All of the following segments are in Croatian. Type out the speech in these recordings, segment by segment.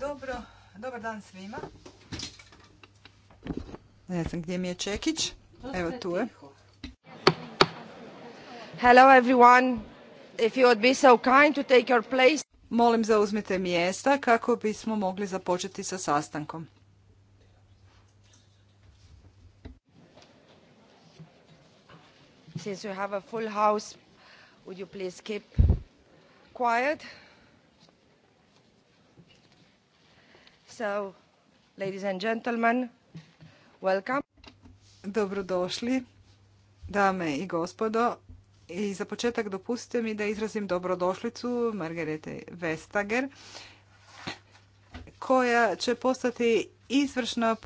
Dobro, dobar dan svima. Ne znam gdje mi je Čekić. Evo tu je. Hello everyone. If you would be so kind to take your place. Molim zauzmite mjesta kako bismo mogli započeti sa sastankom. Since you have a full house, would you please keep quiet? So, ladies and gentlemen, welcome. Dobrodošli, dame i gospodo. I za početak dopustite mi da izrazim dobrodošlicu Margarete Vestager, koja će postati izvršna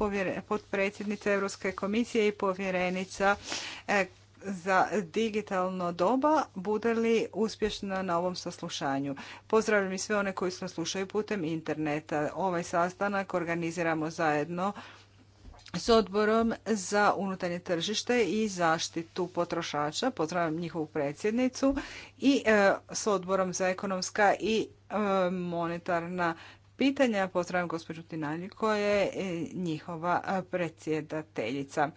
potpredsjednica Europske komisije i povjerenica eh, za digitalno doba bude li uspješna na ovom saslušanju. Pozdravljam i sve one koji se slušaju putem interneta. Ovaj sastanak organiziramo zajedno s odborom za unutarnje tržište i zaštitu potrošača. Pozdravljam njihovu predsjednicu i e, s odborom za ekonomska i e, monetarna pitanja. Pozdravljam gospođu Tinalji koja je e, njihova predsjedateljica.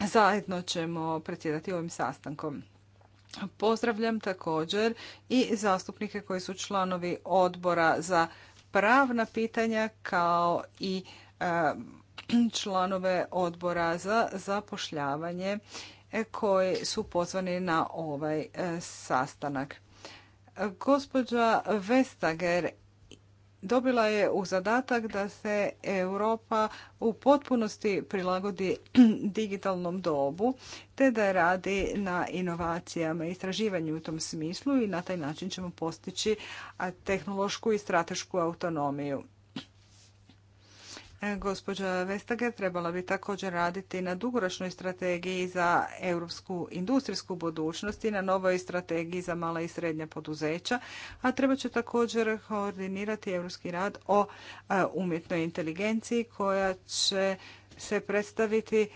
Zajedno ćemo predsjedati ovim sastankom. Pozdravljam također i zastupnike koji su članovi odbora za pravna pitanja kao i članove odbora za zapošljavanje e, koji su pozvani na ovaj e, sastanak. Gospođa Vestager dobila je u zadatak da se Europa u potpunosti prilagodi digitalnom dobu te da radi na inovacijama i istraživanju u tom smislu i na taj način ćemo postići tehnološku i stratešku autonomiju. Gospođa Vestager trebala bi također raditi na dugoročnoj strategiji za europsku industrijsku budućnost i na novoj strategiji za mala i srednja poduzeća, a treba će također koordinirati europski rad o e, umjetnoj inteligenciji koja će se predstaviti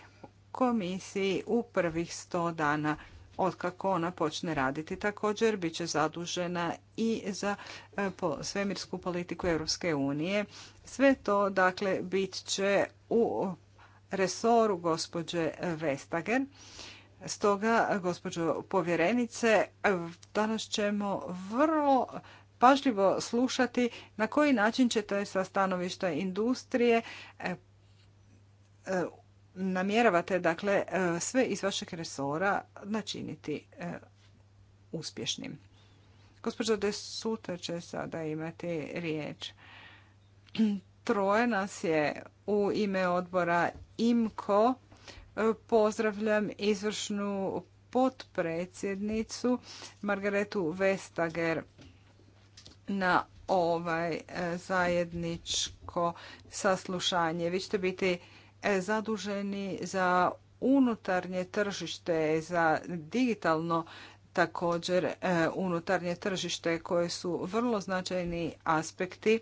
komisiji u prvih sto dana otkako ona počne raditi. Također bit će zadužena i za e, svemirsku politiku Europske unije. Sve to dakle bit će u resoru gospođe Vestager. Stoga, gospođo povjerenice, danas ćemo vrlo pažljivo slušati na koji način ćete sa stanovišta industrije e, e, namjeravate dakle e, sve iz vašeg resora načiniti e, uspješnim. Gospođo De će sada imati riječ. Troje nas je u ime odbora IMKO. E, pozdravljam izvršnu potpredsjednicu Margaretu Vestager na ovaj zajedničko saslušanje. Vi ćete biti E, zaduženi za unutarnje tržište, za digitalno također e, unutarnje tržište koje su vrlo značajni aspekti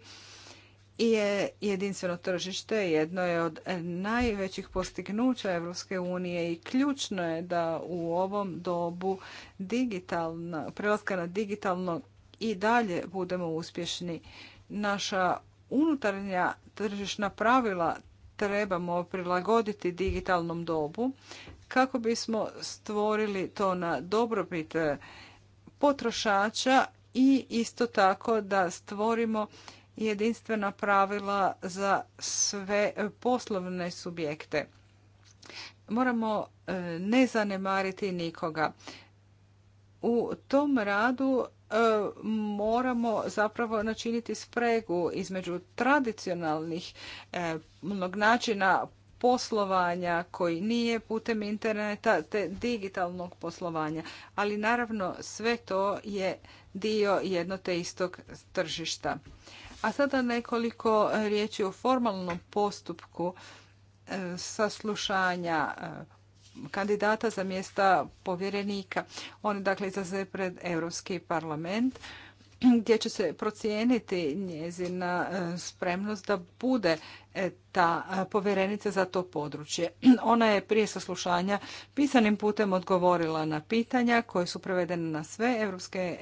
i je jedinstveno tržište jedno je od najvećih postignuća Europske unije i ključno je da u ovom dobu digitalno prelaska na digitalno i dalje budemo uspješni. Naša unutarnja tržišna pravila trebamo prilagoditi digitalnom dobu kako bismo stvorili to na dobrobit e, potrošača i isto tako da stvorimo jedinstvena pravila za sve poslovne subjekte. Moramo e, ne zanemariti nikoga. U tom radu E, moramo zapravo načiniti spregu između tradicionalnih e, mnog načina poslovanja koji nije putem interneta te digitalnog poslovanja. Ali naravno sve to je dio jedno te istog tržišta. A sada nekoliko riječi o formalnom postupku e, saslušanja kandidata za mjesta povjerenika. on dakle izlaze pred Europski parlament gdje će se procijeniti njezina e, spremnost da bude e, ta e, povjerenica za to područje. Ona je prije saslušanja pisanim putem odgovorila na pitanja koje su prevedene na sve Europske,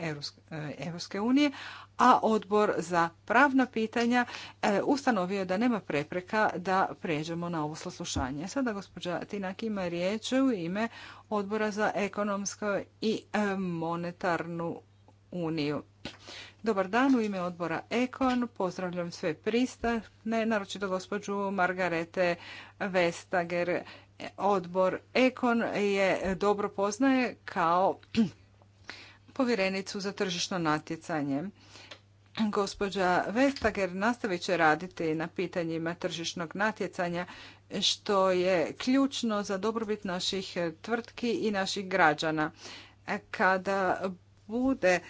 Europske unije, a odbor za pravna pitanja e, ustanovio da nema prepreka da pređemo na ovo saslušanje. Sada gospođa Tinak ima riječ u ime odbora za ekonomsko i e, monetarnu uniju. Dobar dan u ime odbora Ekon. Pozdravljam sve pristane, naročito gospođu Margarete Vestager. Odbor Ekon je dobro poznaje kao povjerenicu za tržišno natjecanje. Gospođa Vestager nastavit će raditi na pitanjima tržišnog natjecanja, što je ključno za dobrobit naših tvrtki i naših građana. Kada bude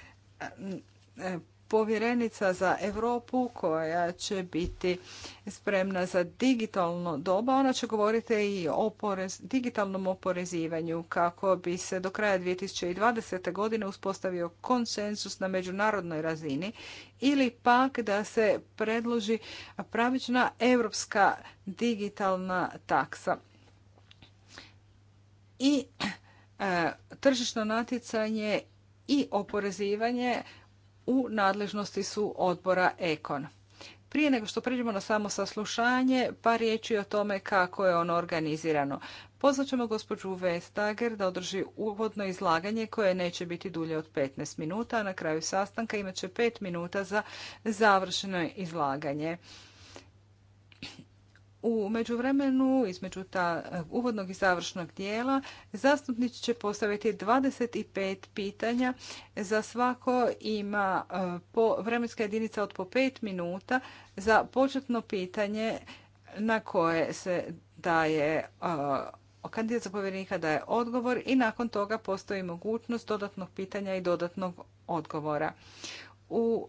povjerenica za Europu koja će biti spremna za digitalno doba. Ona će govoriti i o porez, digitalnom oporezivanju kako bi se do kraja 2020. godine uspostavio konsensus na međunarodnoj razini ili pak da se predloži pravična europska digitalna taksa. I e, tržišno natjecanje i oporezivanje u nadležnosti su odbora Ekon. Prije nego što pređemo na samo saslušanje, pa riječi o tome kako je ono organizirano. Poznat ćemo gospođu Vestager da održi uvodno izlaganje koje neće biti dulje od 15 minuta, a na kraju sastanka imat će 5 minuta za završeno izlaganje. U međuvremenu, između ta eh, uvodnog i završnog dijela, zastupnik će postaviti 25 pitanja. Za svako ima eh, vremenska jedinica od po 5 minuta za početno pitanje na koje se daje eh, kandidat za povjerenika daje odgovor i nakon toga postoji mogućnost dodatnog pitanja i dodatnog odgovora. U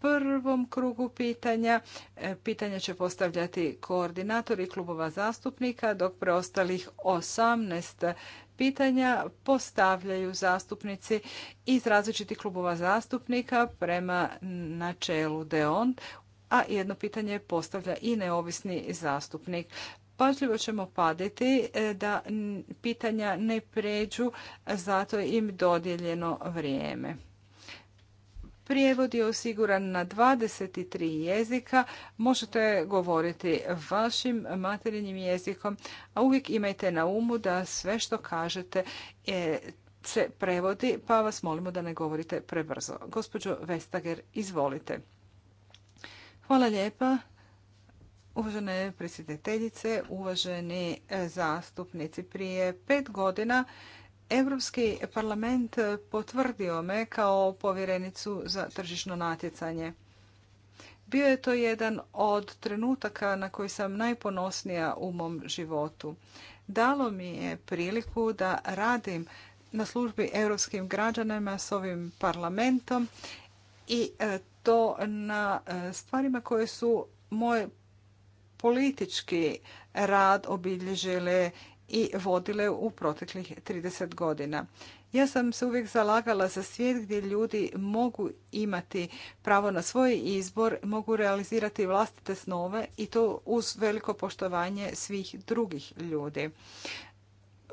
prvom krugu pitanja. E, pitanja će postavljati koordinatori klubova zastupnika, dok preostalih 18 pitanja postavljaju zastupnici iz različitih klubova zastupnika prema načelu DEON, a jedno pitanje postavlja i neovisni zastupnik. Pažljivo ćemo paditi e, da pitanja ne pređu, zato im dodijeljeno vrijeme. Prijevod je osiguran na 23 jezika. Možete govoriti vašim materinjim jezikom, a uvijek imajte na umu da sve što kažete e, se prevodi, pa vas molimo da ne govorite prebrzo. Gospođo Vestager, izvolite. Hvala lijepa. Uvažene predsjedateljice, uvaženi e, zastupnici, prije pet godina Europski parlament potvrdio me kao povjerenicu za tržišno natjecanje. Bio je to jedan od trenutaka na koji sam najponosnija u mom životu. Dalo mi je priliku da radim na službi europskim građanima s ovim parlamentom i e, to na e, stvarima koje su moj politički rad obilježile i vodile u proteklih 30 godina. Ja sam se uvijek zalagala za svijet gdje ljudi mogu imati pravo na svoj izbor, mogu realizirati vlastite snove i to uz veliko poštovanje svih drugih ljudi.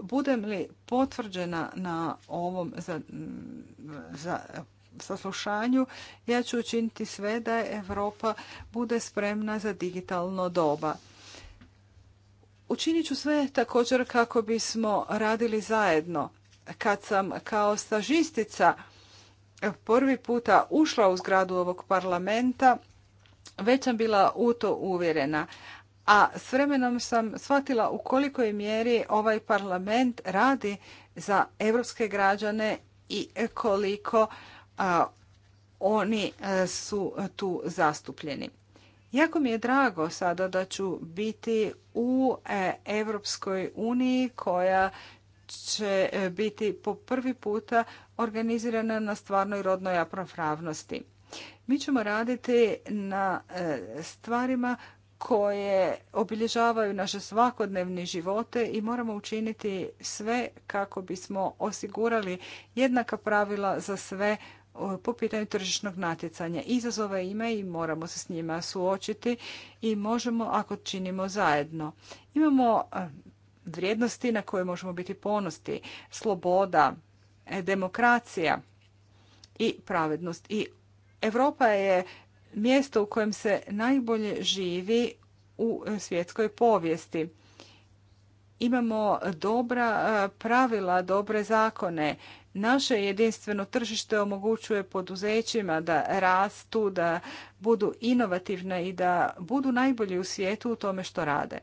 Budem li potvrđena na ovom za, za saslušanju, ja ću učiniti sve da Europa bude spremna za digitalno doba. Učinit ću sve također kako bismo radili zajedno. Kad sam kao stažistica prvi puta ušla u zgradu ovog parlamenta, već sam bila u to uvjerena. A s vremenom sam shvatila u kolikoj mjeri ovaj parlament radi za evropske građane i koliko oni su tu zastupljeni. Jako mi je drago sada da ću biti u Europskoj uniji koja će e, biti po prvi puta organizirana na stvarnoj rodnoj ravnopravnosti. Mi ćemo raditi na e, stvarima koje obilježavaju naše svakodnevne živote i moramo učiniti sve kako bismo osigurali jednaka pravila za sve po pitanju tržišnog natjecanja. Izazova ima i moramo se s njima suočiti i možemo ako činimo zajedno. Imamo vrijednosti na koje možemo biti ponosti, sloboda, e, demokracija i pravednost. I Europa je mjesto u kojem se najbolje živi u e, svjetskoj povijesti. Imamo dobra pravila, dobre zakone, Naše jedinstveno tržište omogućuje poduzećima da rastu, da budu inovativna i da budu najbolji u svijetu u tome što rade.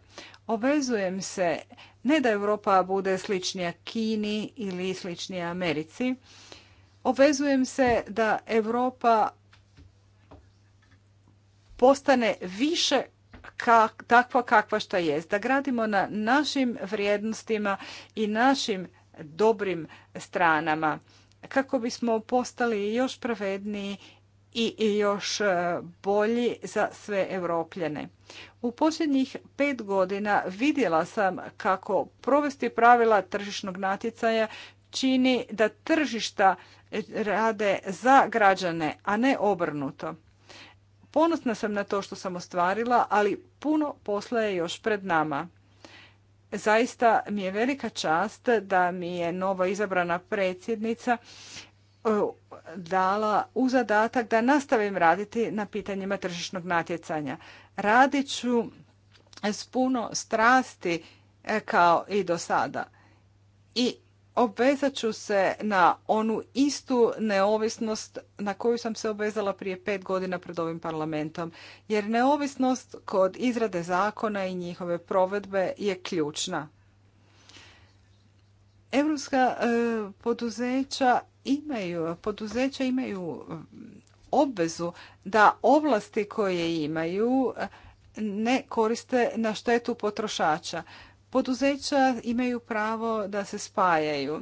Obvezujem se ne da Europa bude sličnija Kini ili sličnija Americi. Obvezujem se da Europa postane više takva kakva što jest, da gradimo na našim vrijednostima i našim dobrim stranama kako bismo postali još pravedniji i još e, bolji za sve evropljene. U posljednjih pet godina vidjela sam kako provesti pravila tržišnog natjecaja čini da tržišta rade za građane, a ne obrnuto. Ponosna sam na to što sam ostvarila, ali puno posla je još pred nama. Zaista mi je velika čast da mi je novo izabrana predsjednica e, dala u zadatak da nastavim raditi na pitanjima tržišnog natjecanja. Radit ću s puno strasti e, kao i do sada. I obvezat ću se na onu istu neovisnost na koju sam se obvezala prije pet godina pred ovim parlamentom. Jer neovisnost kod izrade zakona i njihove provedbe je ključna. Europska e, poduzeća imaju, poduzeća imaju e, obvezu da ovlasti koje imaju e, ne koriste na štetu potrošača. Poduzeća imaju pravo da se spajaju,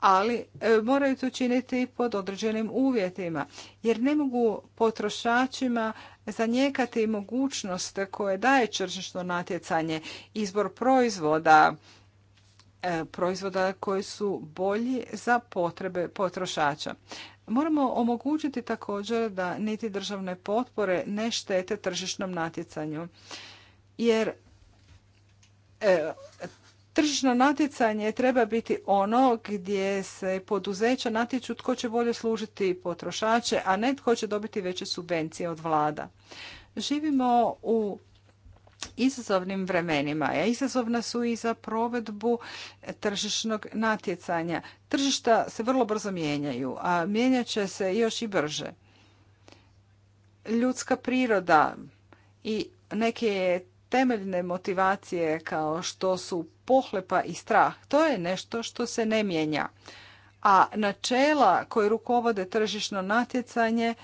ali e, moraju to činiti pod određenim uvjetima, jer ne mogu potrošačima zanijekati mogućnost koje daje tržišno natjecanje, izbor proizvoda, e, proizvoda koji su bolji za potrebe potrošača. Moramo omogućiti također da niti državne potpore ne štete tržišnom natjecanju. Jer E, tržišno natjecanje treba biti ono gdje se poduzeća natječu tko će bolje služiti potrošače, a ne tko će dobiti veće subvencije od vlada. Živimo u izazovnim vremenima, a izazovna su i za provedbu tržišnog natjecanja. Tržišta se vrlo brzo mijenjaju, a mijenjat će se još i brže. Ljudska priroda i neke temeljne motivacije kao što su pohlepa i strah, to je nešto što se ne mijenja. A načela koje rukovode tržišno natjecanje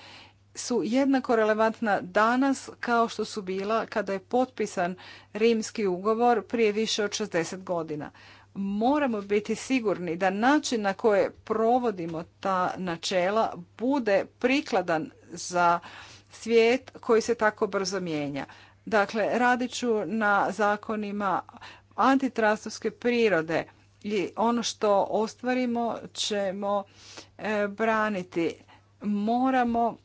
su jednako relevantna danas kao što su bila kada je potpisan rimski ugovor prije više od 60 godina. Moramo biti sigurni da način na koje provodimo ta načela bude prikladan za svijet koji se tako brzo mijenja. Dakle, radit ću na zakonima antitrastovske prirode i ono što ostvarimo ćemo e, braniti. Moramo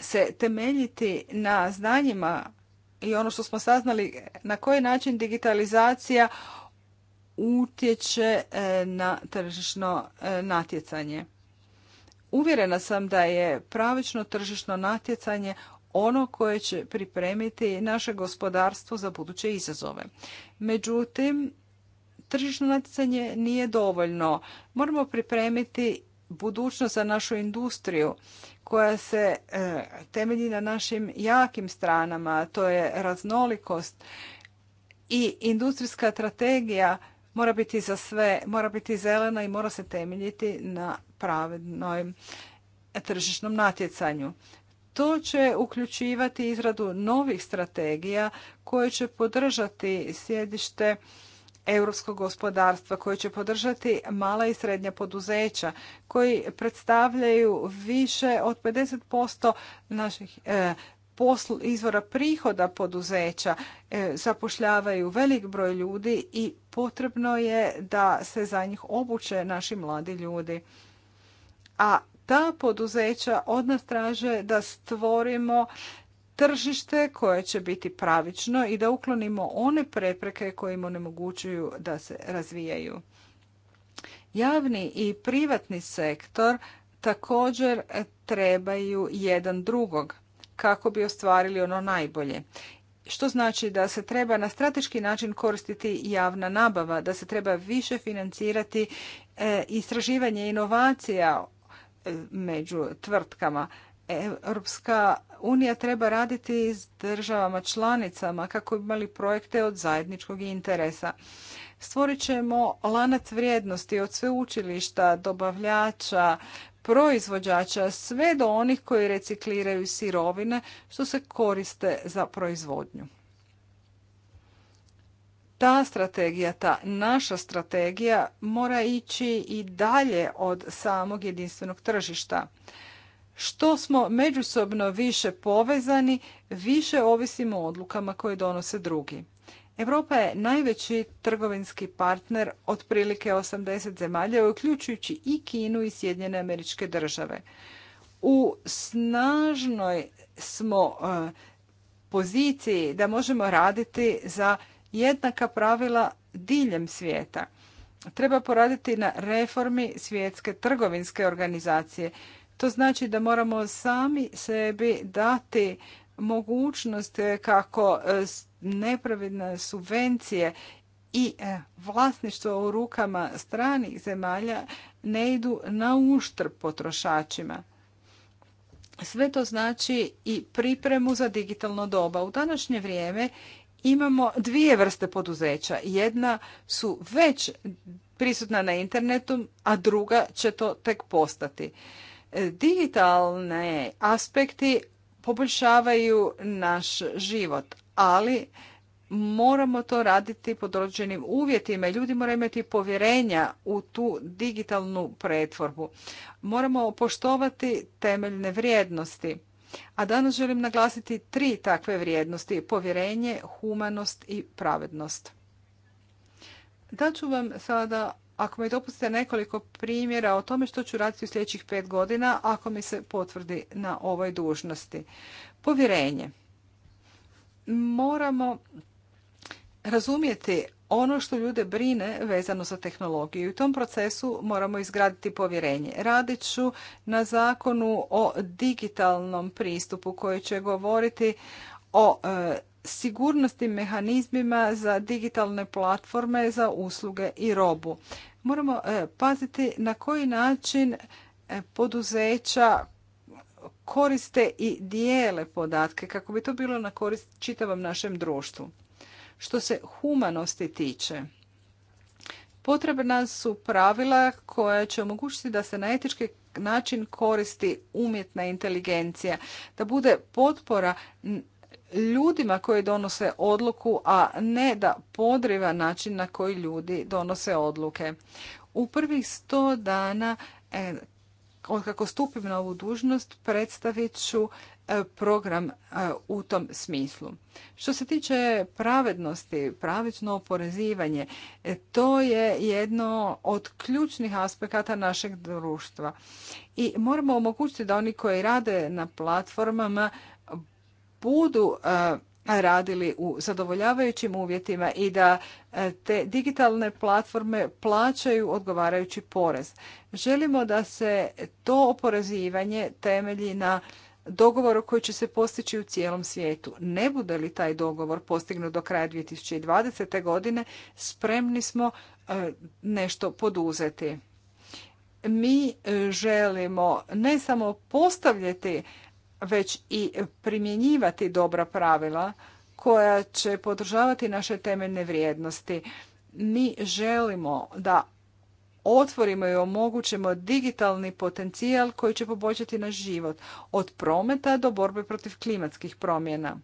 se temeljiti na znanjima i ono što smo saznali na koji način digitalizacija utječe e, na tržišno e, natjecanje. Uvjerena sam da je pravično tržišno natjecanje ono koje će pripremiti naše gospodarstvo za buduće izazove. Međutim, tržišno natjecanje nije dovoljno. Moramo pripremiti budućnost za našu industriju koja se e, temelji na našim jakim stranama, to je raznolikost i industrijska strategija mora biti za sve, mora biti zelena i mora se temeljiti na pravednom tržišnom natjecanju. To će uključivati izradu novih strategija koje će podržati sjedište europskog gospodarstva, koje će podržati mala i srednja poduzeća, koji predstavljaju više od 50% naših e, izvora prihoda poduzeća e, zapošljavaju velik broj ljudi i potrebno je da se za njih obuče naši mladi ljudi. A ta poduzeća od nas traže da stvorimo tržište koje će biti pravično i da uklonimo one prepreke koje im onemogućuju da se razvijaju. Javni i privatni sektor također trebaju jedan drugog kako bi ostvarili ono najbolje. Što znači da se treba na strateški način koristiti javna nabava, da se treba više financirati e, istraživanje inovacija, među tvrtkama. Europska unija treba raditi s državama članicama kako bi imali projekte od zajedničkog interesa. Stvorit ćemo lanac vrijednosti od sveučilišta, dobavljača, proizvođača, sve do onih koji recikliraju sirovine što se koriste za proizvodnju ta strategija, ta naša strategija mora ići i dalje od samog jedinstvenog tržišta. Što smo međusobno više povezani, više ovisimo o odlukama koje donose drugi. Europa je najveći trgovinski partner otprilike 80 zemalja, uključujući i Kinu i Sjedinjene američke države. U snažnoj smo eh, poziciji da možemo raditi za jednaka pravila diljem svijeta. Treba poraditi na reformi svjetske trgovinske organizacije. To znači da moramo sami sebi dati mogućnost kako e, nepravedne subvencije i e, vlasništvo u rukama stranih zemalja ne idu na uštrb potrošačima. Sve to znači i pripremu za digitalno doba. U današnje vrijeme imamo dvije vrste poduzeća. Jedna su već prisutna na internetu, a druga će to tek postati. E, digitalne aspekti poboljšavaju naš život, ali moramo to raditi pod određenim uvjetima ljudi moraju imati povjerenja u tu digitalnu pretvorbu. Moramo poštovati temeljne vrijednosti. A danas želim naglasiti tri takve vrijednosti, povjerenje, humanost i pravednost. Daću vam sada, ako mi dopustite, nekoliko primjera o tome što ću raditi u sljedećih pet godina ako mi se potvrdi na ovoj dužnosti. Povjerenje. Moramo razumjeti ono što ljude brine vezano za tehnologiju. I u tom procesu moramo izgraditi povjerenje. Radit ću na zakonu o digitalnom pristupu koji će govoriti o e, sigurnosti mehanizmima za digitalne platforme za usluge i robu. Moramo e, paziti na koji način e, poduzeća koriste i dijele podatke kako bi to bilo na korist čitavom našem društvu. Što se humanosti tiče, potrebna su pravila koja će omogućiti da se na etički način koristi umjetna inteligencija, da bude potpora ljudima koji donose odluku, a ne da podriva način na koji ljudi donose odluke. U prvih sto dana, e, kako stupim na ovu dužnost, predstavit ću E, program e, u tom smislu. Što se tiče pravednosti, pravično oporezivanje, e, to je jedno od ključnih aspekata našeg društva. I moramo omogućiti da oni koji rade na platformama budu radili u zadovoljavajućim uvjetima i da te digitalne platforme plaćaju odgovarajući porez. Želimo da se to oporezivanje temelji na dogovor koji će se postići u cijelom svijetu. Ne bude li taj dogovor postignut do kraja 2020. godine, spremni smo e, nešto poduzeti. Mi e, želimo ne samo postavljati, već i primjenjivati dobra pravila koja će podržavati naše temeljne vrijednosti. Mi želimo da otvorimo i omogućimo digitalni potencijal koji će poboljšati naš život od prometa do borbe protiv klimatskih promjena.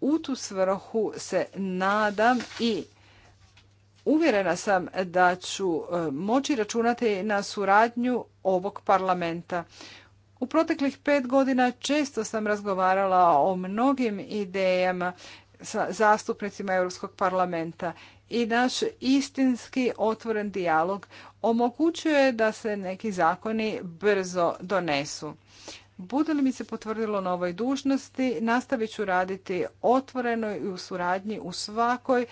U tu svrhu se nadam i uvjerena sam da ću e, moći računati na suradnju ovog parlamenta. U proteklih pet godina često sam razgovarala o mnogim idejama sa zastupnicima Europskog parlamenta i naš istinski otvoren dijalog omogućuje da se neki zakoni brzo donesu. Bude li mi se potvrdilo na ovoj dužnosti, nastavit ću raditi otvoreno i u suradnji u svakoj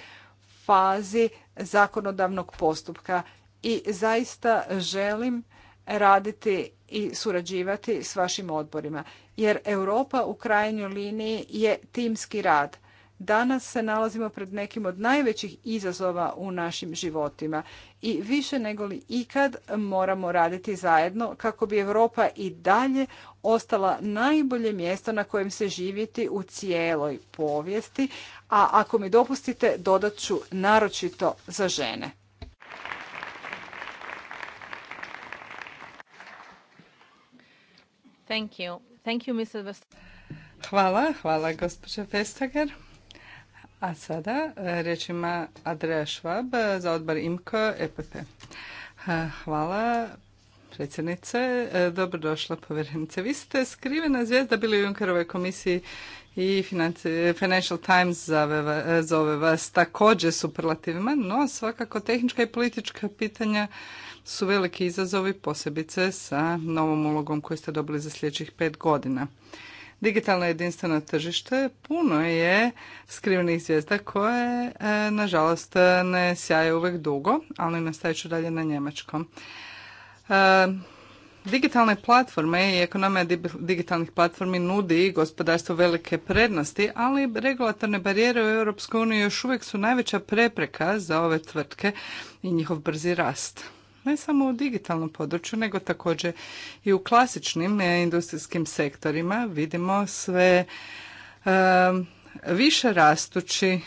fazi zakonodavnog postupka i zaista želim raditi i surađivati s vašim odborima jer Europa u krajnjoj liniji je timski rad Danas se nalazimo pred nekim od najvećih izazova u našim životima i više nego li ikad moramo raditi zajedno kako bi Europa i dalje ostala najbolje mjesto na kojem se živjeti u cijeloj povijesti, a ako mi dopustite dodat ću naročito za žene. Thank you. Thank you, Hvala, hvala gospođa Vestager. A sada e, reč ima Andreja Švab e, za odbar IMKO EPP. E, hvala predsjednice, dobrodošla povjerenice. Vi ste skrivena zvijezda bili u Junkerovoj komisiji i Financial Times zove, vas također superlativima, no svakako tehnička i politička pitanja su veliki izazovi, posebice sa novom ulogom koju ste dobili za sljedećih pet godina digitalno jedinstveno tržište puno je skrivenih zvijezda koje e, nažalost e, ne sjaje uvijek dugo, ali nastavit ću dalje na njemačkom. E, digitalne platforme i ekonomija digitalnih platformi nudi gospodarstvo velike prednosti, ali regulatorne barijere u EU još uvijek su najveća prepreka za ove tvrtke i njihov brzi rast ne samo u digitalnom području, nego također i u klasičnim e, industrijskim sektorima vidimo sve e, više rastući e,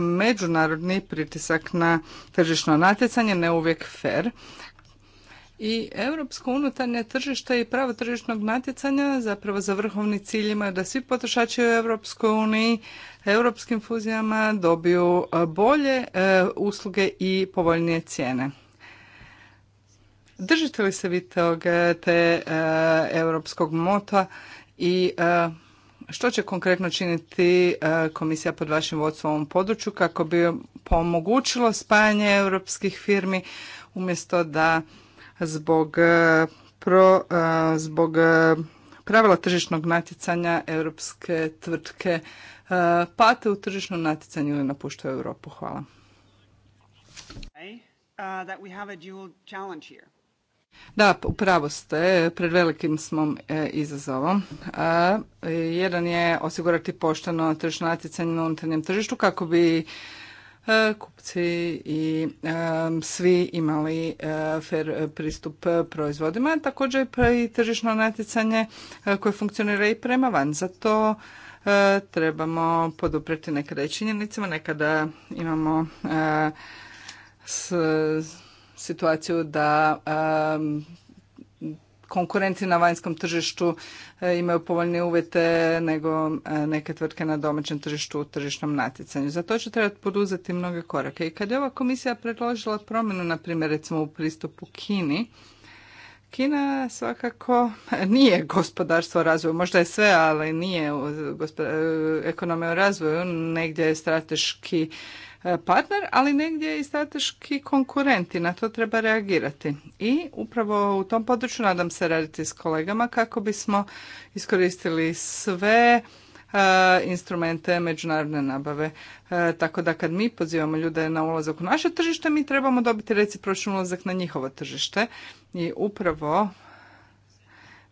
međunarodni pritisak na tržišno natjecanje, ne uvijek fer. I europsko unutarnje tržište i pravo tržišnog natjecanja zapravo za vrhovni cilj imaju da svi potrošači u Europskoj uniji europskim fuzijama dobiju bolje usluge i povoljnije cijene. Držite li se vi tog te e, europskog mota i e, što će konkretno činiti e, komisija pod vašim vodstvom u ovom području kako bi pomogućilo spajanje europskih firmi umjesto da zbog, pro, zbog pravila tržišnog natjecanja europske tvrtke pate u tržišnom natjecanju ili napuštaju Europu? Hvala. Uh, da, upravo ste, pred velikim smo e, izazovom. Jedan je osigurati pošteno tržišno natjecanje na unutarnjem tržištu kako bi e, kupci i e, svi imali fer pristup proizvodima. Također pa i tržišno natjecanje koje funkcionira i prema van. Zato trebamo poduprijeti neke i Nekada imamo s situaciju da konkurenti na vanjskom tržištu e, imaju povoljne uvjete nego e, neke tvrtke na domaćem tržištu u tržišnom natjecanju. Za to će trebati poduzeti mnoge korake. I kad je ova komisija predložila promjenu, na primjer recimo u pristupu Kini, Kina svakako nije gospodarstvo razvoju, možda je sve, ali nije e, ekonomija u razvoju, negdje je strateški E, partner, ali negdje i strateški konkurenti. Na to treba reagirati. I upravo u tom području nadam se raditi s kolegama kako bismo iskoristili sve e, instrumente međunarodne nabave. E, tako da kad mi pozivamo ljude na ulazak u naše tržište, mi trebamo dobiti recipročni ulazak na njihovo tržište. I upravo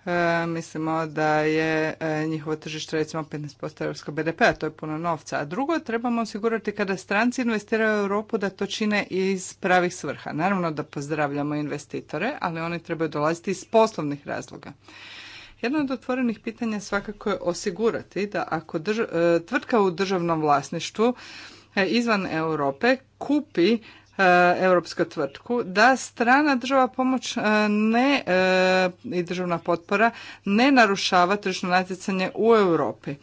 E, mislimo da je e, njihovo tržište recimo 15% europskog BDP-a, to je puno novca. A drugo, trebamo osigurati kada stranci investiraju u Europu da to čine iz pravih svrha. Naravno da pozdravljamo investitore, ali oni trebaju dolaziti iz poslovnih razloga. Jedno od otvorenih pitanja svakako je osigurati da ako drž e, tvrtka u državnom vlasništvu izvan Europe kupi E, europsku tvrtku da strana država pomoć e, ne e, i državna potpora ne narušava tržišno natjecanje u Europi.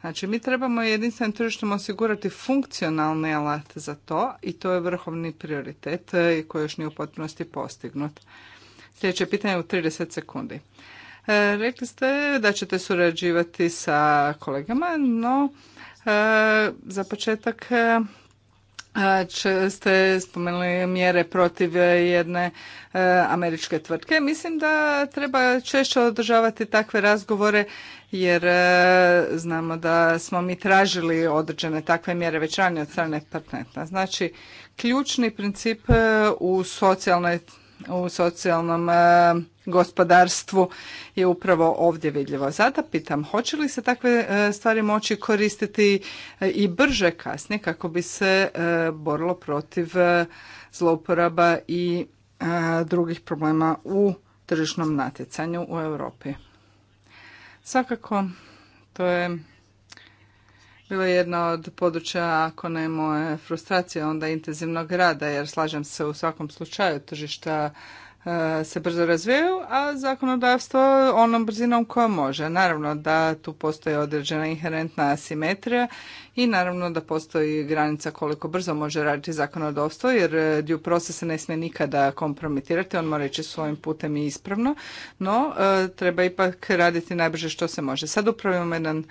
Znači, mi trebamo jedinstvenim tržištom osigurati funkcionalne alate za to i to je vrhovni prioritet koji još nije u potpunosti postignut. Sljedeće pitanje u 30 sekundi. rekli ste da ćete surađivati sa kolegama, no za početak ste spomenuli mjere protiv jedne e, američke tvrtke. Mislim da treba češće održavati takve razgovore jer e, znamo da smo mi tražili određene takve mjere već ranije od strane partnera. Znači, ključni princip e, u socijalnoj u socijalnom e, gospodarstvu je upravo ovdje vidljivo. Zada pitam, hoće li se takve e, stvari moći koristiti e, i brže kasnije kako bi se borilo protiv zlouporaba i drugih problema u tržišnom natjecanju u Europi? Svakako, to je je jedna od područja, ako ne moje frustracije, onda intenzivnog rada, jer slažem se u svakom slučaju tržišta e, se brzo razvijaju, a zakonodavstvo onom brzinom koja može. Naravno da tu postoji određena inherentna asimetrija i naravno da postoji granica koliko brzo može raditi zakonodavstvo, jer e, due procesa ne smije nikada kompromitirati, on mora ići svojim putem i ispravno, no e, treba ipak raditi najbrže što se može. Sad upravo imamo jedan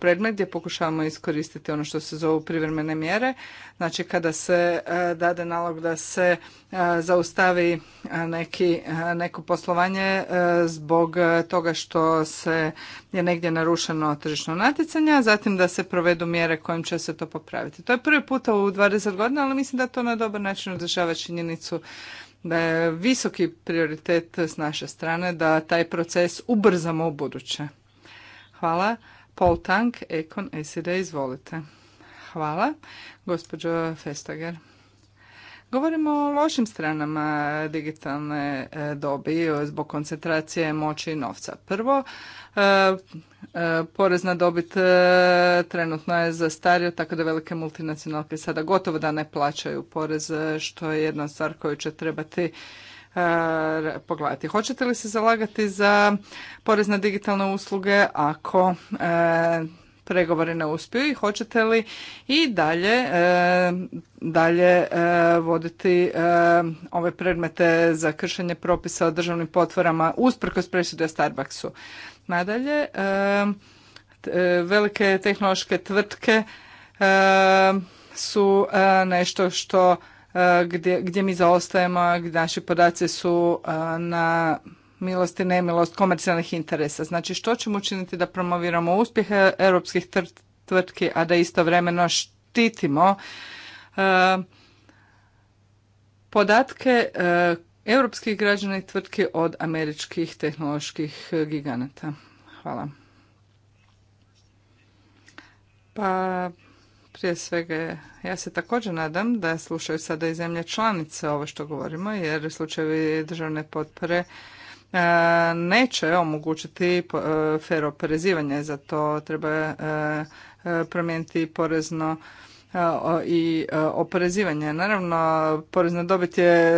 predmet gdje pokušavamo iskoristiti ono što se zovu privremene mjere. Znači kada se e, dade nalog da se e, zaustavi e, neki, neko poslovanje zbog toga što se je negdje narušeno tržišno natjecanje, a zatim da se provedu mjere kojim će se to popraviti. To je prvi puta u 20 godina, ali mislim da to na dobar način održava činjenicu da je visoki prioritet s naše strane da taj proces ubrzamo u buduće. Hvala. Paul Tank, Ekon, SID, izvolite. Hvala, gospođo Festager. Govorimo o lošim stranama digitalne e, dobi zbog koncentracije moći i novca. Prvo, e, e, porez na dobit trenutno je zastario, tako da velike multinacionalke sada gotovo da ne plaćaju porez, što je jedna stvar koju će trebati E, pogledati. Hoćete li se zalagati za porez na digitalne usluge ako e, pregovore ne uspiju i hoćete li i dalje, e, dalje voditi ove predmete za kršenje propisa o državnim potvorama usprkos presude Starbucksu. Nadalje, velike tehnološke tvrtke su nešto što E, gdje, gdje mi zaostajemo, gdje naši podaci su e, na milost i nemilost komercijalnih interesa. Znači što ćemo učiniti da promoviramo uspjehe europskih tvrtki, a da istovremeno štitimo e, podatke europskih građana i tvrtki od američkih tehnoloških giganata. Hvala. Pa prije svega, ja se također nadam da slušaju sada i zemlje članice ovo što govorimo, jer slučajevi državne potpore e, neće omogućiti e, fer oporezivanje, zato treba e, promijeniti porezno i oporezivanje. Naravno, porezno dobit je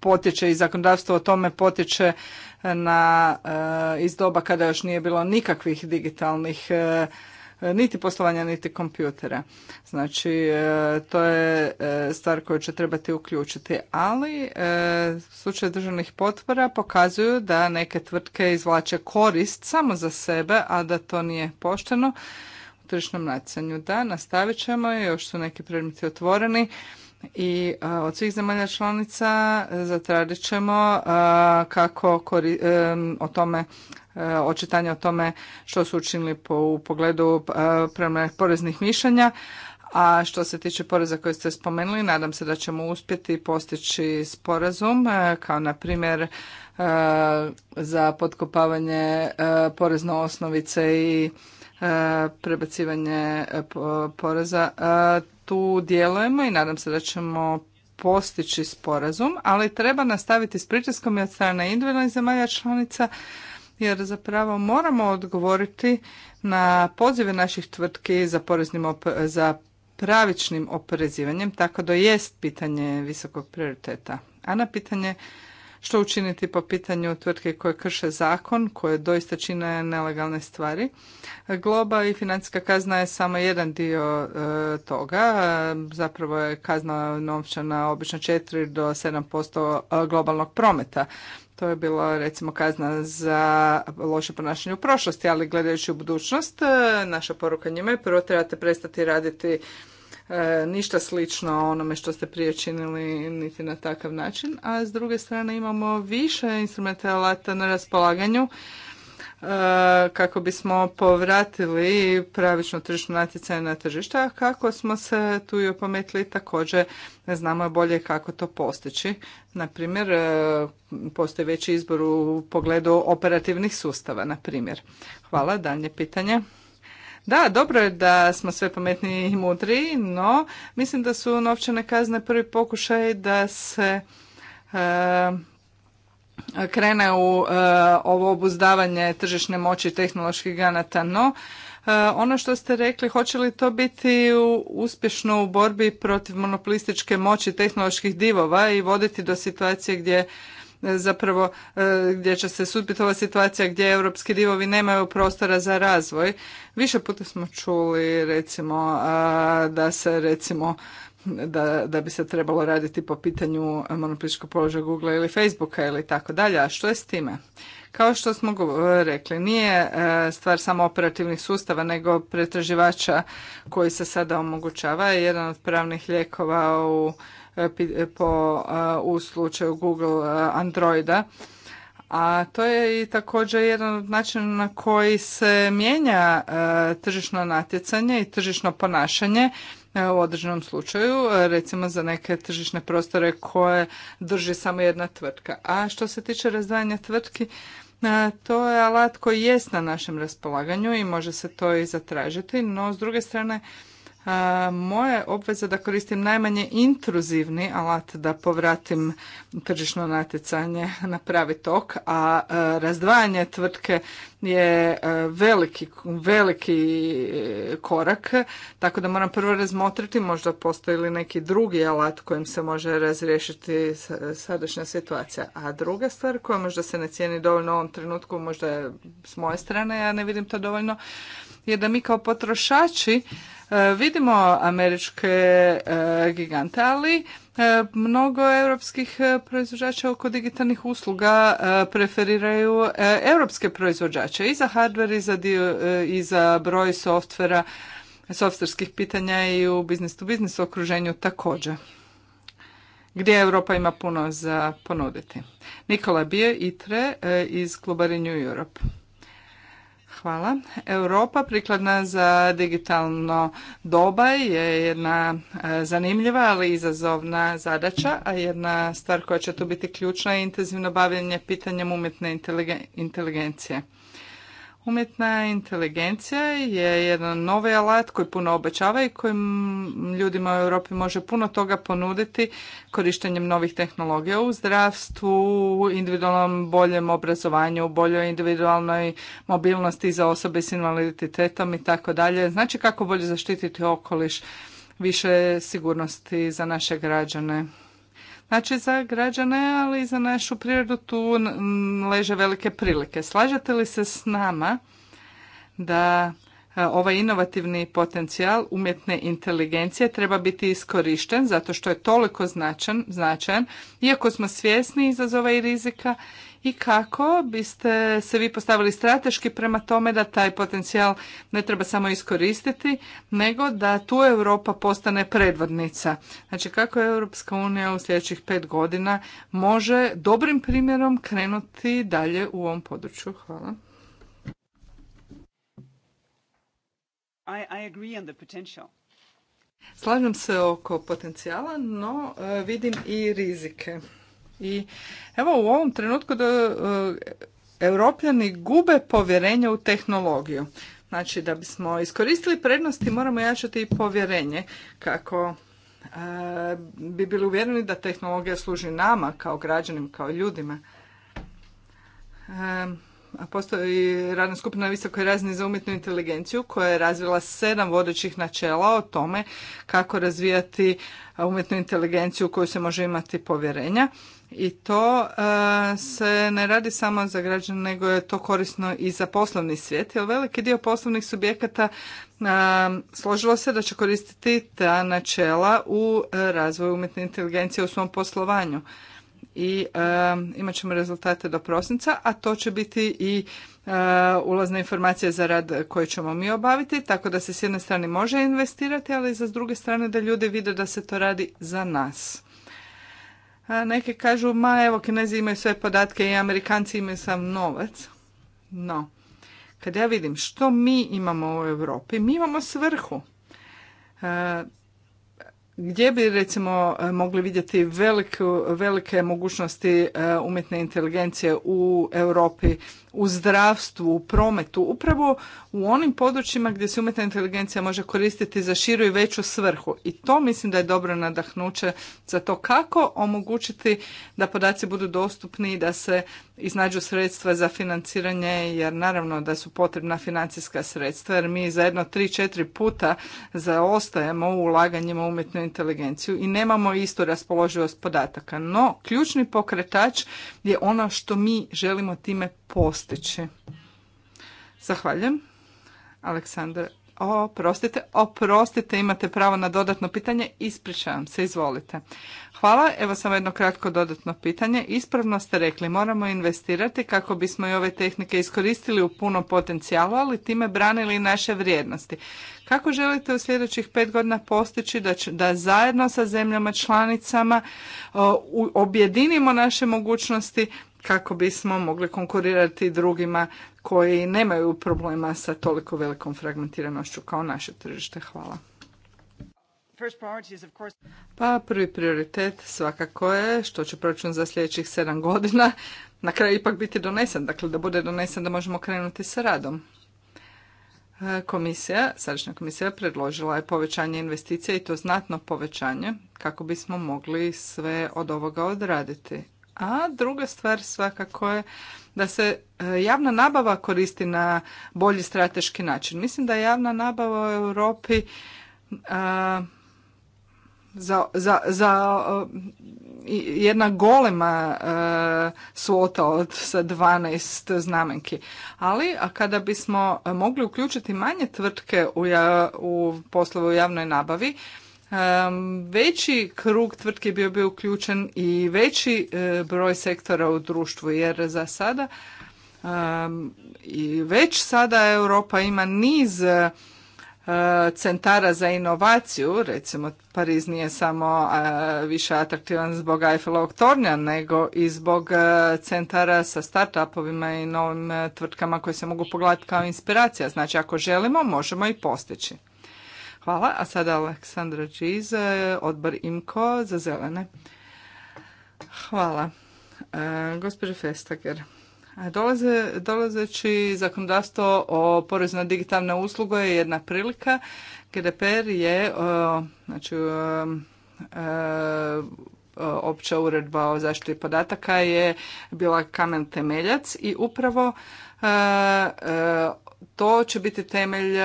potječe i zakonodavstvo o tome potiče na iz doba kada još nije bilo nikakvih digitalnih niti poslovanja, niti kompjutera. Znači, e, to je e, stvar koju će trebati uključiti. Ali, e, slučaj državnih potvora pokazuju da neke tvrtke izvlače korist samo za sebe, a da to nije pošteno u tržišnom nacanju. Da, nastavit ćemo, još su neki predmeti otvoreni i od svih zemalja članica e, zatražit ćemo kako o tome e, očitanje o tome što su učinili po, u pogledu e, prema poreznih mišljenja. A što se tiče poreza koje ste spomenuli, nadam se da ćemo uspjeti postići sporazum, kao na primjer za potkopavanje porezne osnovice i prebacivanje poreza tu djelujemo i nadam se da ćemo postići sporazum, ali treba nastaviti s pritiskom i od strane individualnih zemalja članica jer zapravo moramo odgovoriti na pozive naših tvrtki za, poreznim za pravičnim oporezivanjem, tako da jest pitanje visokog prioriteta. A na pitanje što učiniti po pitanju tvrtke koje krše zakon, koje doista čine nelegalne stvari. Globa i financijska kazna je samo jedan dio e, toga. E, zapravo je kazna novčana obično 4 do 7% e, globalnog prometa. To je bilo recimo kazna za loše ponašanje u prošlosti, ali gledajući u budućnost, naša poruka njima je prvo trebate prestati raditi E, ništa slično onome što ste prije činili niti na takav način, a s druge strane imamo više instrumenta alata na raspolaganju e, kako bismo povratili pravično tržišno natjecanje na tržišta, a kako smo se tu i opametili također ne znamo bolje kako to postići. Naprimjer, e, postoji veći izbor u pogledu operativnih sustava, na primjer. Hvala, daljnje pitanje. Da, dobro je da smo sve pametniji i mudri, no mislim da su novčane kazne prvi pokušaj da se e, krene u e, ovo obuzdavanje tržišne moći tehnoloških ganata, no e, ono što ste rekli, hoće li to biti u, uspješno u borbi protiv monopolističke moći tehnoloških divova i voditi do situacije gdje zapravo e, gdje će se sudbiti ova situacija gdje europski divovi nemaju prostora za razvoj. Više puta smo čuli recimo da se recimo da, da bi se trebalo raditi po pitanju monopolističkog položaja Google ili Facebooka ili tako dalje, a što je s time? Kao što smo e, rekli, nije e, stvar samo operativnih sustava, nego pretraživača koji se sada omogućava. Jedan od pravnih lijekova u E, e, po, e, u slučaju Google Androida. A to je i također jedan od načina na koji se mijenja tržišno natjecanje i tržišno ponašanje u određenom slučaju, recimo za neke tržišne prostore koje drži samo jedna tvrtka. A što se tiče razdvajanja tvrtki, to je alat koji jest na našem raspolaganju i može se to i zatražiti, no s druge strane moja je obveza da koristim najmanje intruzivni alat da povratim tržišno natjecanje na pravi tok, a razdvajanje tvrtke je veliki, veliki e, korak, tako da moram prvo razmotriti možda postoji li neki drugi alat kojim se može razriješiti sadašnja situacija. A druga stvar koja možda se ne cijeni dovoljno u ovom trenutku, možda je s moje strane, ja ne vidim to dovoljno, je da mi kao potrošači E, vidimo američke e, gigante, ali e, mnogo europskih proizvođača oko digitalnih usluga preferiraju europske proizvođače i za hardware i za, dio, i za broj softvera, softverskih pitanja i u business to business okruženju također gdje Europa ima puno za ponuditi. Nikola Bije, ITRE iz kluba New Europe. Hvala. Europa prikladna za digitalno doba je jedna e, zanimljiva, ali izazovna zadaća, a jedna stvar koja će tu biti ključna je intenzivno bavljenje pitanjem umjetne inteligencije. Umjetna inteligencija je jedan novi alat koji puno obećava i kojim ljudima u Europi može puno toga ponuditi korištenjem novih tehnologija u zdravstvu, individualnom boljem obrazovanju, boljoj individualnoj mobilnosti za osobe s invaliditetom i tako dalje. Znači kako bolje zaštititi okoliš, više sigurnosti za naše građane Znači za građane, ali i za našu prirodu tu leže velike prilike. Slažete li se s nama da e, ovaj inovativni potencijal umjetne inteligencije treba biti iskorišten zato što je toliko značan, značajan, iako smo svjesni izazova i rizika i kako biste se vi postavili strateški prema tome da taj potencijal ne treba samo iskoristiti, nego da tu Europa postane predvodnica. Znači kako Europska unija u sljedećih pet godina može dobrim primjerom krenuti dalje u ovom području. Hvala. Slažem se oko potencijala, no e, vidim i rizike. I evo u ovom trenutku da e, europljani gube povjerenje u tehnologiju. Znači da bismo iskoristili prednosti moramo jačati i povjerenje kako e, bi bili uvjereni da tehnologija služi nama kao građanima, kao ljudima. E, postoji radna skupina na visokoj razini za umjetnu inteligenciju koja je razvila sedam vodećih načela o tome kako razvijati umjetnu inteligenciju u koju se može imati povjerenja i to e, se ne radi samo za građane, nego je to korisno i za poslovni svijet, jer veliki dio poslovnih subjekata e, složilo se da će koristiti ta načela u e, razvoju umjetne inteligencije u svom poslovanju. I imat ćemo rezultate do prosinca, a to će biti i ulazne informacije za rad koje ćemo mi obaviti, tako da se s jedne strane može investirati, ali i s druge strane da ljudi vide da se to radi za nas. A neki kažu, ma evo, kinezi imaju sve podatke i amerikanci imaju sam novac. No, kad ja vidim što mi imamo u Europi, mi imamo svrhu. E, gdje bi recimo mogli vidjeti velike, velike mogućnosti e, umjetne inteligencije u Europi u zdravstvu, u prometu, upravo u onim područjima gdje se umjetna inteligencija može koristiti za širu i veću svrhu. I to mislim da je dobro nadahnuće za to kako omogućiti da podaci budu dostupni i da se iznađu sredstva za financiranje, jer naravno da su potrebna financijska sredstva, jer mi za jedno 3-4 puta zaostajemo u ulaganjima umjetnu inteligenciju i nemamo istu raspoloživost podataka. No, ključni pokretač je ono što mi želimo time postići. Zahvaljujem. Aleksandar, oprostite, oprostite, imate pravo na dodatno pitanje, ispričavam se, izvolite. Hvala, evo samo jedno kratko dodatno pitanje. Ispravno ste rekli, moramo investirati kako bismo i ove tehnike iskoristili u puno potencijalu, ali time branili naše vrijednosti. Kako želite u sljedećih pet godina postići da, da zajedno sa zemljama članicama objedinimo naše mogućnosti kako bismo mogli konkurirati drugima koji nemaju problema sa toliko velikom fragmentiranošću kao naše tržište. Hvala. Pa prvi prioritet svakako je što će proračun za sljedećih sedam godina na kraju ipak biti donesen, dakle da bude donesen da možemo krenuti sa radom. E, komisija, sadašnja komisija predložila je povećanje investicija i to znatno povećanje kako bismo mogli sve od ovoga odraditi. A druga stvar svakako je da se e, javna nabava koristi na bolji strateški način. Mislim da je javna nabava u Europi e, za, za, za e, jedna golema svota od sa 12 znamenki. Ali a kada bismo mogli uključiti manje tvrtke u, u poslove u javnoj nabavi, veći krug tvrtki bio bi uključen i veći e, broj sektora u društvu jer za sada i već sada Europa ima niz e, centara za inovaciju, recimo Pariz nije samo e, više atraktivan zbog Eiffelovog tornja, nego i zbog centara sa startupovima i novim tvrtkama koje se mogu pogledati kao inspiracija. Znači, ako želimo, možemo i postići. Hvala. A sada Aleksandra Čiz, e, odbor IMKO za zelene. Hvala. E, Gospodin Festager, Dolaze, dolazeći zakonodavstvo o porezu na digitalne usluge je jedna prilika. GDPR je e, znači, opća uredba o zaštiti podataka je bila kamen temeljac i upravo to će biti temelj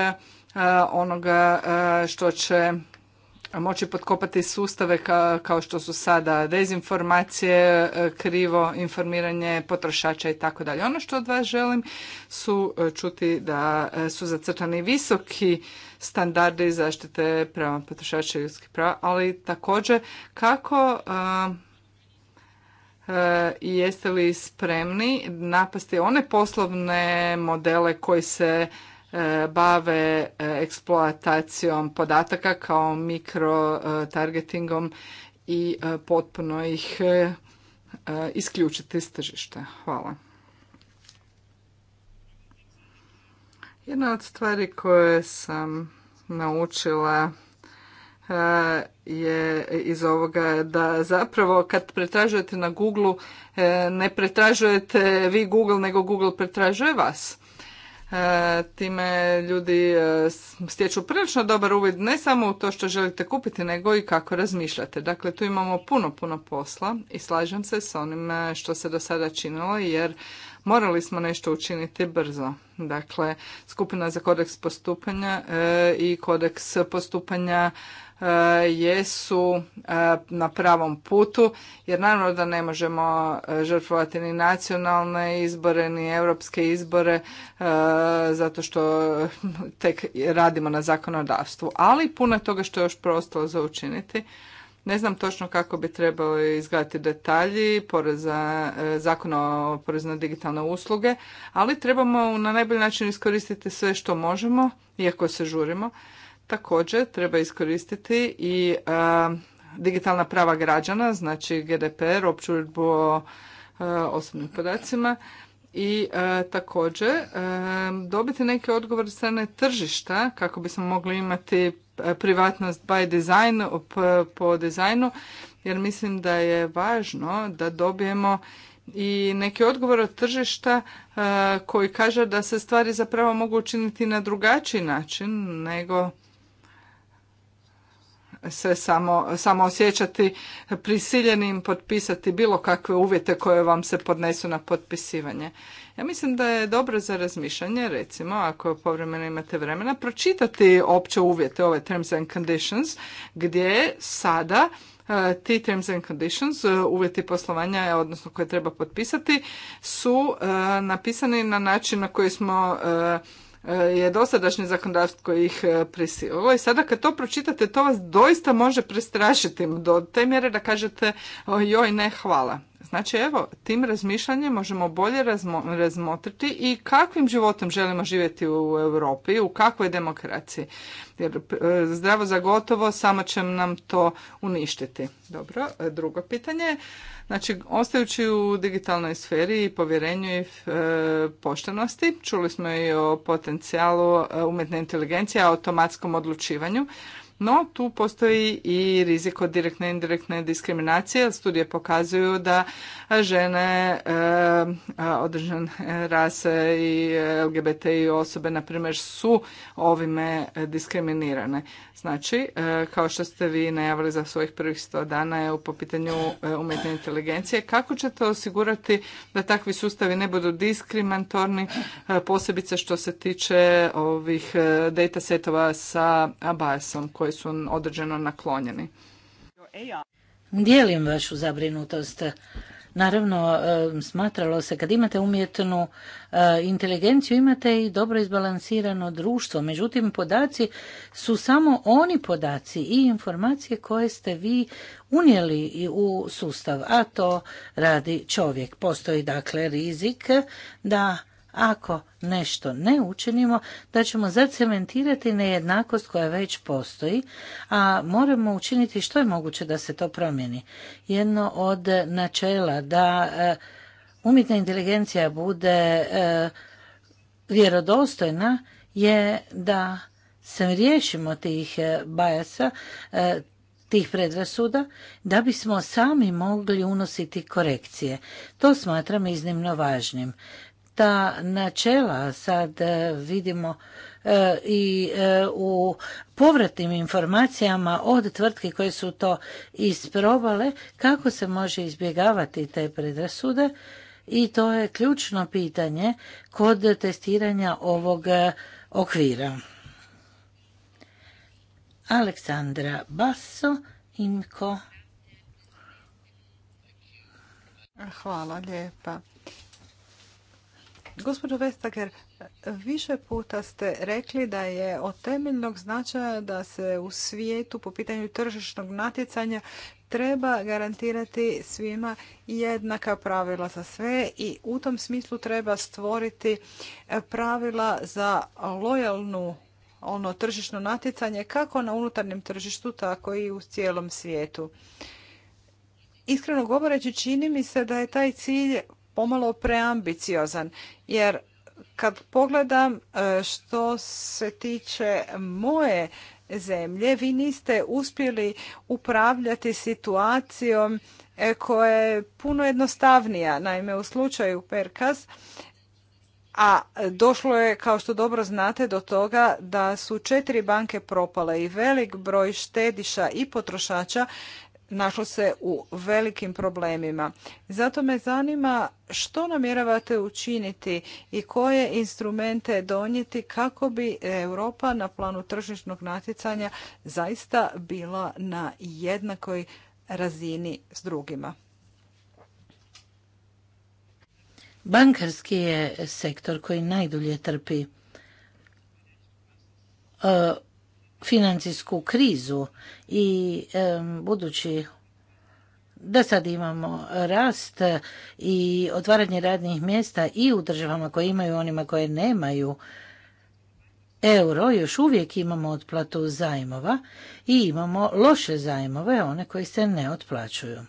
onoga što će moći potkopati sustave kao što su sada dezinformacije, e, krivo informiranje potrošača i tako dalje. Ono što od vas želim su e, čuti da e, su zacrtani visoki standardi zaštite prava potrošača i ljudskih prava, ali također kako i jeste li spremni napasti one poslovne modele koji se E, bave e, eksploatacijom podataka kao mikro-targetingom e, i potpuno ih isključiti iz tržišta. Hvala. Jedna od stvari koje sam naučila je iz ovoga da zapravo kad pretražujete na Google ne pretražujete vi Google nego Google pretražuje vas. E, time ljudi e, stječu prilično dobar uvid ne samo u to što želite kupiti, nego i kako razmišljate. Dakle, tu imamo puno, puno posla i slažem se s onim e, što se do sada činilo, jer morali smo nešto učiniti brzo. Dakle, skupina za kodeks postupanja i kodeks postupanja Eh, jesu eh, na pravom putu, jer naravno da ne možemo eh, žrtvovati ni nacionalne izbore, ni europske izbore, zato što tek radimo na zakonodavstvu. Ali puno je toga što je još prostalo za učiniti. Ne znam točno kako bi trebalo izgledati detalji poreza, zakona o porezu na digitalne usluge, ali trebamo na najbolji način iskoristiti sve što možemo, iako se žurimo, Također treba iskoristiti i digitalna prava građana, znači GDPR, opću uredbu o osobnim podacima i također e, dobiti neke odgovore strane tržišta kako bismo mogli imati privatnost by design po, dizajnu jer mislim da je važno da dobijemo i neki odgovor od tržišta koji kaže da se stvari zapravo mogu učiniti na drugačiji način nego se samo, samo osjećati prisiljenim potpisati bilo kakve uvjete koje vam se podnesu na potpisivanje. Ja mislim da je dobro za razmišljanje, recimo, ako povremeno imate vremena, pročitati opće uvjete, ove terms and conditions, gdje sada e, ti terms and conditions, e, uvjeti poslovanja, e, odnosno koje treba potpisati, su napisani na način na koji smo E, je dosadašnje zakonodavstvo koje ih e, prisililo i sada kad to pročitate to vas doista može prestrašiti do te mjere da kažete joj ne hvala. Znači evo, tim razmišljanjem možemo bolje razmotriti i kakvim životom želimo živjeti u Europi, u kakvoj demokraciji. Jer e, zdravo za gotovo samo će nam to uništiti. Dobro, e, drugo pitanje. Znači, ostajući u digitalnoj sferi i povjerenju i e, poštenosti, čuli smo i o potencijalu umjetne inteligencije, automatskom odlučivanju. No, tu postoji i rizik od direktne i indirektne diskriminacije. Studije pokazuju da žene eh, određene rase i eh, LGBT i osobe, na primjer, su ovime diskriminirane. Znači, eh, kao što ste vi najavili za svojih prvih sto dana je po pitanju umjetne inteligencije, kako ćete osigurati da takvi sustavi ne budu diskriminatorni, posebice što se tiče ovih data setova sa abasom koji koji su određeno naklonjeni. Dijelim vašu zabrinutost. Naravno, e, smatralo se kad imate umjetnu e, inteligenciju, imate i dobro izbalansirano društvo. Međutim, podaci su samo oni podaci i informacije koje ste vi unijeli u sustav, a to radi čovjek. Postoji dakle rizik da ako nešto ne učinimo, da ćemo zacementirati nejednakost koja već postoji, a moramo učiniti što je moguće da se to promijeni. Jedno od načela da e, umjetna inteligencija bude e, vjerodostojna je da se riješimo tih e, bajasa, tih predrasuda da bismo sami mogli unositi korekcije. To smatram iznimno važnim ta načela sad e, vidimo e, i e, u povratnim informacijama od tvrtki koje su to isprobale kako se može izbjegavati te predrasude i to je ključno pitanje kod testiranja ovog okvira. Aleksandra Basso, Inko. Hvala lijepa. Gospođo Vestager, više puta ste rekli da je od temeljnog značaja da se u svijetu po pitanju tržišnog natjecanja treba garantirati svima jednaka pravila za sve i u tom smislu treba stvoriti pravila za lojalnu ono tržišno natjecanje kako na unutarnjem tržištu tako i u cijelom svijetu. Iskreno govoreći čini mi se da je taj cilj pomalo preambiciozan jer kad pogledam e, što se tiče moje zemlje, vi niste uspjeli upravljati situacijom e, koja je puno jednostavnija. Naime, u slučaju Perkas, a došlo je, kao što dobro znate, do toga da su četiri banke propale i velik broj štediša i potrošača našlo se u velikim problemima. Zato me zanima što namjeravate učiniti i koje instrumente donijeti kako bi Europa na planu tržišnog natjecanja zaista bila na jednakoj razini s drugima. Bankarski je sektor koji najdulje trpi e, financijsku krizu i budući da sad imamo rast i otvaranje radnih mjesta i u državama koje imaju onima koje nemaju euro, još uvijek imamo otplatu zajmova i imamo loše zajmove, one koji se ne otplaćuju.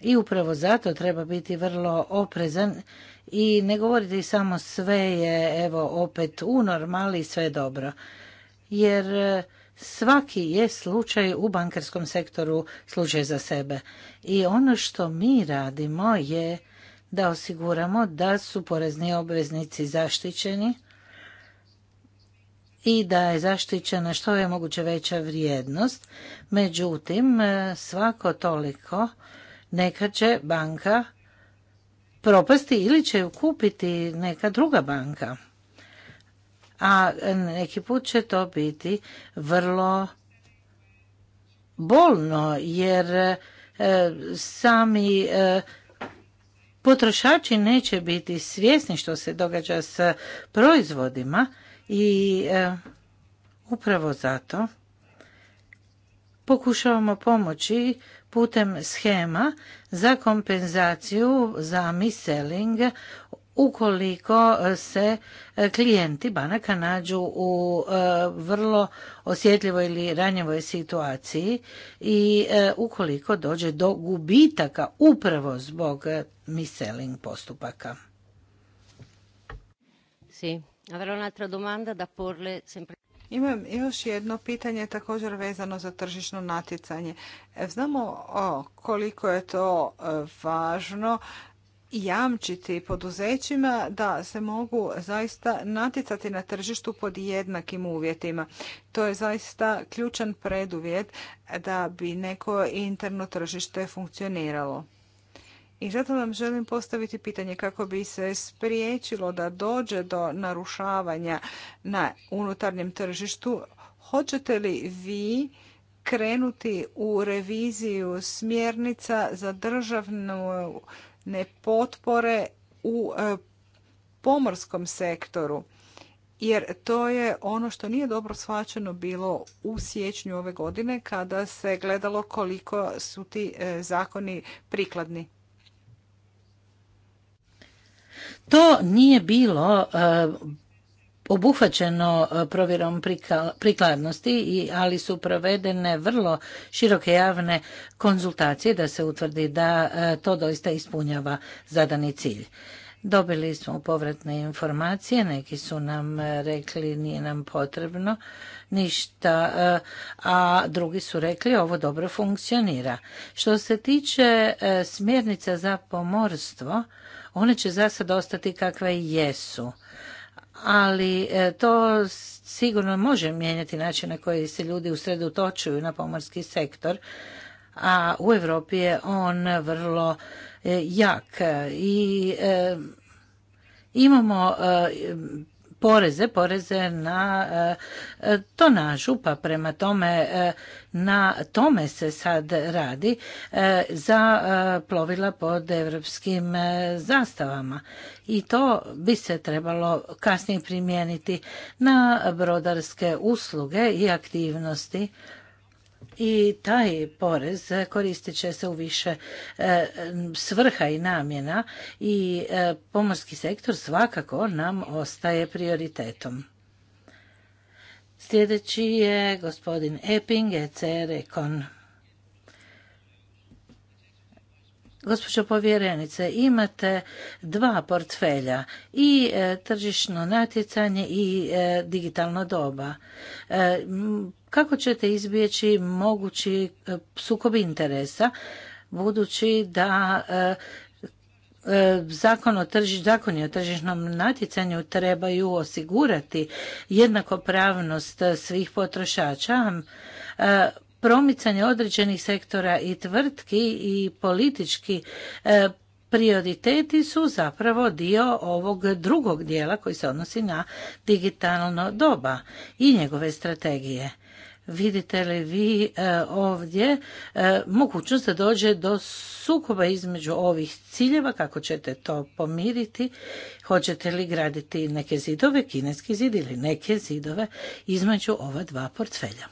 I upravo zato treba biti vrlo oprezan i ne govoriti samo sve je evo opet u normali sve dobro jer e, svaki je slučaj u bankarskom sektoru slučaj za sebe. I ono što mi radimo je da osiguramo da su porezni obveznici zaštićeni i da je zaštićena što je moguće veća vrijednost. Međutim, e, svako toliko neka će banka propasti ili će ju kupiti neka druga banka a neki put će to biti vrlo bolno jer e, sami e, potrošači neće biti svjesni što se događa s proizvodima i e, upravo zato pokušavamo pomoći putem schema za kompenzaciju za miselling ukoliko e, se e, klijenti banaka nađu u e, vrlo osjetljivoj ili ranjivoj situaciji i ukoliko dođe do gubitaka upravo zbog miselling postupaka. Sì, un'altra da porle sempre imam još jedno pitanje također vezano za tržišno natjecanje znamo o, koliko je to važno jamčiti poduzećima da se mogu zaista natjecati na tržištu pod jednakim uvjetima. To je zaista ključan preduvjet da bi neko interno tržište funkcioniralo. I zato vam želim postaviti pitanje kako bi se spriječilo da dođe do narušavanja na unutarnjem tržištu. Hoćete li vi krenuti u reviziju smjernica za državnu potpore u e, pomorskom sektoru. Jer to je ono što nije dobro shvaćeno bilo u siječnju ove godine kada se gledalo koliko su ti e, zakoni prikladni. To nije bilo e, obuhvaćeno e, provjerom prikladnosti, ali su provedene vrlo široke javne konzultacije da se utvrdi da e, to doista ispunjava zadani cilj. Dobili smo povratne informacije, neki su nam e, rekli nije nam potrebno ništa, a drugi su rekli ovo dobro funkcionira. Što se tiče smjernica za pomorstvo, one će za sad ostati kakve jesu ali e, to sigurno može mijenjati način na koji se ljudi usredotočuju na pomorski sektor, a u Europi je on vrlo e, jak i e, imamo poreze, poreze na e, e, tonažu, pa prema tome e, na tome se sad radi za plovila pod evropskim zastavama. I to bi se trebalo kasnije primijeniti na brodarske usluge i aktivnosti i taj porez koristit će se u više e, svrha i namjena i e, pomorski sektor svakako nam ostaje prioritetom. Sljedeći je gospodin Eping, ECR Ekon. Gospođo povjerenice, imate dva portfelja i e, tržišno natjecanje i digitalno doba kako ćete izbjeći mogući e, sukob interesa budući da e, e, zakon o zakoni o tržišnom natjecanju trebaju osigurati jednakopravnost svih potrošača promicanje određenih sektora i tvrtki i politički prioriteti su zapravo dio ovog drugog dijela koji se odnosi na digitalno doba i njegove strategije vidite li vi e, ovdje e, mogućnost da dođe do sukoba između ovih ciljeva, kako ćete to pomiriti, hoćete li graditi neke zidove, kineski zid ili neke zidove između ova dva portfelja.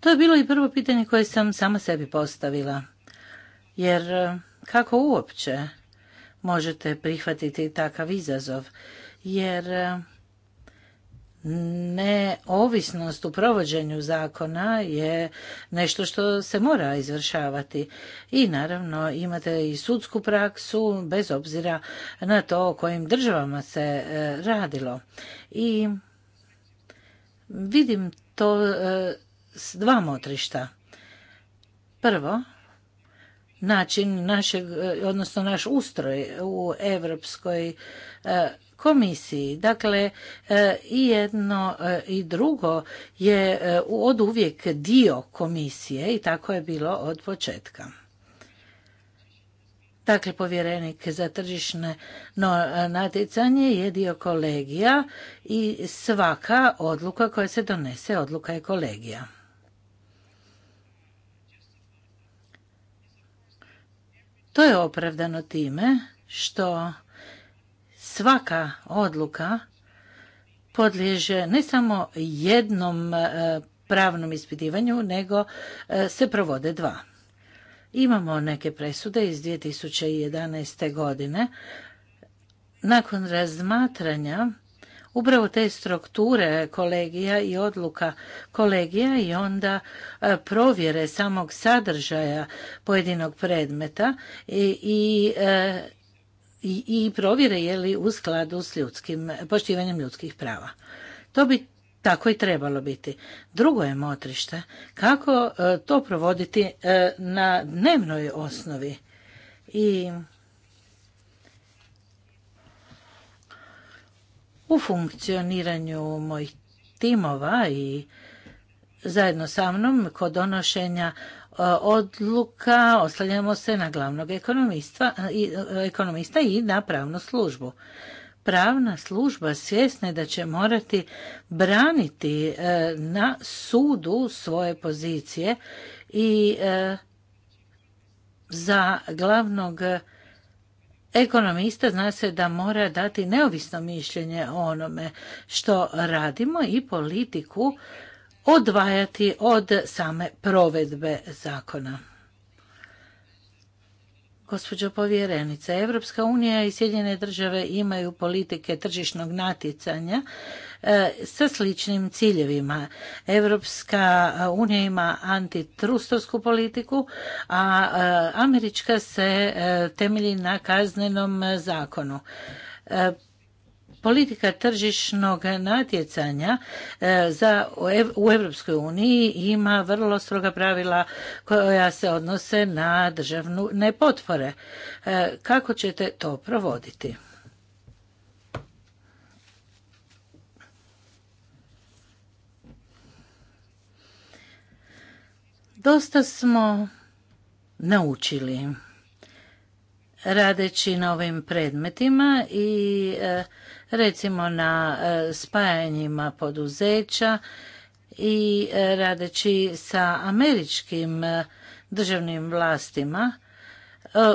To je bilo i prvo pitanje koje sam sama sebi postavila. Jer e, kako uopće možete prihvatiti takav izazov? jer e, neovisnost u provođenju zakona je nešto što se mora izvršavati. I naravno imate i sudsku praksu bez obzira na to o kojim državama se e, radilo. I vidim to e, s dva motrišta. Prvo, način našeg, odnosno naš ustroj u Europskoj komisiji. Dakle, e, i jedno e, i drugo je e, od uvijek dio komisije i tako je bilo od početka. Dakle, povjerenik za tržišne natjecanje je dio kolegija i svaka odluka koja se donese, odluka je kolegija. To je opravdano time što svaka odluka podliježe ne samo jednom e, pravnom ispitivanju, nego e, se provode dva. Imamo neke presude iz 2011. godine. Nakon razmatranja upravo te strukture kolegija i odluka kolegija i onda e, provjere samog sadržaja pojedinog predmeta i, i, provjere je li u skladu s ljudskim, poštivanjem ljudskih prava. To bi tako i trebalo biti. Drugo je motrište kako e, to provoditi e, na dnevnoj osnovi. I u funkcioniranju mojih timova i zajedno sa mnom kod donošenja odluka oslanjamo se na glavnog ekonomista, ekonomista i na pravnu službu. Pravna služba svjesna je da će morati braniti e, na sudu svoje pozicije i e, za glavnog ekonomista zna se da mora dati neovisno mišljenje o onome što radimo i politiku odvajati od same provedbe zakona. Gospođo povjerenica, Evropska unija i Sjedinjene države imaju politike tržišnog natjecanja e, sa sličnim ciljevima. Evropska unija ima antitrustovsku politiku, a e, američka se e, temelji na kaznenom zakonu Politika tržišnog natjecanja e, u Europskoj uniji ima vrlo stroga pravila koja se odnose na državne nepotvore e, Kako ćete to provoditi? Dosta smo naučili radeći na ovim predmetima i e, recimo na e, spajanjima poduzeća i e, radeći sa američkim e, državnim vlastima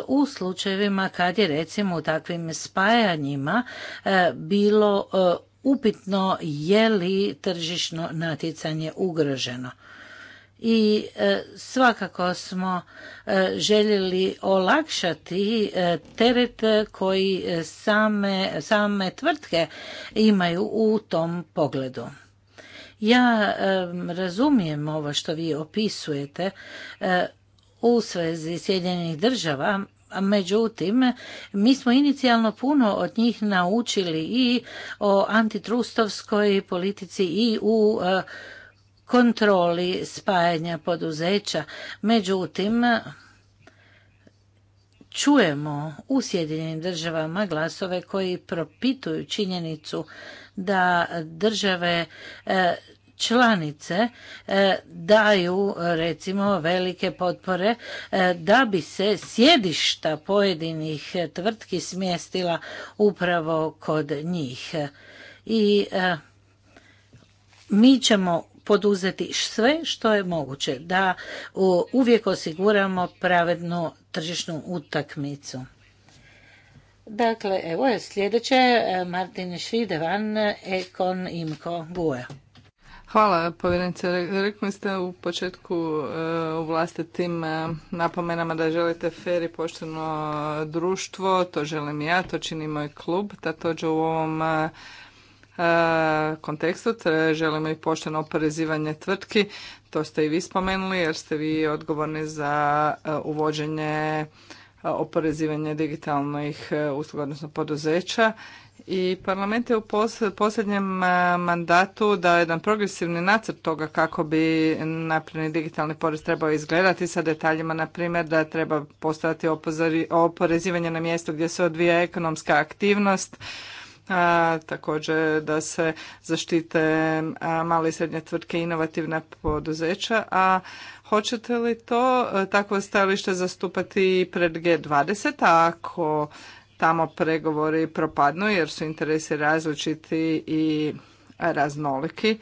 u slučajevima kad je recimo u takvim spajanjima bilo upitno je li tržišno natjecanje ugroženo i e, svakako smo e, željeli olakšati e, teret koji same, same tvrtke imaju u tom pogledu. Ja razumijem ovo što vi opisujete u svezi Sjedinjenih država, Međutim, mi smo inicijalno puno od njih naučili i o antitrustovskoj politici i u kontroli spajanja poduzeća. Međutim, čujemo u Sjedinjenim državama glasove koji propituju činjenicu da države e, članice e, daju recimo velike potpore e, da bi se sjedišta pojedinih tvrtki smjestila upravo kod njih. I mi ćemo poduzeti sve što je moguće da uvijek osiguramo pravednu tržišnu utakmicu. Dakle, evo je sljedeće, e, Martin Švidevan, Ekon Imko Buja. Hvala povjerenice. Rekli ste u početku e, u vlastitim e, napomenama da želite fer i pošteno društvo, to želim ja, to čini moj klub. Također u ovom E, kontekstu. Želimo i pošteno oporezivanje tvrtki. To ste i vi spomenuli jer ste vi odgovorni za e, uvođenje e, oporezivanja digitalnih usluga, odnosno poduzeća. I parlament je u posljednjem mandatu dao jedan progresivni nacrt toga kako bi napredni digitalni porez trebao izgledati sa detaljima, na primjer, da treba postojati oporezivanje na mjestu gdje se odvija ekonomska aktivnost, a, također da se zaštite male i srednje tvrtke inovativna poduzeća, a hoćete li to e, takvo stajalište zastupati pred G20, a ako tamo pregovori propadnu jer su interesi različiti i raznoliki,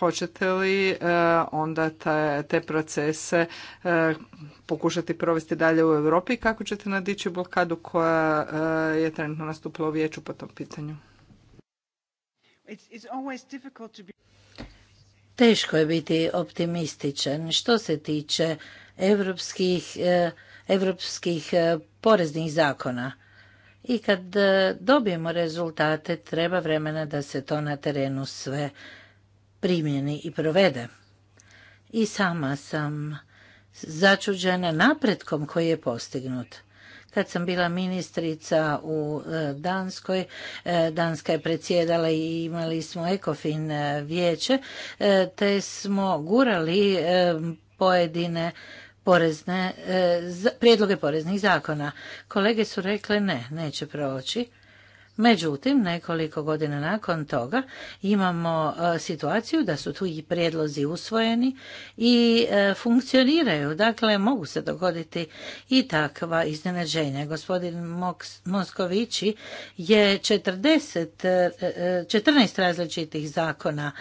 Hoćete li e, onda te procese e, pokušati provesti dalje u Europi i kako ćete nadići blokadu koja e, je trenutno nastupila u vijeću po tom pitanju? Teško je biti optimističan što se tiče europskih evropskih poreznih zakona. I kad dobijemo rezultate, treba vremena da se to na terenu sve primjeni i provede. I sama sam začuđena napretkom koji je postignut. Kad sam bila ministrica u e, Danskoj, e, Danska je predsjedala i imali smo ekofin e, vijeće, te smo gurali pojedine porezne, prijedloge poreznih zakona. Kolege su rekle ne, neće proći Međutim, nekoliko godina nakon toga imamo e, situaciju da su tu i prijedlozi usvojeni i e, funkcioniraju. Dakle, mogu se dogoditi i takva iznenađenja. Gospodin Moskovići je 40, 14 e, različitih zakona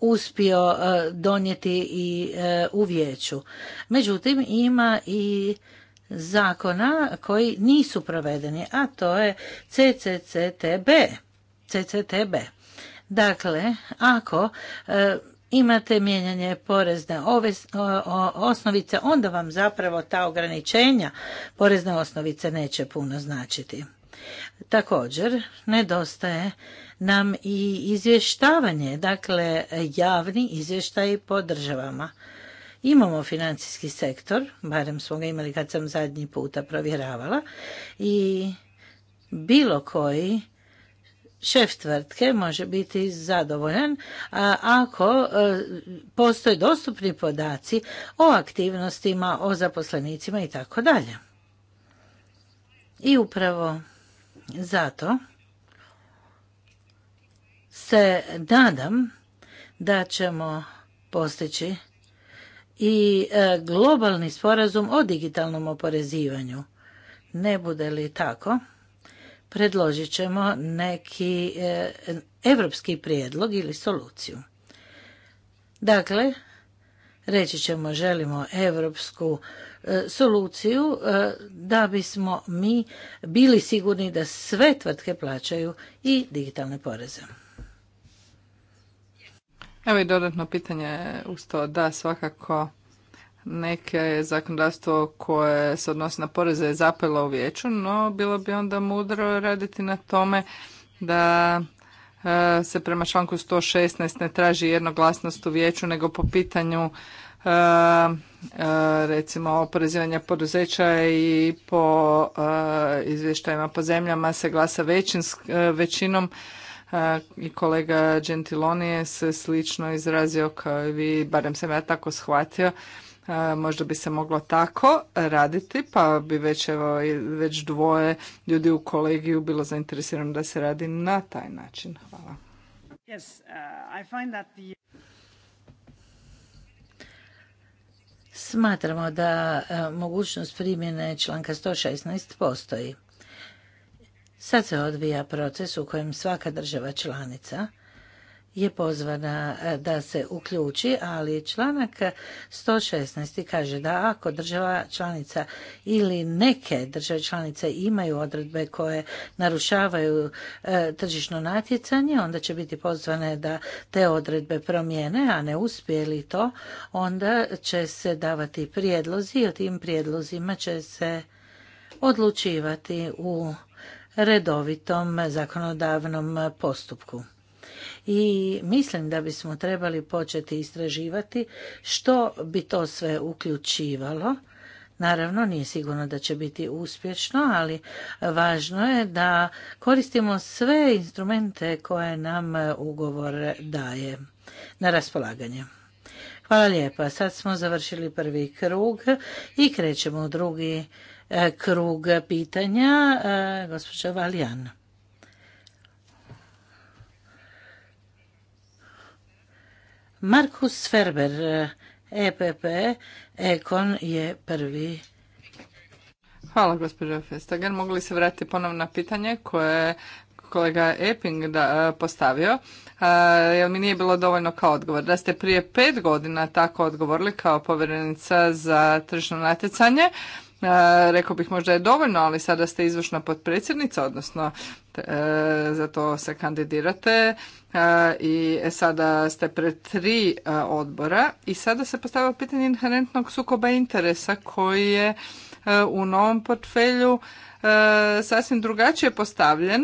uspio donijeti i u vijeću. Međutim, ima i zakona koji nisu provedeni, a to je CCCTB. CCTB. Dakle, ako e, imate mijenjanje porezne osnovice, onda vam zapravo ta ograničenja porezne osnovice neće puno značiti. Također, nedostaje nam i izvještavanje, dakle javni izvještaj po državama imamo financijski sektor, barem smo ga imali kad sam zadnji puta provjeravala, i bilo koji šef tvrtke može biti zadovoljan ako e, postoje dostupni podaci o aktivnostima, o zaposlenicima i tako dalje. I upravo zato se nadam da ćemo postići i e, globalni sporazum o digitalnom oporezivanju. Ne bude li tako, predložit ćemo neki e, evropski prijedlog ili soluciju. Dakle, reći ćemo želimo evropsku e, soluciju da bismo mi bili sigurni da sve tvrtke plaćaju i digitalne poreze. Evo i dodatno pitanje uz to. Da, svakako neke zakonodavstvo koje se odnosi na poreze je zapelo u vijeću, no bilo bi onda mudro raditi na tome da e, se prema članku 116 ne traži jednoglasnost u vijeću, nego po pitanju e, e, recimo oporezivanja poduzeća i po izvještajima po zemljama se glasa većinom i kolega Gentiloni je se slično izrazio kao i vi, barem sam ja tako shvatio. Možda bi se moglo tako raditi, pa bi već, evo, već dvoje ljudi u kolegiju bilo zainteresirano da se radi na taj način. Hvala. Uh, Smatramo da uh, mogućnost primjene članka 116 postoji. Sad se odvija proces u kojem svaka država članica je pozvana e, da se uključi, ali članak 116. kaže da ako država članica ili neke države članice imaju odredbe koje narušavaju e, tržišno natjecanje, onda će biti pozvane da te odredbe promijene, a ne uspije li to, onda će se davati prijedlozi i o tim prijedlozima će se odlučivati u redovitom zakonodavnom postupku. I mislim da bismo trebali početi istraživati što bi to sve uključivalo. Naravno, nije sigurno da će biti uspješno, ali važno je da koristimo sve instrumente koje nam ugovor daje na raspolaganje. Hvala lijepa. Sad smo završili prvi krug i krećemo u drugi E, krug pitanja. E, gospođa valijan Markus Ferber, EPP, e Ekon je prvi. Hvala gospođo Festager. Mogu li se vratiti ponovno na pitanje koje je kolega Eping postavio, jer mi nije bilo dovoljno kao odgovor. Da ste prije pet godina tako odgovorili kao povjerenica za tržno natjecanje, E, rekao bih možda je dovoljno, ali sada ste izvršna potpredsjednica, odnosno e, za to se kandidirate e, i sada ste pred tri odbora i sada se postavlja pitanje inherentnog sukoba interesa koji je u novom portfelju sasvim drugačije postavljen.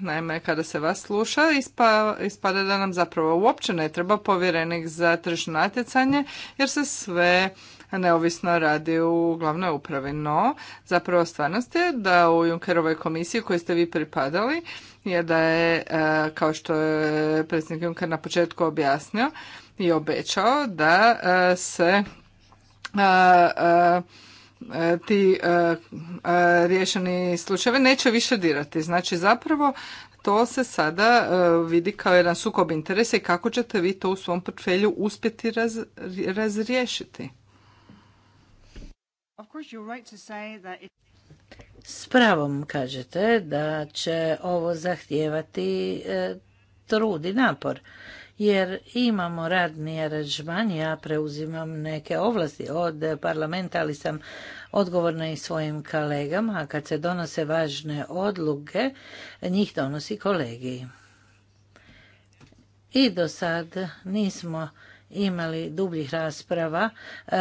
Naime, kada se vas sluša, ispa, ispada da nam zapravo uopće ne treba povjerenik za tržišno natjecanje, jer se sve neovisno radi u glavnoj upravi. No, zapravo stvarnost je da u Junkerovoj komisiji kojoj ste vi pripadali je da je, e, kao što je predsjednik Juncker na početku objasnio i obećao, da e, se e, ti riješeni slučajevi neće više dirati. Znači zapravo to se sada vidi kao jedan sukob interesa i kako ćete vi to u svom portfelju uspjeti razriješiti. S pravom kažete da će ovo zahtijevati e, trud i napor, jer imamo radni aranžman, ja preuzimam neke ovlasti od parlamenta, ali sam odgovorna i svojim kolegama, a kad se donose važne odluke, njih donosi kolegiji. I do sad nismo imali dubljih rasprava e,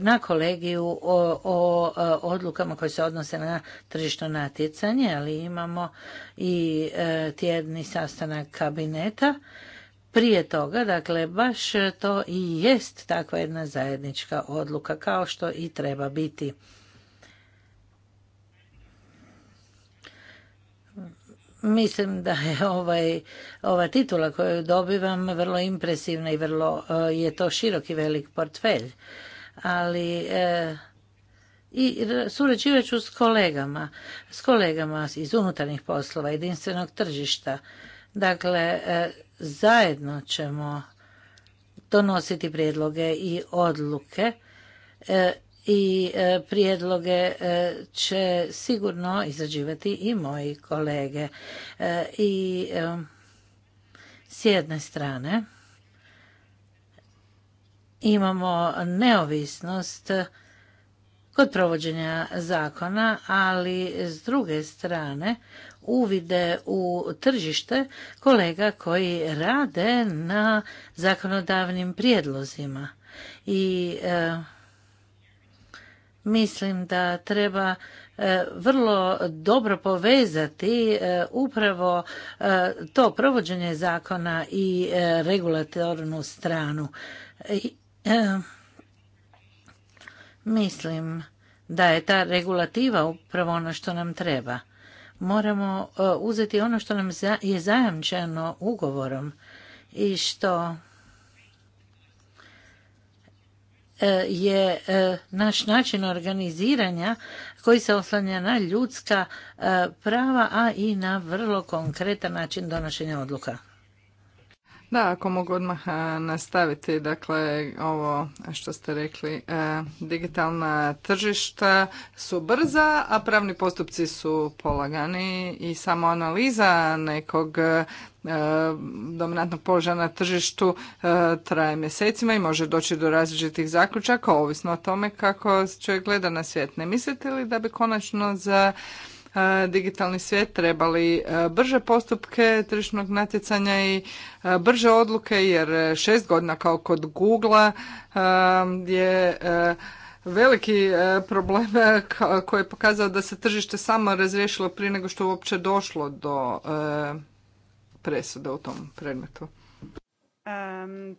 na kolegiju o, o e, odlukama koje se odnose na tržišno natjecanje, ali imamo i e, tjedni sastanak kabineta. Prije toga, dakle, baš to i jest takva jedna zajednička odluka, kao što i treba biti. Mislim da je ovaj, ova titula koju dobivam vrlo impresivna i vrlo e, je to širok i velik portfelj. Ali e, i surađivat s kolegama, s kolegama iz unutarnjih poslova, jedinstvenog tržišta. Dakle, e, zajedno ćemo donositi prijedloge i odluke i e, prijedloge e, će sigurno izrađivati i moji kolege. E, I s jedne strane imamo neovisnost kod provođenja zakona, ali s druge strane uvide u tržište kolega koji rade na zakonodavnim prijedlozima. I mislim da treba e, vrlo dobro povezati e, upravo e, to provođenje zakona i regulatornu stranu. Mislim da je ta regulativa upravo ono što nam treba. Moramo uzeti ono što nam je zajamčeno ugovorom i što E, je e, naš način organiziranja koji se oslanja na ljudska e, prava, a i na vrlo konkretan način donošenja odluka. Da, ako mogu odmah e, nastaviti, dakle, ovo što ste rekli, e, digitalna tržišta su brza, a pravni postupci su polagani i samo analiza nekog e, dominantnog položaja na tržištu traje mjesecima i može doći do različitih zaključaka, ovisno o tome kako čovjek gleda na svijet. Ne mislite li da bi konačno za digitalni svijet trebali brže postupke tržišnog natjecanja i brže odluke jer e, šest godina kao kod Google je e, veliki e, problem koji je pokazao da se tržište samo razriješilo prije nego što uopće došlo do presude u tom predmetu. Um,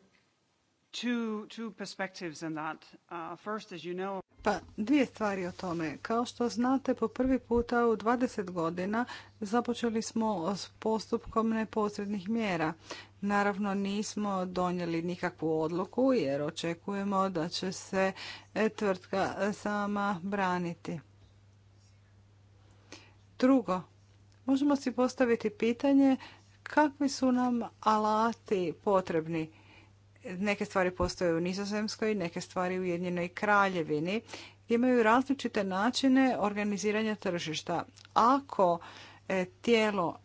pa dvije stvari o tome. Kao što znate, po prvi puta u 20 godina započeli smo s postupkom neposrednih mjera. Naravno nismo donijeli nikakvu odluku jer očekujemo da će se e, tvrtka sama braniti. Drugo, možemo si postaviti pitanje kakvi su nam alati potrebni Neke stvari postoje u Nizozemskoj, neke stvari u Jedinoj kraljevini imaju različite načine organiziranja tržišta. Ako e, tijelo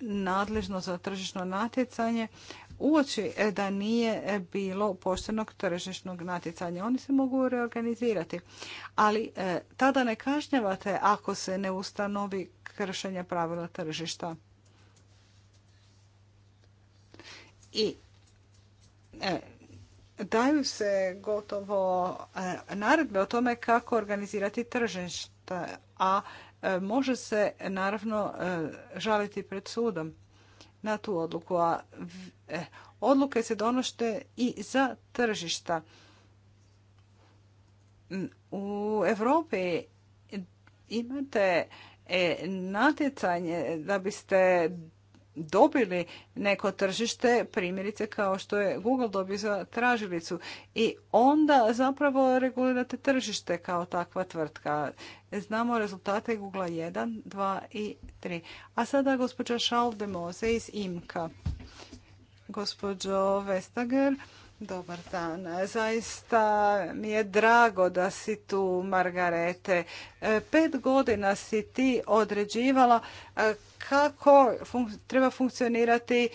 nadležno za tržišno natjecanje uoči e, da nije e, bilo poštenog tržišnog natjecanja. Oni se mogu reorganizirati, ali tada ne kažnjavate ako se ne ustanovi kršenje pravila tržišta. I E, daju se gotovo e, naredbe o tome kako organizirati tržište. a e, može se naravno žaliti pred sudom na tu odluku. A odluke se donošte i za tržišta. U Europi imate natjecanje da biste dobili neko tržište, primjerice kao što je Google dobio za tražilicu i onda zapravo regulirate tržište kao takva tvrtka. Znamo rezultate Google 1, 2 i 3. A sada gospođa Šaldemoze iz IMKA. Gospođo Vestager, Dobar dan. Zaista mi je drago da si tu, Margarete. E, pet godina si ti određivala e, kako treba funkcionirati e,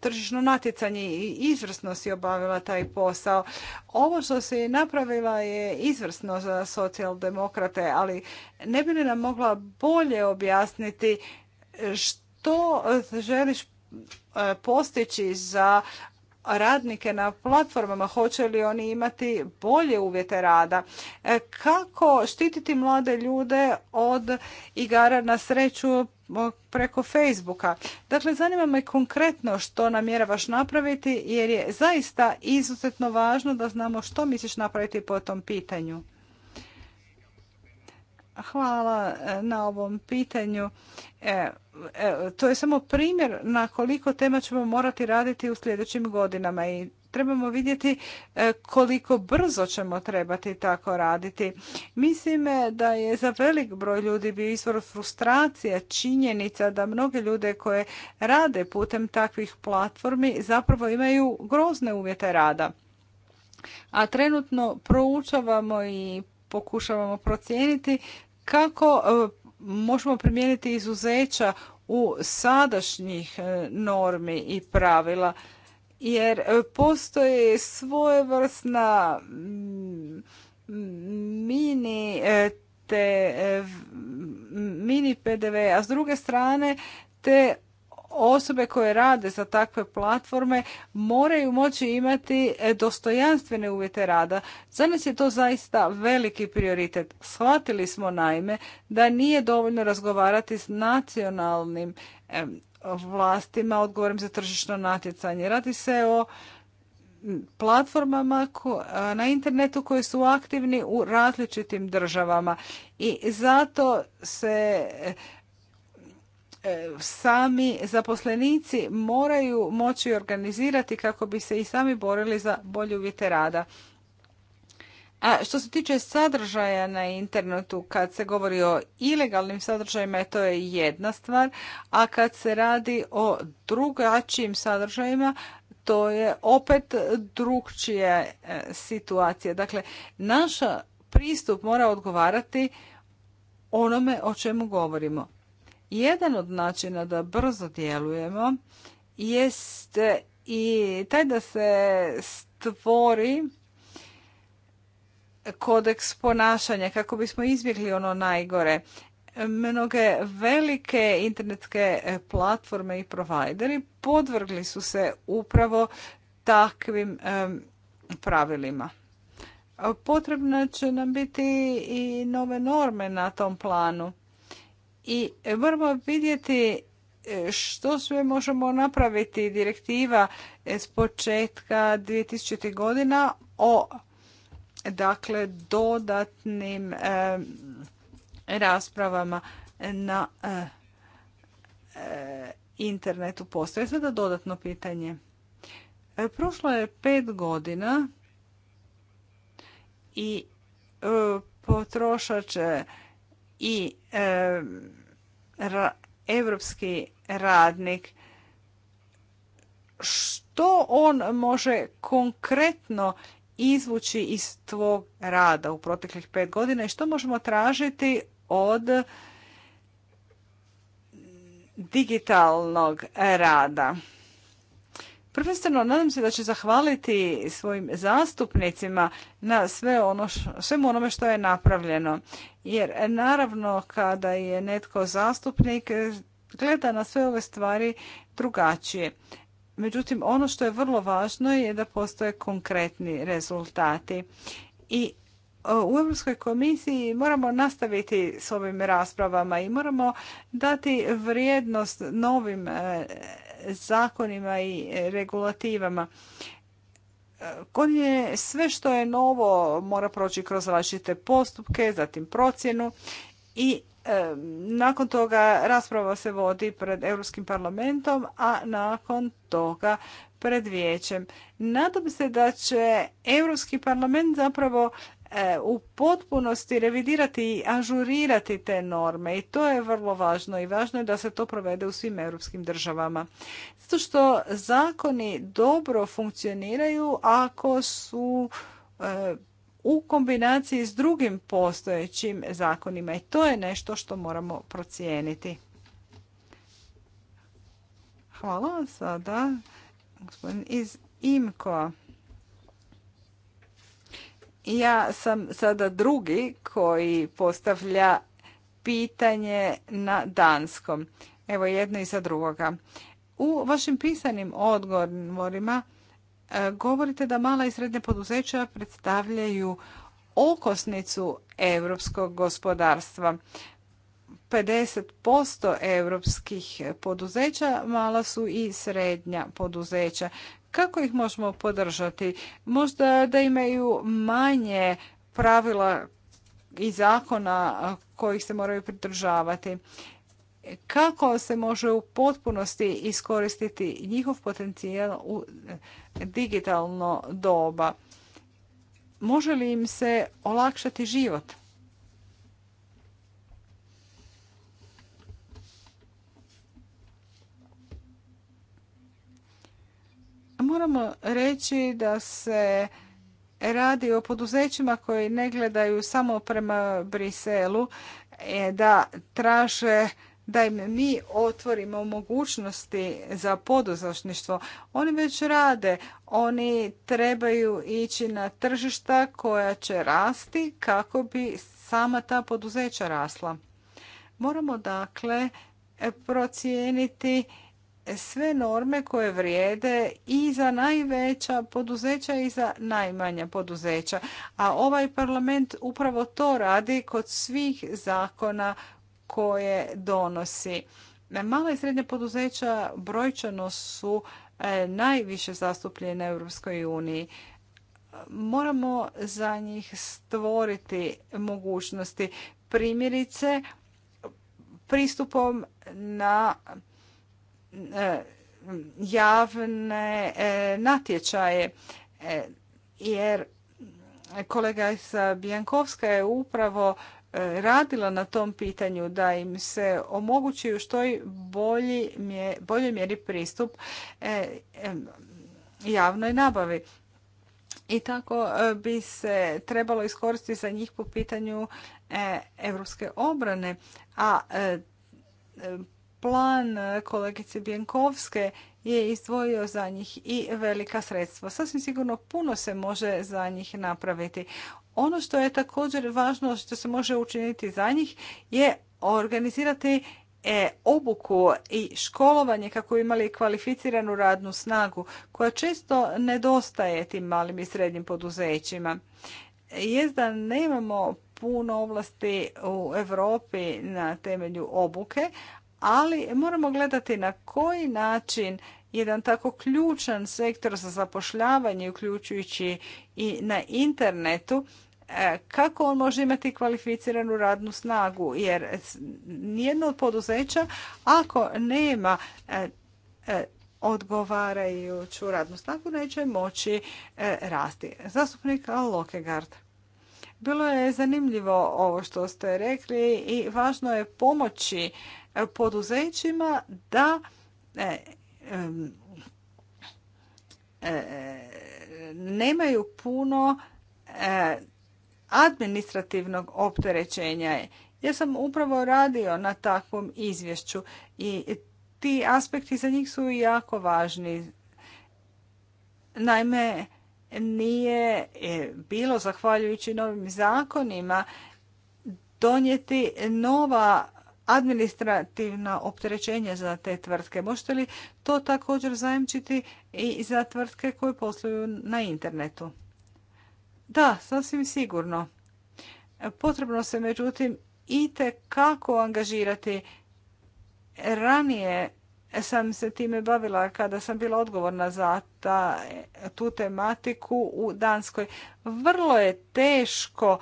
tržišno natjecanje i izvrsno si obavila taj posao. Ovo što si napravila je izvrsno za socijaldemokrate, ali ne bi li nam mogla bolje objasniti što želiš postići za radnike na platformama, hoće li oni imati bolje uvjete rada, e, kako štititi mlade ljude od igara na sreću preko Facebooka. Dakle, zanima me konkretno što namjeravaš napraviti jer je zaista izuzetno važno da znamo što misliš napraviti po tom pitanju. Hvala e, na ovom pitanju. E, e, to je samo primjer na koliko tema ćemo morati raditi u sljedećim godinama i trebamo vidjeti koliko brzo ćemo trebati tako raditi. Mislim da je za velik broj ljudi bio izvor frustracija činjenica da mnoge ljude koje rade putem takvih platformi zapravo imaju grozne uvjete rada. A trenutno proučavamo i pokušavamo procijeniti kako e, možemo primijeniti izuzeća u sadašnjih e, normi i pravila jer e, postoji svojevrsna mm, mini te mini PDV, a s druge strane te osobe koje rade za takve platforme moraju moći imati e, dostojanstvene uvjete rada. Za nas je to zaista veliki prioritet. Shvatili smo naime da nije dovoljno razgovarati s nacionalnim vlastima odgovorim za tržišno natjecanje. Radi se o platformama e, na internetu koji su aktivni u različitim državama i zato se E, sami zaposlenici moraju moći organizirati kako bi se i sami borili za bolje uvjete rada. A što se tiče sadržaja na internetu, kad se govori o ilegalnim sadržajima, to je jedna stvar, a kad se radi o drugačijim sadržajima, to je opet drugčija e, situacija. Dakle, naš pristup mora odgovarati onome o čemu govorimo. Jedan od načina da brzo djelujemo jest i taj da se stvori kodeks ponašanja kako bismo izbjegli ono najgore. Mnoge velike internetske platforme i provajderi podvrgli su se upravo takvim pravilima. Potrebno će nam biti i nove norme na tom planu i moramo vidjeti e, što sve možemo napraviti. Direktiva e, s početka 2000. godina o dakle dodatnim e, raspravama na internetu postoje. Sada dodatno pitanje. prošlo je pet godina i potrošač i europski radnik što on može konkretno izvući iz tvog rada u proteklih pet godina i što možemo tražiti od digitalnog rada. Prvenstveno nadam se da će zahvaliti svojim zastupnicima na sve ono, svemu onome što je napravljeno. Jer naravno kada je netko zastupnik gleda na sve ove stvari drugačije. Međutim, ono što je vrlo važno je da postoje konkretni rezultati. I e, u Europskoj komisiji moramo nastaviti s ovim raspravama i moramo dati vrijednost novim e, zakonima i regulativama. Kod je sve što je novo mora proći kroz različite postupke, zatim procjenu i e, nakon toga rasprava se vodi pred Europskim parlamentom, a nakon toga pred vijećem. Nadam se da će Europski parlament zapravo E, u potpunosti revidirati i ažurirati te norme i to je vrlo važno i važno je da se to provede u svim europskim državama. Zato što zakoni dobro funkcioniraju ako su e, u kombinaciji s drugim postojećim zakonima i to je nešto što moramo procijeniti. Hvala sada gospodin iz imko ja sam sada drugi koji postavlja pitanje na danskom. Evo jedno i za drugoga. U vašim pisanim odgovorima e, govorite da mala i srednja poduzeća predstavljaju okosnicu europskog gospodarstva. 50% europskih poduzeća mala su i srednja poduzeća. Kako ih možemo podržati? Možda da imaju manje pravila i zakona kojih se moraju pridržavati. Kako se može u potpunosti iskoristiti njihov potencijal u digitalno doba? Može li im se olakšati život? moramo reći da se radi o poduzećima koji ne gledaju samo prema Briselu, e, da traže da im mi otvorimo mogućnosti za poduzetništvo. Oni već rade, oni trebaju ići na tržišta koja će rasti kako bi sama ta poduzeća rasla. Moramo dakle e, procijeniti sve norme koje vrijede i za najveća poduzeća i za najmanja poduzeća. A ovaj parlament upravo to radi kod svih zakona koje donosi. Mala i srednja poduzeća brojčano su e, najviše zastupljene u Europskoj uniji. Moramo za njih stvoriti mogućnosti. Primjerice, pristupom na E, javne e, natječaje e, jer kolega sa Bijankovska je upravo radila na tom pitanju da im se omogući u što bolji, boljoj mjeri pristup javnoj nabavi. I tako bi se trebalo iskoristiti za njih po pitanju europske obrane, a plan e, kolegice Bjenkovske je izdvojio za njih i velika sredstva. Sasvim sigurno puno se može za njih napraviti. Ono što je također važno što se može učiniti za njih je organizirati e, obuku i školovanje kako imali kvalificiranu radnu snagu koja često nedostaje tim malim i srednjim poduzećima. Jest da nemamo puno ovlasti u Europi na temelju obuke, ali moramo gledati na koji način jedan tako ključan sektor za zapošljavanje, uključujući i na internetu, e, kako on može imati kvalificiranu radnu snagu, jer nijedno od poduzeća ako nema e, e, odgovarajuću radnu snagu neće moći rasti. Zastupnik Lokegard. Bilo je zanimljivo ovo što ste rekli i važno je pomoći E, poduzećima da e, e, nemaju puno administrativnog opterećenja. Ja sam upravo radio na takvom izvješću i ti aspekti za njih su jako važni. Naime, nije bilo, zahvaljujući novim zakonima, donijeti nova administrativna opterećenja za te tvrtke. Možete li to također zajemčiti i za tvrtke koje posluju na internetu? Da, sasvim sigurno. Potrebno se međutim i kako angažirati. Ranije sam se time bavila kada sam bila odgovorna za tu tematiku u Danskoj. Vrlo je teško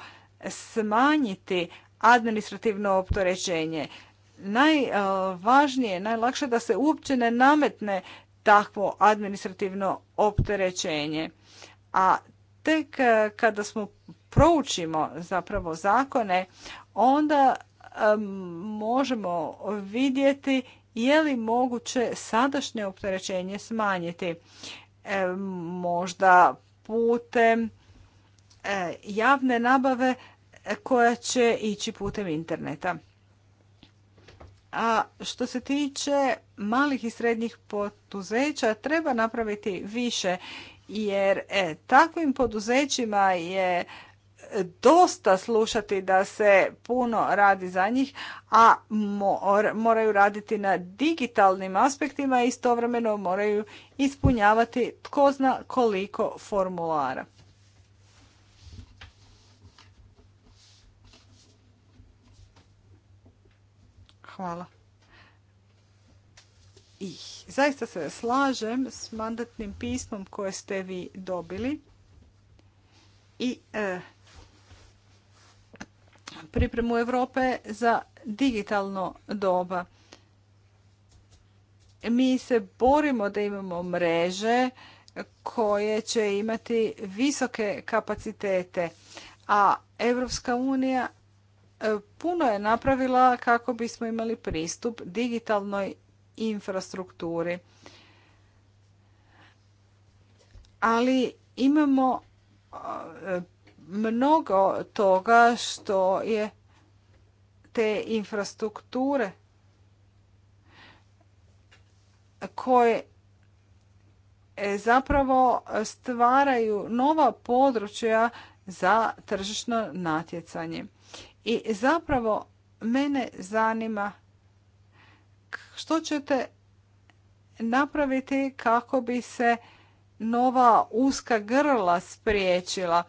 smanjiti administrativno opterećenje. Najvažnije, najlakše da se uopće ne nametne takvo administrativno opterećenje. A tek e, kada smo proučimo zapravo zakone, onda e, možemo vidjeti je li moguće sadašnje opterećenje smanjiti. E, možda putem javne nabave koja će ići putem interneta. A što se tiče malih i srednjih poduzeća, treba napraviti više jer e, takvim poduzećima je dosta slušati da se puno radi za njih, a moraju raditi na digitalnim aspektima i istovremeno moraju ispunjavati tko zna koliko formulara. Hvala. zaista se slažem s mandatnim pismom koje ste vi dobili i e, pripremu Europe za digitalno doba. Mi se borimo da imamo mreže koje će imati visoke kapacitete, a Europska unija E, puno je napravila kako bismo imali pristup digitalnoj infrastrukturi. Ali imamo e, mnogo toga što je te infrastrukture koje e, zapravo stvaraju nova područja za tržišno natjecanje. I zapravo mene zanima što ćete napraviti kako bi se nova uska grla spriječila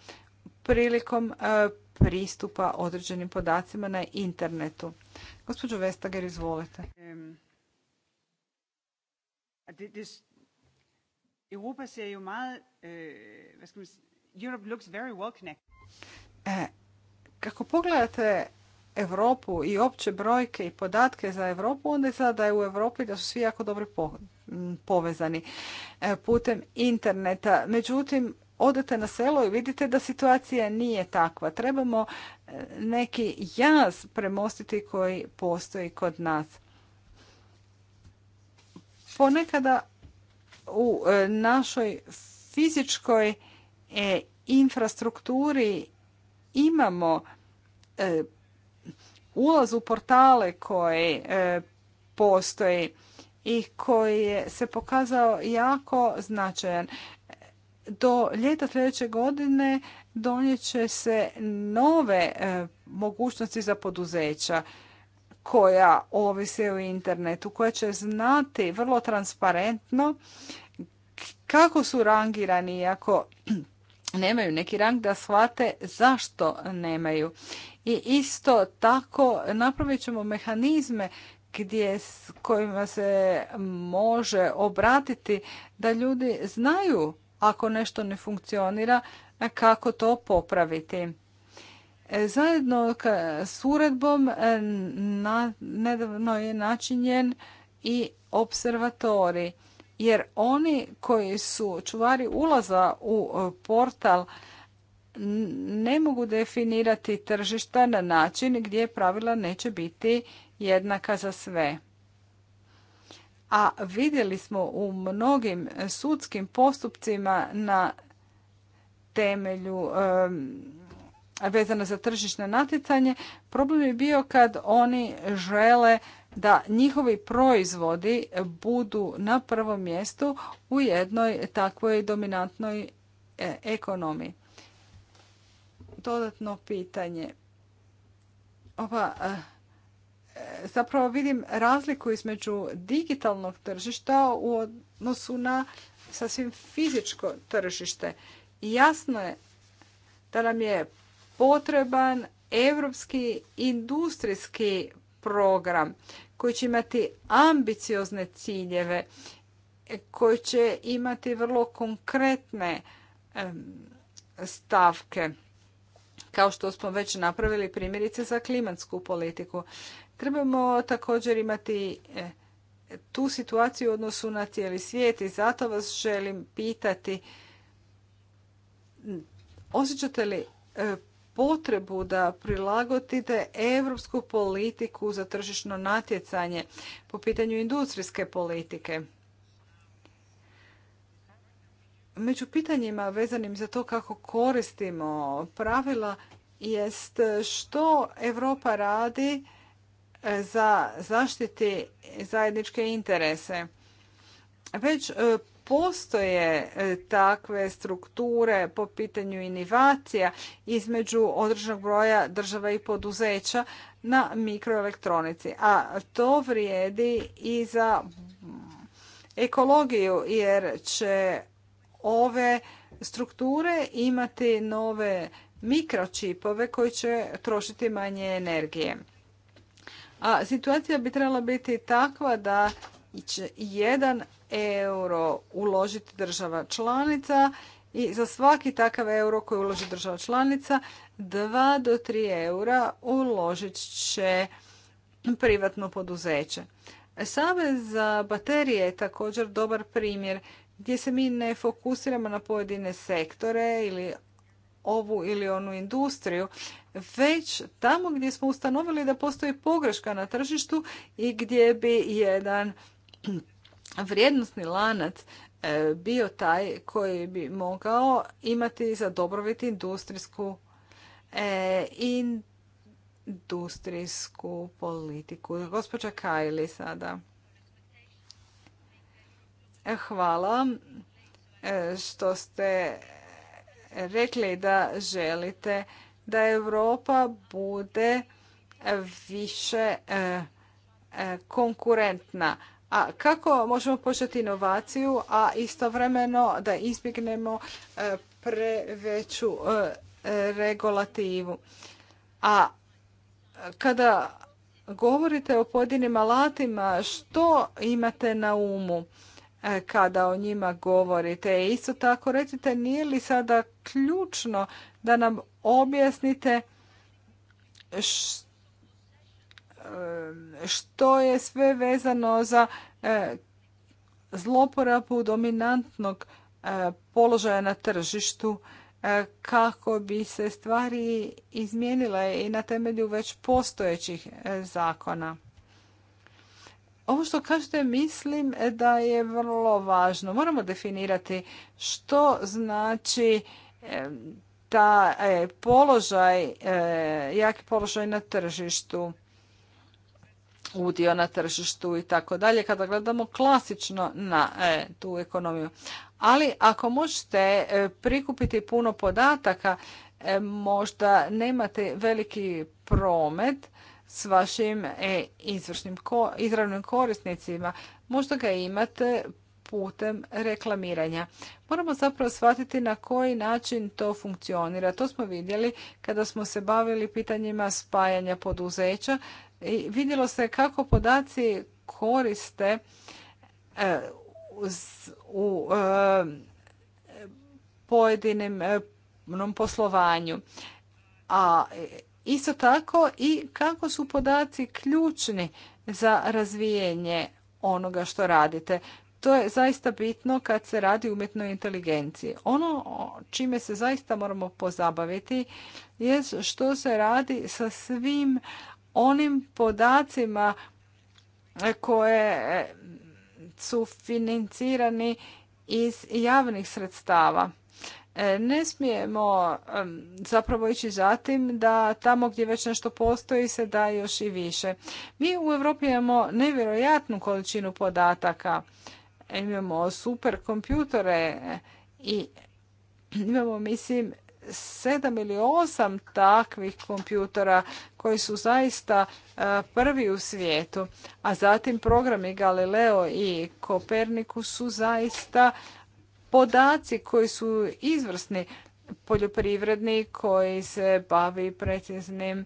prilikom e, pristupa određenim podacima na internetu. Gospođo Vestager, izvolite. Europa kako pogledate Europu i opće brojke i podatke za Europu, onda je da je u Europi da su svi jako dobro povezani e, putem interneta. Međutim, odete na selo i vidite da situacija nije takva. Trebamo e, neki jaz premostiti koji postoji kod nas. Ponekada u e, našoj fizičkoj infrastrukturi imamo e, ulaz u portale koji e, postoji i koji se pokazao jako značajan. Do ljeta sljedeće godine donijet će se nove e, mogućnosti za poduzeća koja ovise o internetu, koja će znati vrlo transparentno kako su rangirani, iako nemaju neki rang da shvate zašto nemaju. I isto tako napravit ćemo mehanizme gdje kojima se može obratiti da ljudi znaju ako nešto ne funkcionira kako to popraviti. E, zajedno s uredbom e, nedavno je načinjen i observatori jer oni koji su čuvari ulaza u e, portal ne mogu definirati tržišta na način gdje pravila neće biti jednaka za sve. A vidjeli smo u mnogim sudskim postupcima na temelju vezano za tržišno natjecanje, problem je bio kad oni žele da njihovi proizvodi budu na prvom mjestu u jednoj takvoj dominantnoj e, ekonomiji. Dodatno pitanje. Ova, e, e, zapravo vidim razliku između digitalnog tržišta u odnosu na sasvim fizičko tržište. Jasno je da nam je potreban europski industrijski program koji će imati ambiciozne ciljeve, koji će imati vrlo konkretne stavke, kao što smo već napravili primjerice za klimatsku politiku. Trebamo također imati e, tu situaciju u odnosu na cijeli svijet i zato vas želim pitati osjećate li e, potrebu da prilagodite europsku politiku za tržišno natjecanje po pitanju industrijske politike. Među pitanjima vezanim za to kako koristimo pravila jest što Europa radi e, za zaštiti zajedničke interese. Već e, postoje e, takve strukture po pitanju inovacija između određenog broja država i poduzeća na mikroelektronici. A to vrijedi i za ekologiju jer će ove strukture imati nove mikročipove koji će trošiti manje energije. A situacija bi trebala biti takva da će jedan euro uložiti država članica i za svaki takav euro koji uloži država članica 2 do 3 eura uložit će privatno poduzeće. Savez za baterije je također dobar primjer gdje se mi ne fokusiramo na pojedine sektore ili ovu ili onu industriju, već tamo gdje smo ustanovili da postoji pogreška na tržištu i gdje bi jedan vrijednostni lanac e, bio taj koji bi mogao imati za dobrobit industrijsku e, industrijsku politiku. Gospođa Kajli sada. E, hvala e, što ste rekli da želite da Europa bude više konkurentna. A kako možemo početi inovaciju, a istovremeno da izbjegnemo e, preveću e, regulativu? A kada govorite o pojedinim alatima, što imate na umu e, kada o njima govorite? Isto tako recite, nije li sada ključno da nam objasnite što što je sve vezano za e, zloporabu dominantnog e, položaja na tržištu e, kako bi se stvari izmijenile i na temelju već postojećih zakona. Ovo što kažete mislim da je vrlo važno. Moramo definirati što znači ta položaj, jaki položaj na tržištu udio na tržištu i tako dalje kada gledamo klasično na e, tu ekonomiju. Ali ako možete e, prikupiti puno podataka, e, možda nemate veliki promet s vašim e, izvršnim ko, izravnim korisnicima, možda ga imate putem reklamiranja. Moramo zapravo shvatiti na koji način to funkcionira. To smo vidjeli kada smo se bavili pitanjima spajanja poduzeća i vidjelo se kako podaci koriste e, u e, pojedinim e, poslovanju. A isto tako i kako su podaci ključni za razvijenje onoga što radite. To je zaista bitno kad se radi umjetnoj inteligenciji. Ono čime se zaista moramo pozabaviti je što se radi sa svim onim podacima koje su financirani iz javnih sredstava. E, ne smijemo zapravo ići zatim da tamo gdje već nešto postoji se da još i više. Mi u Europi imamo nevjerojatnu količinu podataka. E, imamo super kompjutore i imamo, mislim, sedam ili osam takvih kompjutora koji su zaista e, prvi u svijetu. A zatim programi Galileo i Koperniku su zaista podaci koji su izvrsni poljoprivredni koji se bavi preciznim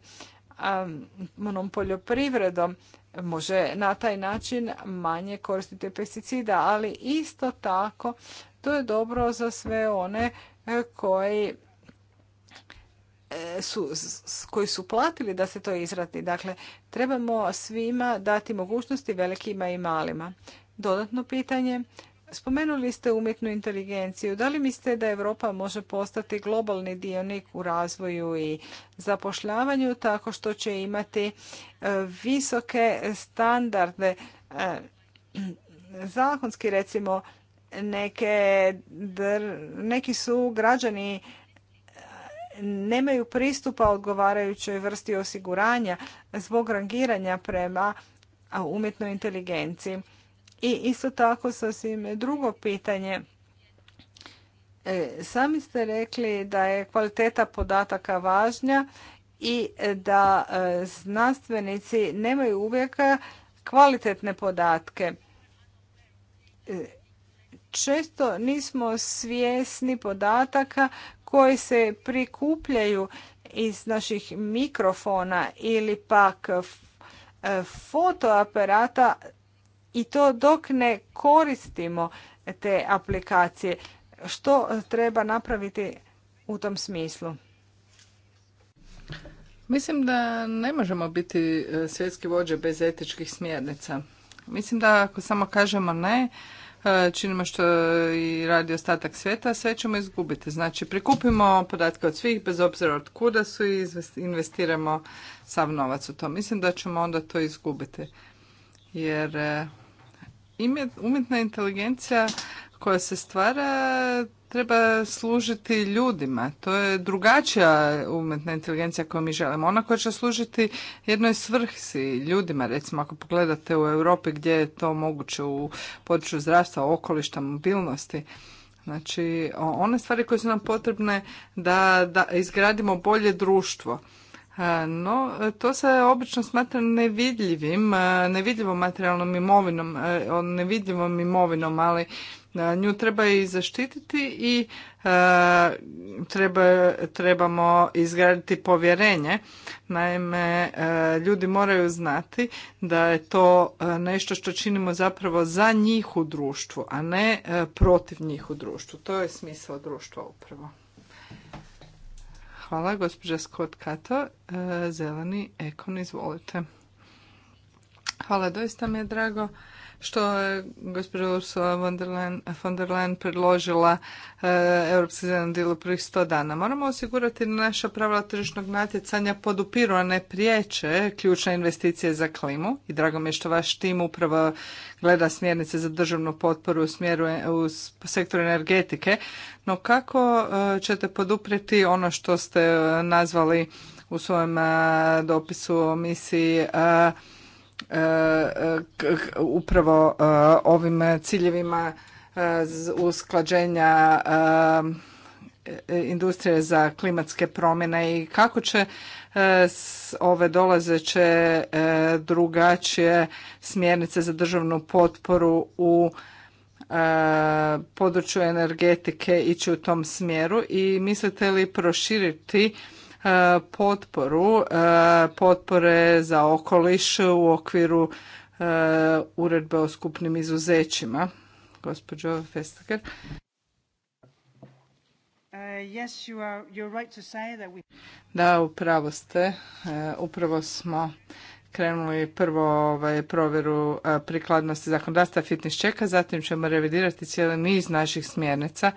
onom poljoprivredom može na taj način manje koristiti pesticida, ali isto tako to je dobro za sve one e, koji su, koji su platili da se to izradi. Dakle, trebamo svima dati mogućnosti velikima i malima. Dodatno pitanje, spomenuli ste umjetnu inteligenciju. Da li mislite da Europa može postati globalni dionik u razvoju i zapošljavanju tako što će imati e, visoke standarde e, zakonski recimo neke, neki su građani nemaju pristupa odgovarajućoj vrsti osiguranja zbog rangiranja prema umjetnoj inteligenciji. I isto tako sasvim drugo pitanje. E, sami ste rekli da je kvaliteta podataka važnja i da e, znanstvenici nemaju uvijek kvalitetne podatke. E, često nismo svjesni podataka koje se prikupljaju iz naših mikrofona ili pak eh, fotoaparata i to dok ne koristimo te aplikacije. Što treba napraviti u tom smislu? Mislim da ne možemo biti eh, svjetski vođe bez etičkih smjernica. Mislim da ako samo kažemo ne, E, činimo što i radi ostatak svijeta, sve ćemo izgubiti. Znači, prikupimo podatke od svih, bez obzira od kuda su i investiramo sav novac u to. Mislim da ćemo onda to izgubiti. Jer e, umjetna inteligencija koja se stvara treba služiti ljudima. To je drugačija umjetna inteligencija koju mi želimo. Ona koja će služiti jednoj svrhsi ljudima. Recimo ako pogledate u Europi gdje je to moguće u području zdravstva, okolišta, mobilnosti. Znači one stvari koje su nam potrebne da, da izgradimo bolje društvo. No, to se obično smatra nevidljivim, nevidljivom materijalnom imovinom, nevidljivom imovinom, ali Nju treba i zaštititi i e, treba, trebamo izgraditi povjerenje. Naime, e, ljudi moraju znati da je to e, nešto što činimo zapravo za njih u društvu, a ne protiv njih u društvu. To je smisao društva upravo. Hvala, gospođa Scott Kato, Zeleni Ekon, izvolite. Hvala, doista mi je drago što je gospođa Ursula von der Leyen, von der Leyen predložila e, Europski zeleni dilu prvih sto dana. Moramo osigurati da naša pravila tržišnog natjecanja podupiru, a ne priječe ključne investicije za klimu. I drago mi je što vaš tim upravo gleda smjernice za državnu potporu u, smjeru, u sektoru energetike. No kako e, ćete poduprijeti ono što ste e, nazvali u svojem dopisu o misiji E, upravo e, ovim ciljevima e, usklađenja industrije za klimatske promjene i kako će ove dolazeće drugačije smjernice za državnu potporu u području energetike ići u tom smjeru i mislite li proširiti potporu, e, potpore za okoliš u okviru e, uredbe o skupnim izuzećima. Gospođo Festager. Uh, da, upravo ste. E, upravo smo krenuli prvo ovaj, provjeru prikladnosti zakonodavstva fitness čeka, zatim ćemo revidirati cijeli niz naših smjernica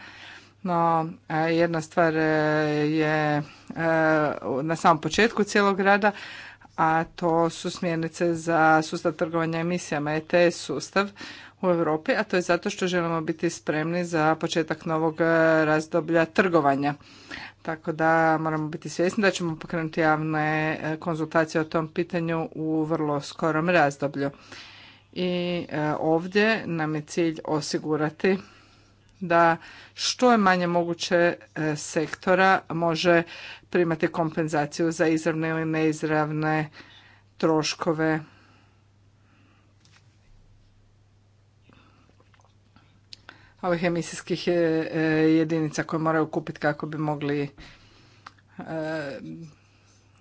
no, e, jedna stvar e, je e, na samom početku cijelog rada, a to su smjernice za sustav trgovanja emisijama, ETS sustav u Europi, a to je zato što želimo biti spremni za početak novog razdoblja trgovanja. Tako da moramo biti svjesni da ćemo pokrenuti javne konzultacije o tom pitanju u vrlo skorom razdoblju. I ovdje nam je cilj osigurati da što je manje moguće e, sektora može primati kompenzaciju za izravne ili neizravne troškove ovih emisijskih e, e, jedinica koje moraju kupiti kako bi mogli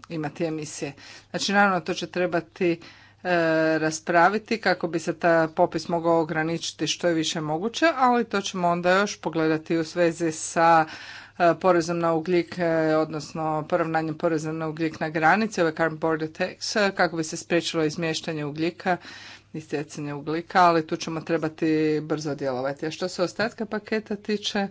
imati emisije. Znači, naravno, to će trebati E, raspraviti kako bi se ta popis mogao ograničiti što je više moguće, ali to ćemo onda još pogledati u svezi sa e, porezom na ugljik, e, odnosno poravnanjem poreza na ugljik na granici, ove carbon border tax, kako bi se spriječilo izmještanje ugljika i stjecanje ugljika, ali tu ćemo trebati brzo djelovati. A što se ostatka paketa tiče,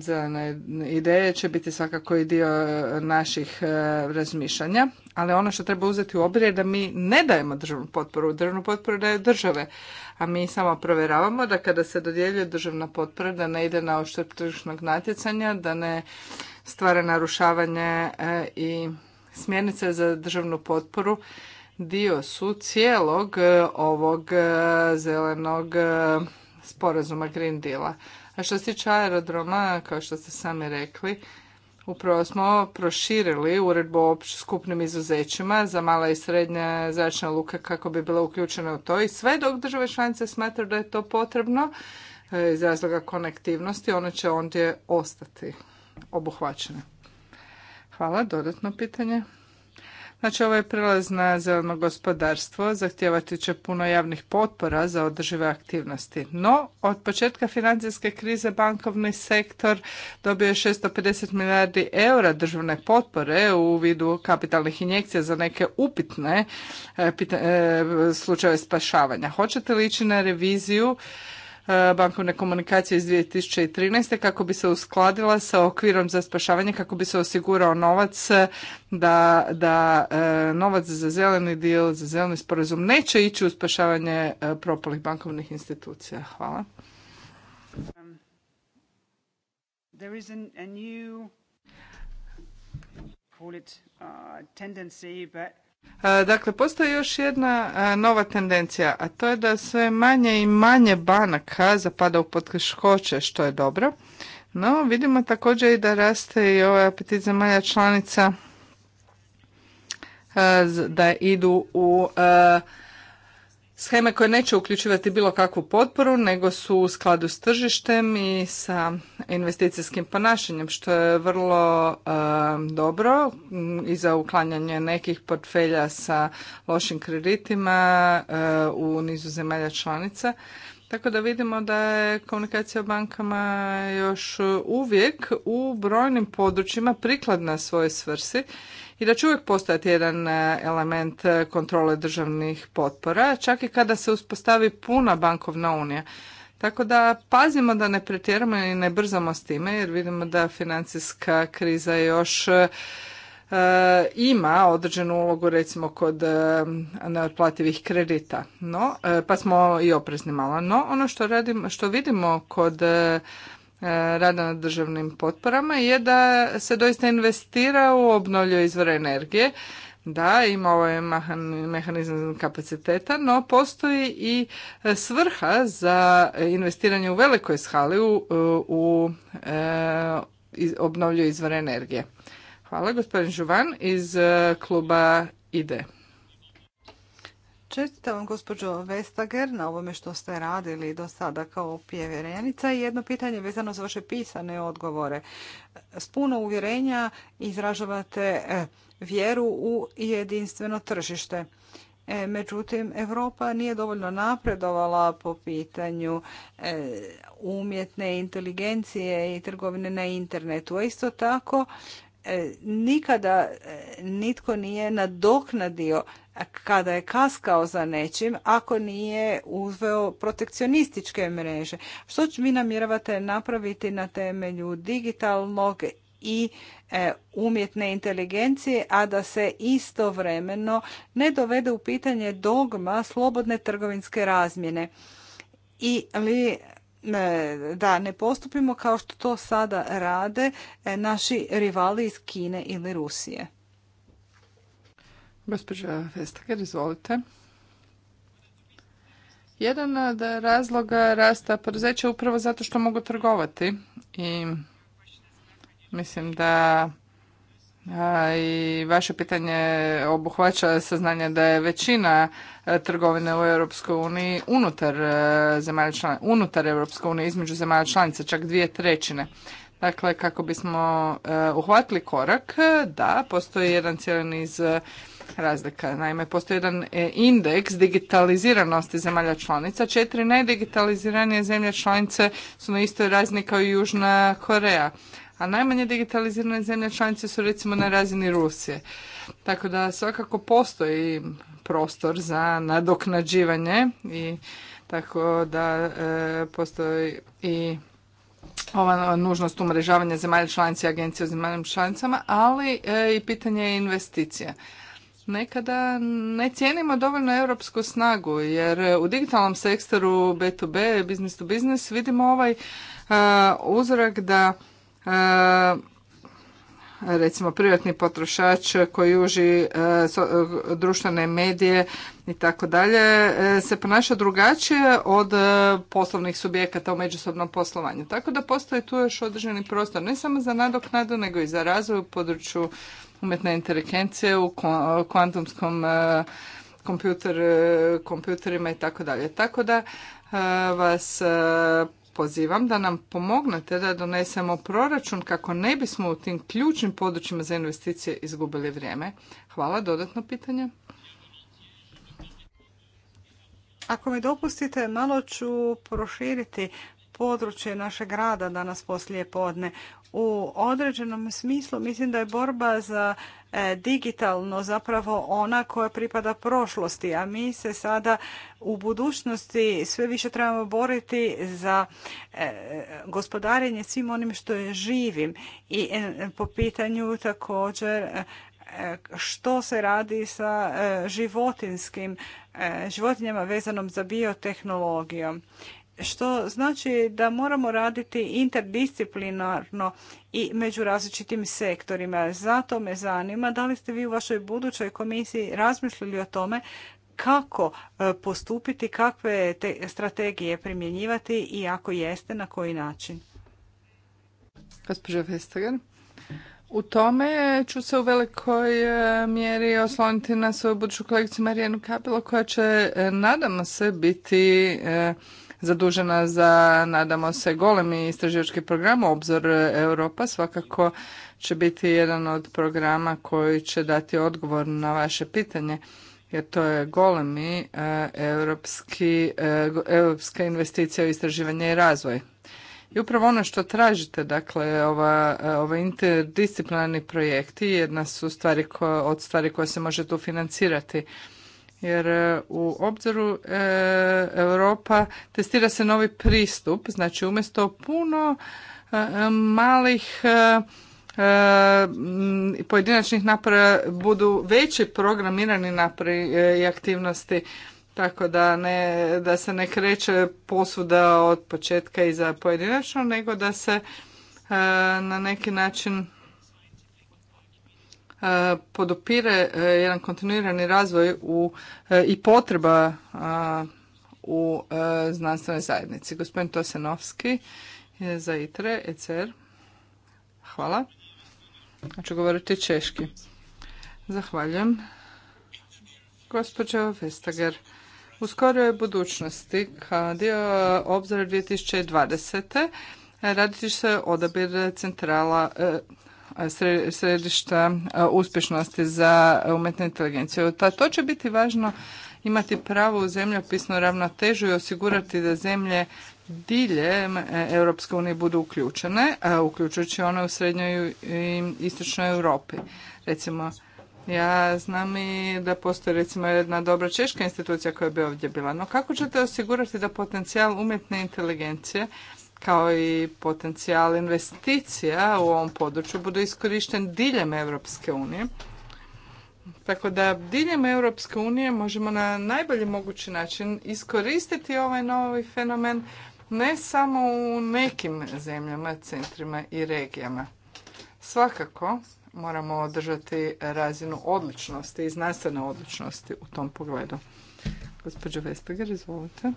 zelene ideje će biti svakako i dio e, naših e, razmišljanja, ali ono što treba uzeti u obzir je da mi ne dajemo državnu potporu, državnu potporu daju države, a mi samo provjeravamo da kada se dodjeljuje državna potpora da ne ide na oštrb tržišnog natjecanja, da ne stvara narušavanje e, i smjernice za državnu potporu dio su cijelog ovog zelenog sporazuma Green Deala. A što se tiče aerodroma, kao što ste sami rekli, upravo smo proširili uredbu o skupnim izuzećima za mala i srednja zračna luka kako bi bila uključena u to i sve dok države članice smatraju da je to potrebno e, iz razloga konektivnosti, one će ondje ostati obuhvaćene. Hvala, dodatno pitanje. Znači, ovaj prelaz na zeleno gospodarstvo zahtijevati će puno javnih potpora za održive aktivnosti. No, od početka financijske krize bankovni sektor dobio je 650 milijardi eura državne potpore u vidu kapitalnih injekcija za neke upitne eh, eh, slučajeve spašavanja. Hoćete li ići na reviziju E, bankovne komunikacije iz 2013. kako bi se uskladila sa okvirom za spašavanje, kako bi se osigurao novac e, da, da e, novac za zeleni dio, za zeleni sporazum neće ići u spašavanje propalih bankovnih institucija. Hvala. There uh, Dakle, postoji još jedna nova tendencija, a to je da sve manje i manje banaka zapada u poteškoće, što je dobro. No, vidimo također i da raste i ovaj apetit zemalja članica da idu u sheme koje neće uključivati bilo kakvu potporu, nego su u skladu s tržištem i sa investicijskim ponašanjem, što je vrlo e, dobro mm, i za uklanjanje nekih portfelja sa lošim kreditima e, u nizu zemalja članica. Tako da vidimo da je komunikacija o bankama još uvijek u brojnim područjima prikladna svojoj svrsi i da će uvijek postojati jedan e, element e, kontrole državnih potpora, čak i kada se uspostavi puna bankovna unija. Tako da pazimo da ne pretjeramo i ne brzamo s time jer vidimo da financijska kriza još e, ima određenu ulogu recimo kod neotplativih kredita. No, pa smo i oprezni malo. No, ono što, što vidimo kod E, rada na državnim potporama je da se doista investira u obnovljive izvore energije. Da, ima ovaj mehanizam kapaciteta, no postoji i svrha za investiranje u velikoj skali u, e, u, u e, obnovljive izvore energije. Hvala, gospodin Žuvan iz kluba IDE. Čestitam vam, gospođo Vestager, na ovome što ste radili do sada kao pjeverenica. I jedno pitanje vezano za vaše pisane odgovore. S puno uvjerenja izražavate e, vjeru u jedinstveno tržište. E, međutim, Europa nije dovoljno napredovala po pitanju e, umjetne inteligencije i trgovine na internetu. A isto tako, E, nikada e, nitko nije nadoknadio kada je kaskao za nečim ako nije uzveo protekcionističke mreže. Što vi namjeravate napraviti na temelju digitalnog i e, umjetne inteligencije, a da se istovremeno ne dovede u pitanje dogma slobodne trgovinske razmjene? I li da ne postupimo kao što to sada rade e, naši rivali iz Kine ili Rusije. Gospođa Vestager, izvolite. Jedan od razloga rasta poduzeća upravo zato što mogu trgovati i mislim da i vaše pitanje obuhvaća saznanje da je većina e, trgovine u Europskoj uniji unutar e, zemalja unutar Europske unije između zemalja članica, čak dvije trećine. Dakle, kako bismo e, uhvatili korak, da, postoji jedan cijeli niz razlika. Naime, postoji jedan indeks digitaliziranosti zemalja članica. Četiri najdigitaliziranije zemlje članice su na istoj razini kao i Južna Koreja a najmanje digitalizirane zemlje članice su recimo na razini Rusije. Tako da svakako postoji prostor za nadoknađivanje i tako da e, postoji i ova nužnost umrežavanja zemalja članica i agencije u zemaljim članicama, ali e, i pitanje investicija. Nekada ne cijenimo dovoljno europsku snagu, jer u digitalnom sektoru B2B, business to business, vidimo ovaj e, uzorak da E, recimo privatni potrošač koji uži e, e, društvene medije i tako dalje se ponaša drugačije od poslovnih subjekata u međusobnom poslovanju. Tako da postoji tu još određeni prostor ne samo za nadoknadu nego i za razvoj u području umjetne inteligencije u kvantumskom kompjuter, kompjuterima i tako dalje. Tako da vas pozivam da nam pomognete da donesemo proračun kako ne bismo u tim ključnim područjima za investicije izgubili vrijeme. Hvala, dodatno pitanje. Ako mi dopustite, malo ću proširiti područje našeg grada danas poslije podne. U određenom smislu mislim da je borba za e, digitalno zapravo ona koja pripada prošlosti, a mi se sada u budućnosti sve više trebamo boriti za e, gospodarenje svim onim što je živim i e, po pitanju također što se radi sa životinskim životinjama vezanom za biotehnologijom što znači da moramo raditi interdisciplinarno i među različitim sektorima. Zato me zanima da li ste vi u vašoj budućoj komisiji razmislili o tome kako e, postupiti, kakve te strategije primjenjivati i ako jeste, na koji način? Gospođo Vestager, u tome ću se u velikoj e, mjeri osloniti na svoju buduću kolegicu Marijanu Kapilo koja će, e, nadamo se, biti zadužena za, nadamo se, golemi istraživački program Obzor Europa. Svakako će biti jedan od programa koji će dati odgovor na vaše pitanje jer to je golemi europski, europska investicija u istraživanje i razvoj. I upravo ono što tražite, dakle, ova, e, ova interdisciplinarni projekti jedna su stvari ko, od stvari koje se može tu financirati jer e, u obzoru e, Europa testira se novi pristup, znači umjesto puno e, malih pojedinačnih napora budu veći programirani napori i aktivnosti tako da, ne, da se ne kreće posuda od početka i za pojedinačno, nego da se na neki način E, podupire e, jedan kontinuirani razvoj u, e, i potreba u znanstvenoj zajednici. Gospodin Tosenovski za ITRE, ECR. Hvala. Ja ću govoriti češki. Zahvaljujem. Gospođo Vestager, u skoroj budućnosti, kao dio obzora 2020. raditi se odabir centrala, središta e, uspješnosti za umjetnu inteligenciju. To će biti važno imati pravu u zemljopisnu ravnotežu i osigurati da zemlje dilje e, Europske unije budu uključene, uključujući one u srednjoj i istočnoj Europi. Recimo, ja znam i da postoji recimo jedna dobra češka institucija koja bi ovdje bila, no kako ćete osigurati da potencijal umjetne inteligencije kao i potencijal investicija u ovom području bude iskorišten diljem Europske unije. Tako da diljem Europske unije možemo na najbolji mogući način iskoristiti ovaj novi fenomen ne samo u nekim zemljama, centrima i regijama. Svakako moramo održati razinu odličnosti i znanstvene odličnosti u tom pogledu. Gospođo Vestager, izvolite.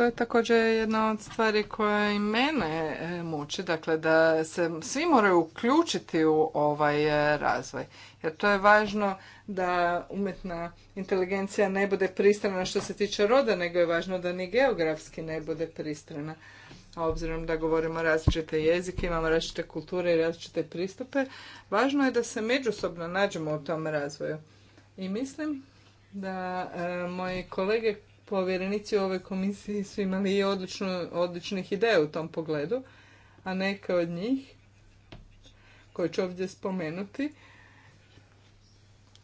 to je također jedna od stvari koja i mene e, muči, dakle da se svi moraju uključiti u ovaj e, razvoj. Jer to je važno da umjetna inteligencija ne bude pristrana što se tiče roda, nego je važno da ni geografski ne bude pristrana. A obzirom da govorimo različite jezike, imamo različite kulture i različite pristupe, važno je da se međusobno nađemo u tom razvoju. I mislim da e, moji kolege povjerenici u ovoj komisiji su imali i odlično, odličnih ideja u tom pogledu, a neke od njih, koje ću ovdje spomenuti,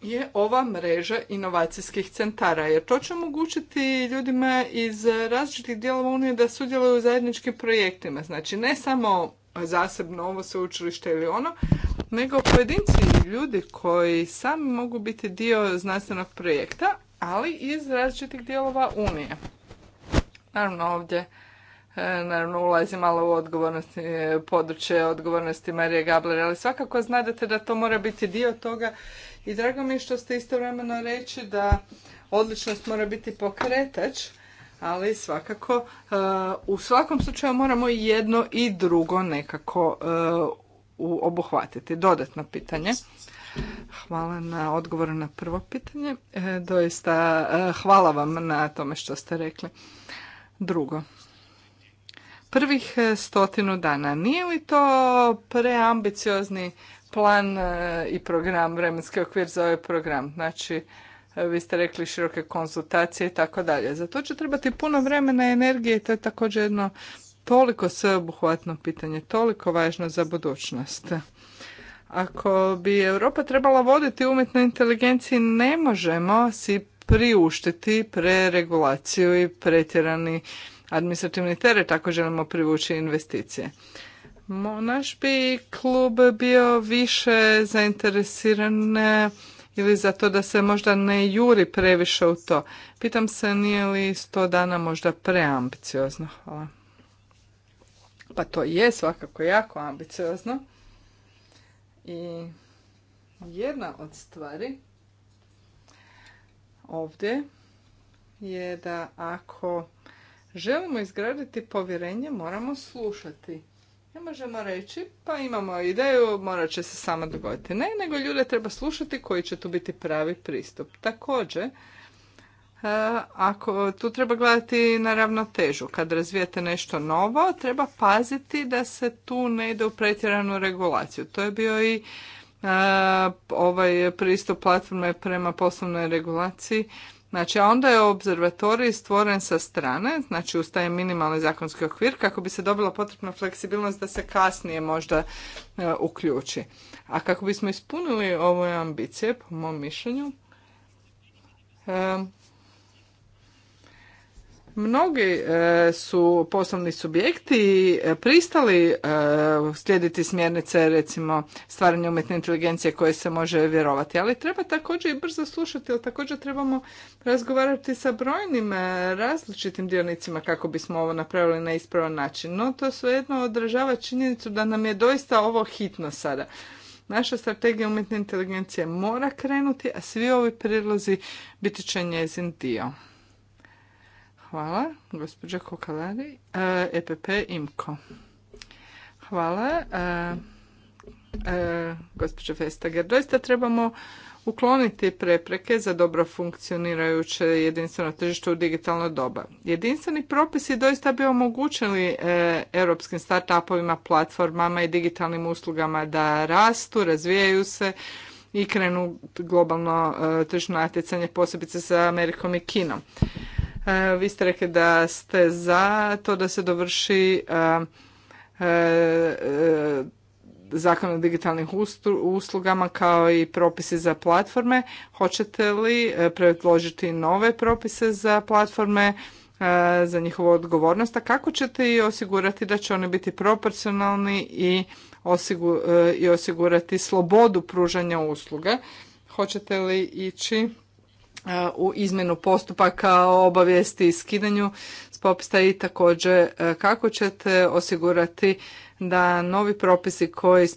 je ova mreža inovacijskih centara, jer to će omogućiti ljudima iz različitih dijelova Unije da sudjeluju u zajedničkim projektima. Znači, ne samo zasebno ovo sveučilište ili ono, nego pojedinci ljudi koji sami mogu biti dio znanstvenog projekta, ali iz različitih dijelova Unije. Naravno ovdje e, naravno ulazi malo u odgovornosti, e, područje odgovornosti Marije Gabler, ali svakako znadete da to mora biti dio toga i drago mi je što ste istovremeno reći da odličnost mora biti pokretač, ali svakako e, u svakom slučaju moramo jedno i drugo nekako obuhvatiti. Dodatno pitanje. Hvala na odgovoru na prvo pitanje. E, doista e, hvala vam na tome što ste rekli. Drugo, prvih e, stotinu dana, nije li to preambiciozni plan i program, vremenski okvir za ovaj program? Znači, vi ste rekli široke konzultacije i tako dalje. Za to će trebati puno vremena i energije i to je također jedno toliko sveobuhvatno pitanje, toliko važno za budućnost. Ako bi Europa trebala voditi umjetnu inteligenciji, ne možemo si priuštiti preregulaciju i pretjerani administrativni teret ako želimo privući investicije. Naš bi klub bio više zainteresiran e, ili za to da se možda ne juri previše u to. Pitam se nije li sto dana možda preambiciozno. Pa to je svakako jako ambiciozno. I jedna od stvari ovdje je da ako želimo izgraditi povjerenje, moramo slušati. Ne možemo reći, pa imamo ideju, morat će se sama dogoditi. Ne, nego ljude treba slušati koji će tu biti pravi pristup. Također, E, ako tu treba gledati na ravnotežu. Kad razvijete nešto novo, treba paziti da se tu ne ide u pretjeranu regulaciju. To je bio i e, ovaj pristup platforme prema poslovnoj regulaciji. Znači, a onda je observatorij stvoren sa strane, znači ustaje taj minimalni zakonski okvir, kako bi se dobila potrebna fleksibilnost da se kasnije možda e, uključi. A kako bismo ispunili ove ambicije, po mom mišljenju, e, Mnogi e, su poslovni subjekti e, pristali e, slijediti smjernice recimo stvaranja umjetne inteligencije koje se može vjerovati, ali treba također i brzo slušati, ali također trebamo razgovarati sa brojnim različitim dionicima kako bismo ovo napravili na ispravan način. No to jedno odražava činjenicu da nam je doista ovo hitno sada. Naša strategija umjetne inteligencije mora krenuti, a svi ovi prilozi biti će njezin dio. Hvala, gospođa Kokalari. EPP e IMKO. Hvala. E, e, gospođa Vestager, doista trebamo ukloniti prepreke za dobro funkcionirajuće jedinstveno tržište u digitalno doba. Jedinstveni propisi doista bi omogućili europskim europskim upovima platformama i digitalnim uslugama da rastu, razvijaju se i krenu globalno tržišno natjecanje, posebice sa Amerikom i Kinom. E, vi ste rekli da ste za to da se dovrši e, e, zakon o digitalnim uslugama kao i propisi za platforme. Hoćete li predložiti nove propise za platforme, za njihovu odgovornost, a kako ćete i osigurati da će oni biti proporcionalni i osigurati slobodu pružanja usluga? Hoćete li ići u izmjenu postupaka o obavijesti i skidanju s popista i također kako ćete osigurati da novi propisi koji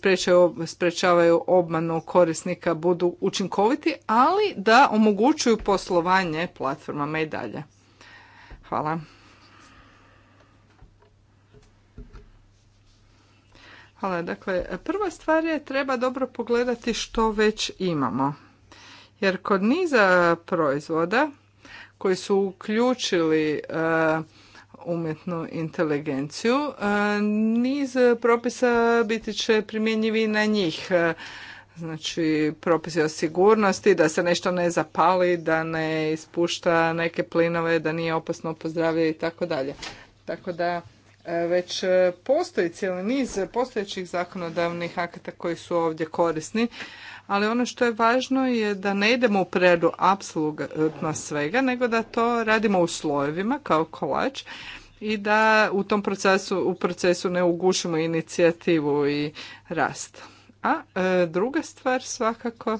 sprečavaju obmanu korisnika budu učinkoviti, ali da omogućuju poslovanje platformama i dalje. Hvala. Hvala. Dakle, prva stvar je treba dobro pogledati što već imamo. Jer kod niza proizvoda koji su uključili e, umjetnu inteligenciju, e, niz propisa biti će primjenjivi na njih. E, znači, propisi o sigurnosti, da se nešto ne zapali, da ne ispušta neke plinove, da nije opasno po i tako dalje. Tako da već postoji cijeli niz postojećih zakonodavnih akata koji su ovdje korisni, ali ono što je važno je da ne idemo u predu apsolutno svega, nego da to radimo u slojevima kao kolač i da u tom procesu, u procesu ne ugušimo inicijativu i rast. A e, druga stvar svakako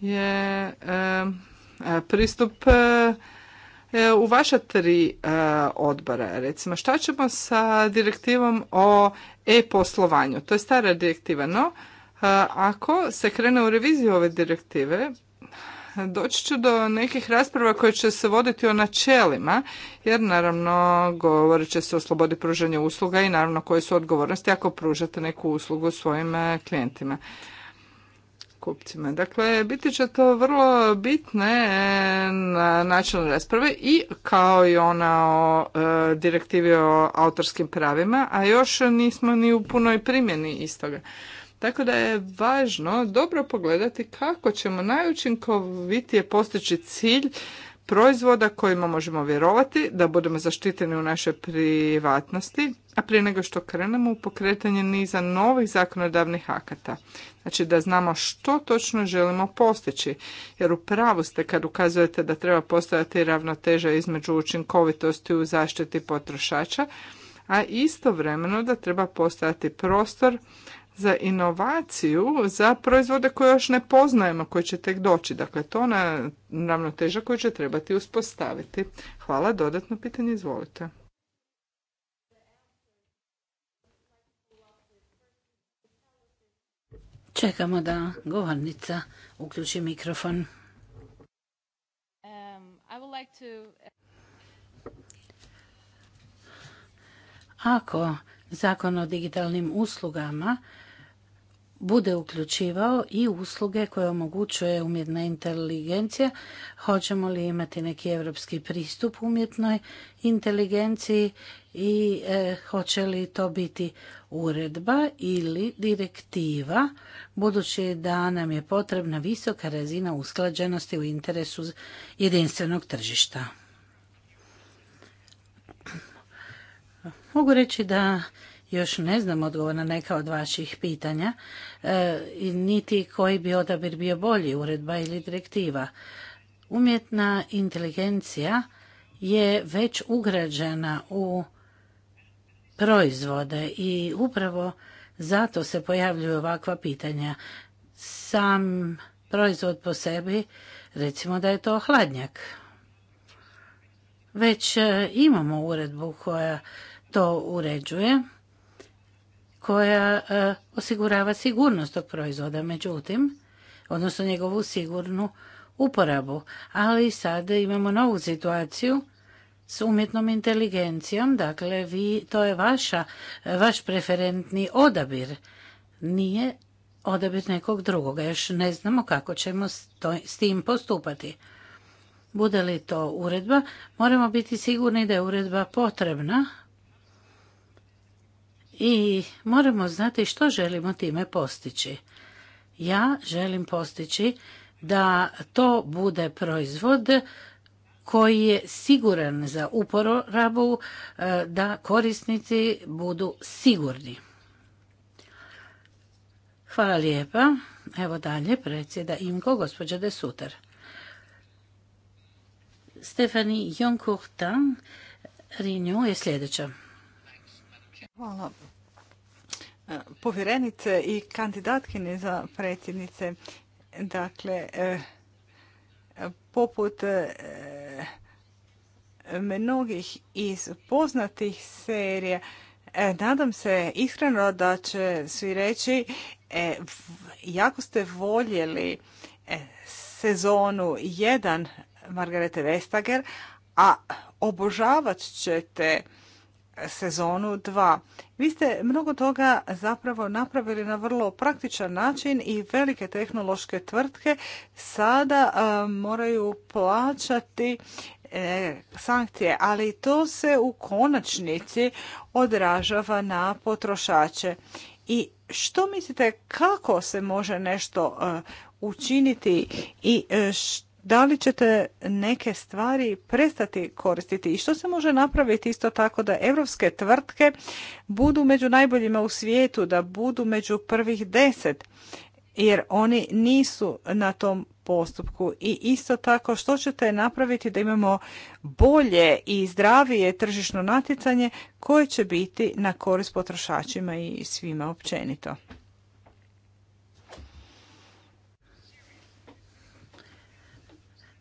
je e, e, pristup u vaša tri odbora. Recimo, šta ćemo sa direktivom o e-poslovanju? To je stara direktiva, no ako se krene u reviziju ove direktive, doći će do nekih rasprava koje će se voditi o načelima, jer naravno govorit će se o slobodi pružanja usluga i naravno koje su odgovornosti ako pružate neku uslugu svojim e, klijentima kupcima. Dakle, biti će to vrlo bitne e, na način rasprave i kao i ona o e, direktivi o autorskim pravima, a još nismo ni u punoj primjeni istoga. Tako da je važno dobro pogledati kako ćemo najučinkovitije postići cilj proizvoda kojima možemo vjerovati da budemo zaštiteni u našoj privatnosti, a prije nego što krenemo u pokretanje niza novih zakonodavnih akata. Znači da znamo što točno želimo postići, jer u pravu ste kad ukazujete da treba postojati ravnoteža između učinkovitosti u zaštiti potrošača, a istovremeno da treba postojati prostor za inovaciju za proizvode koje još ne poznajemo, koji će tek doći. Dakle, to ona ravnoteža koju će trebati uspostaviti. Hvala, dodatno pitanje, izvolite. Čekamo da govornica uključi mikrofon. Um, Ako zakon o digitalnim uslugama bude uključivao i usluge koje omogućuje umjetna inteligencija. Hoćemo li imati neki europski pristup umjetnoj inteligenciji i e, hoće li to biti uredba ili direktiva, budući da nam je potrebna visoka razina usklađenosti u interesu jedinstvenog tržišta. Mogu reći da još ne znam odgovor na neka od vaših pitanja, e, niti koji bi odabir bio bolji, uredba ili direktiva. Umjetna inteligencija je već ugrađena u proizvode i upravo zato se pojavljuju ovakva pitanja. Sam proizvod po sebi, recimo da je to hladnjak. Već e, imamo uredbu koja to uređuje koja e, osigurava sigurnost tog proizvoda. Međutim, odnosno njegovu sigurnu uporabu. Ali sada imamo novu situaciju s umjetnom inteligencijom, dakle vi, to je e, vaš preferentni odabir. Nije odabir nekog drugoga, još ne znamo kako ćemo s tim postupati. Bude li to uredba, moramo biti sigurni da je uredba potrebna i moramo znati što želimo time postići. Ja želim postići da to bude proizvod koji je siguran za uporabu, e, da korisnici budu sigurni. Hvala lijepa. Evo dalje predsjeda Imko, gospođa De Suter. Stefani Jonkurtan Rinju je sljedeća. Hvala. E, povjerenice i kandidatkine za predsjednice, dakle, e, poput e, mnogih iz poznatih serija, nadam se iskreno da će svi reći jako ste voljeli sezonu 1 Margarete Vestager, a obožavat ćete sezonu 2. Vi ste mnogo toga zapravo napravili na vrlo praktičan način i velike tehnološke tvrtke sada e, moraju plaćati e, sankcije, ali to se u konačnici odražava na potrošače. I što mislite kako se može nešto e, učiniti i što da li ćete neke stvari prestati koristiti i što se može napraviti isto tako da europske tvrtke budu među najboljima u svijetu, da budu među prvih deset jer oni nisu na tom postupku i isto tako što ćete napraviti da imamo bolje i zdravije tržišno natjecanje koje će biti na korist potrošačima i svima općenito.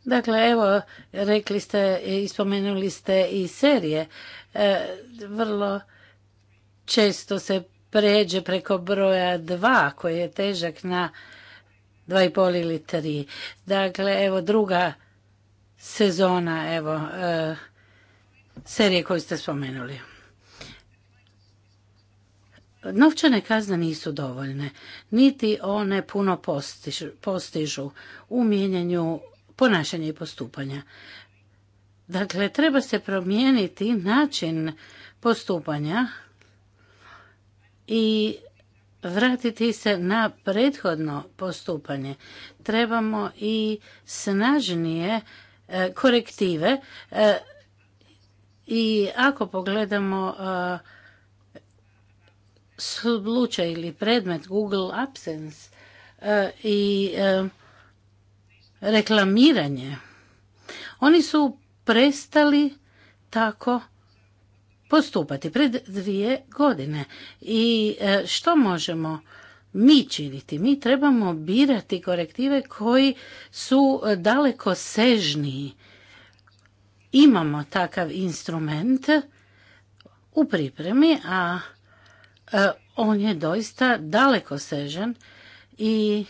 Dakle, evo, rekli ste i spomenuli ste i serije. E, vrlo često se pređe preko broja dva koji je težak na 2,5 ili tri. Dakle, evo druga sezona evo, e, serije koju ste spomenuli. Novčane kazne nisu dovoljne, niti one puno postižu, postižu u mijenjanju Ponašanje i postupanja. Dakle, treba se promijeniti način postupanja i vratiti se na prethodno postupanje. Trebamo i snažnije e, korektive e, i ako pogledamo e, slučaj ili predmet Google Absence i reklamiranje. Oni su prestali tako postupati pred dvije godine. I e, što možemo mi činiti? Mi trebamo birati korektive koji su daleko sežniji. Imamo takav instrument u pripremi, a e, on je doista daleko sežan i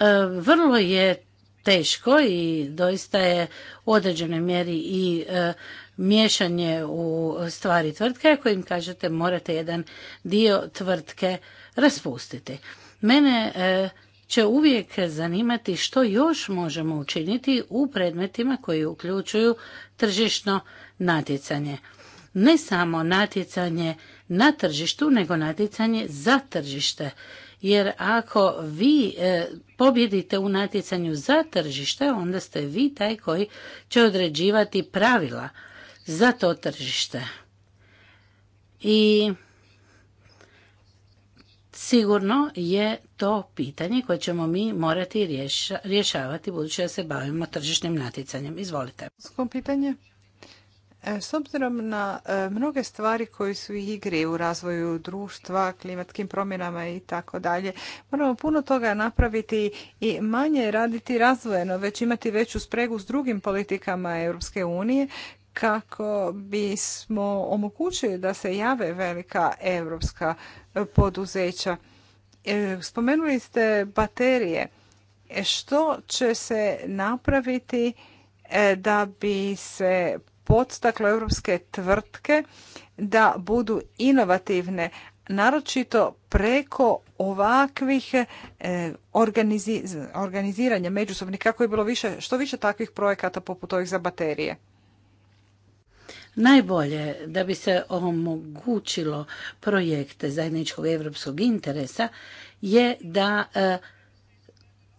E, vrlo je teško i doista je u određenoj mjeri i e, miješanje u stvari tvrtke ako im kažete morate jedan dio tvrtke raspustiti. Mene e, će uvijek zanimati što još možemo učiniti u predmetima koji uključuju tržišno natjecanje. Ne samo natjecanje na tržištu, nego natjecanje za tržište jer ako vi e, pobjedite u natjecanju za tržište, onda ste vi taj koji će određivati pravila za to tržište. I sigurno je to pitanje koje ćemo mi morati rješavati budući da se bavimo tržišnim natjecanjem. Izvolite. Pitanje. E, s obzirom na e, mnoge stvari koje su igri u razvoju društva, klimatskim promjenama i tako dalje, moramo puno toga napraviti i manje raditi razvojeno, već imati veću spregu s drugim politikama Europske unije kako bismo omogućili da se jave velika europska e, poduzeća. Spomenuli ste baterije. Što će se napraviti da bi se podstaklo europske tvrtke da budu inovativne, naročito preko ovakvih e, organiziranja međusobnih, kako je bilo više, što više takvih projekata poput ovih za baterije. Najbolje da bi se omogućilo projekte zajedničkog europskog interesa je da e,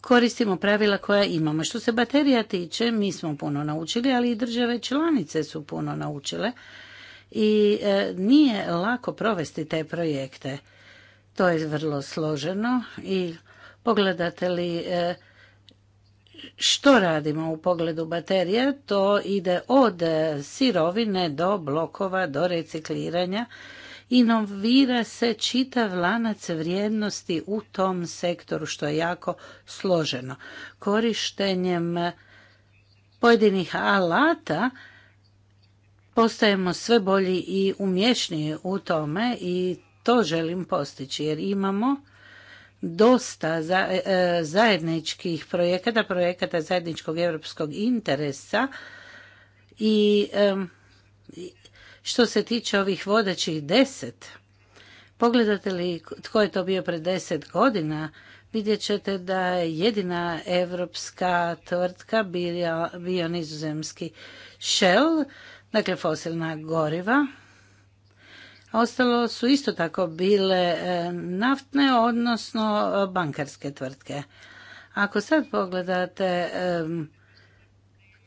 koristimo pravila koja imamo. Što se baterija tiče, mi smo puno naučili, ali i države članice su puno naučile i e, nije lako provesti te projekte. To je vrlo složeno i pogledate li e, što radimo u pogledu baterije, to ide od sirovine do blokova, do recikliranja inovira se čitav lanac vrijednosti u tom sektoru što je jako složeno. Korištenjem pojedinih alata postajemo sve bolji i umješniji u tome i to želim postići jer imamo dosta e, e, zajedničkih projekata, projekata zajedničkog europskog interesa i što se tiče ovih vodećih deset, pogledate li tko je to bio pred deset godina, vidjet ćete da je jedina evropska tvrtka bio, bio nizozemski Shell, dakle fosilna goriva. Ostalo su isto tako bile e, naftne, odnosno bankarske tvrtke. Ako sad pogledate e,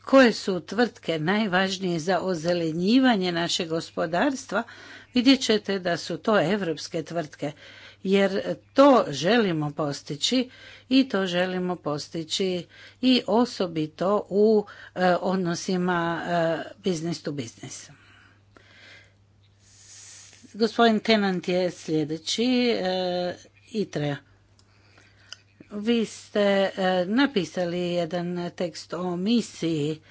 koje su tvrtke najvažnije za ozelenjivanje našeg gospodarstva, vidjet ćete da su to evropske tvrtke, jer to želimo postići i to želimo postići i osobito u e, odnosima e, business to business. Gospodin Tenant je sljedeći e, i treba. Vi ste e, napisali jedan tekst o misiji.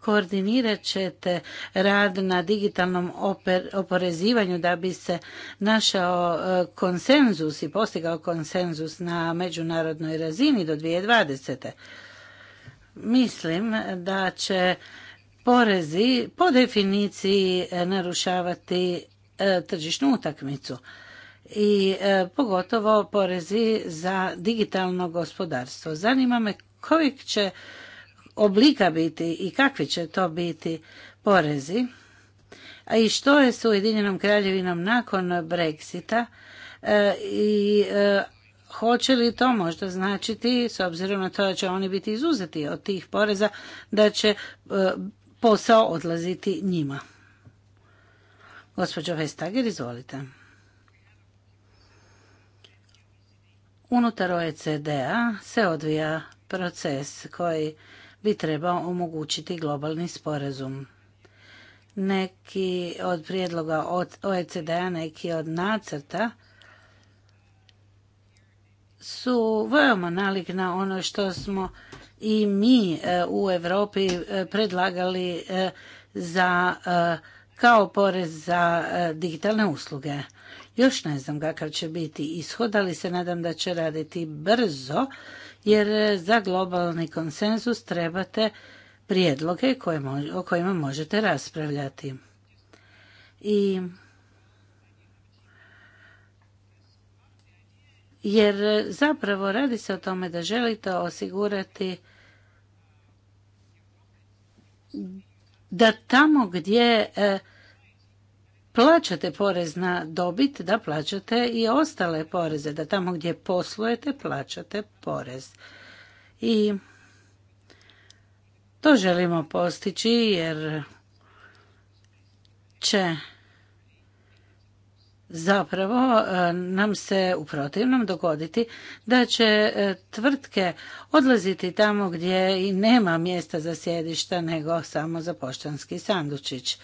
Koordinirat ćete rad na digitalnom oporezivanju da bi se našao e, konsenzus i postigao konsenzus na međunarodnoj razini do 2020. Mislim da će porezi po definiciji e, narušavati tržišnu utakmicu i e, pogotovo porezi za digitalno gospodarstvo. Zanima me kojeg će oblika biti i kakvi će to biti porezi. A i što je s Ujedinjenom kraljevinom nakon Brexita e, i e, hoće li to možda značiti, s obzirom na to da će oni biti izuzeti od tih poreza, da će posao odlaziti njima. Gospođo Vestager, izvolite. Unutar OECD-a se odvija proces koji bi trebao omogućiti globalni sporazum. Neki od prijedloga OECD-a, neki od nacrta su veoma nalik na ono što smo i mi e, u Europi e, predlagali e, za kao porez za digitalne usluge. Još ne znam kakav će biti ishod, ali se nadam da će raditi brzo, jer e, za globalni konsenzus trebate prijedloge o kojima možete raspravljati. I jer e, zapravo radi se o tome da želite osigurati da tamo gdje e, plaćate porez na dobit, da plaćate i ostale poreze, da tamo gdje poslujete plaćate porez. I to želimo postići jer će zapravo e, nam se u protivnom dogoditi da će e, tvrtke odlaziti tamo gdje i nema mjesta za sjedišta nego samo za poštanski sandučić.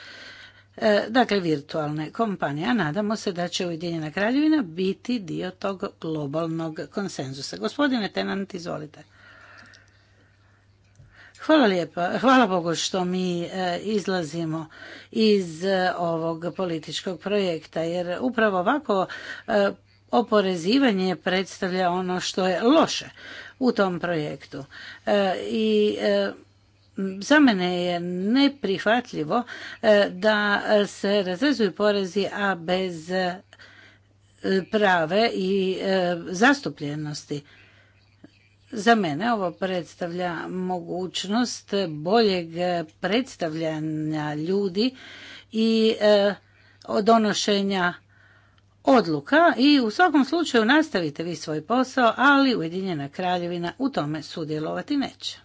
E, dakle virtualne kompanije. A nadamo se da će Ujedinjena kraljevina biti dio tog globalnog konsenzusa. Gospodine Tenant, izvolite. Hvala lijepa. Hvala Bogu što mi e, izlazimo iz e, ovog političkog projekta, jer upravo ovako oporezivanje predstavlja ono što je loše u tom projektu. I za mene je neprihvatljivo e, da se razrezuju porezi, a bez e, prave i e, zastupljenosti. Za mene ovo predstavlja mogućnost boljeg predstavljanja ljudi i donošenja odluka i u svakom slučaju nastavite vi svoj posao, ali Ujedinjena kraljevina u tome sudjelovati neće.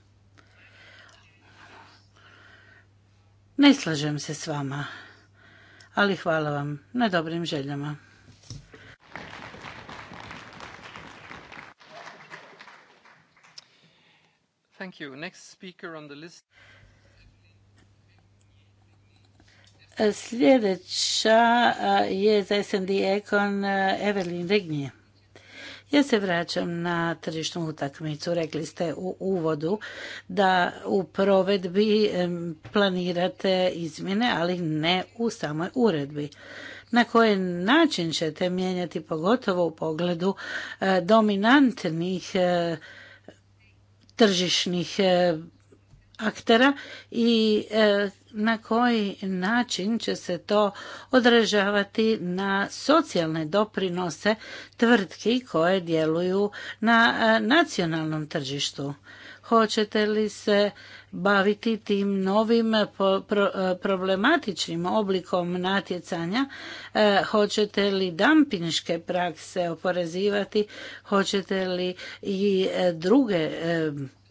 Ne slažem se s vama, ali hvala vam na dobrim željama. Sljedeća je za SND Ekon Evelin Regnije. Ja se vraćam na tržišnu utakmicu. Rekli ste u uvodu da u provedbi planirate izmjene, ali ne u samoj uredbi. Na koji način ćete mijenjati pogotovo u pogledu eh, dominantnih eh, tržišnih eh, aktera i e, na koji način će se to odražavati na socijalne doprinose tvrtki koje djeluju na e, nacionalnom tržištu. Hoćete li se baviti tim novim e, problematičnim oblikom natjecanja? Hoćete li dampinške prakse oporezivati? Hoćete li i druge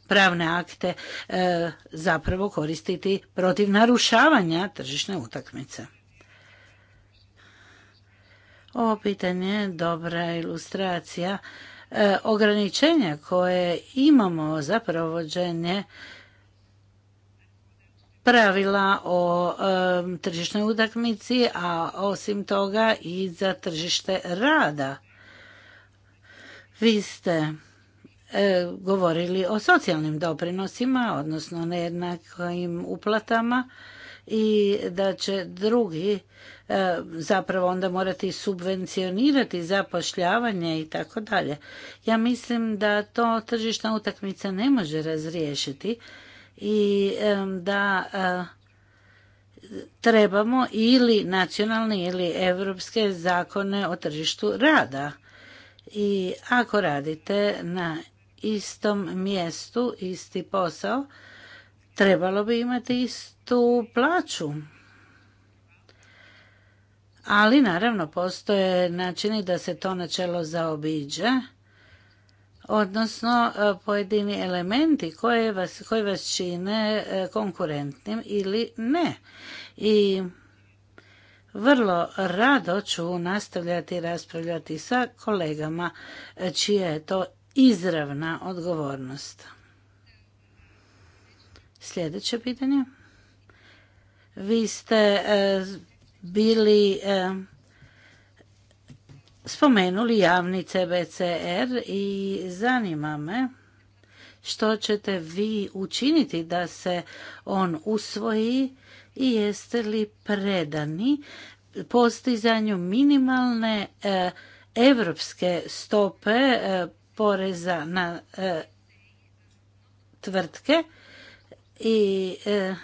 pravne akte e, zapravo koristiti protiv narušavanja tržišne utakmice. Ovo pitanje je dobra ilustracija e, ograničenja koje imamo za provođenje pravila o e, tržišnoj utakmici, a osim toga i za tržište rada. Vi ste E, govorili o socijalnim doprinosima, odnosno nejednakim uplatama i da će drugi e, zapravo onda morati subvencionirati zapošljavanje i tako dalje. Ja mislim da to tržišna utakmica ne može razriješiti i e, da trebamo ili nacionalne ili europske zakone o tržištu rada. I ako radite na istom mjestu, isti posao, trebalo bi imati istu plaću. Ali naravno postoje načini da se to načelo zaobiđe, odnosno e, pojedini elementi koji vas, koji vas čine e, konkurentnim ili ne. I vrlo rado ću nastavljati raspravljati sa kolegama čije je to izravna odgovornost. Sljedeće pitanje. Vi ste e, bili e, spomenuli javni CBCR i zanima me što ćete vi učiniti da se on usvoji i jeste li predani postizanju minimalne europske stope e, poreza na e, tvrtke i e,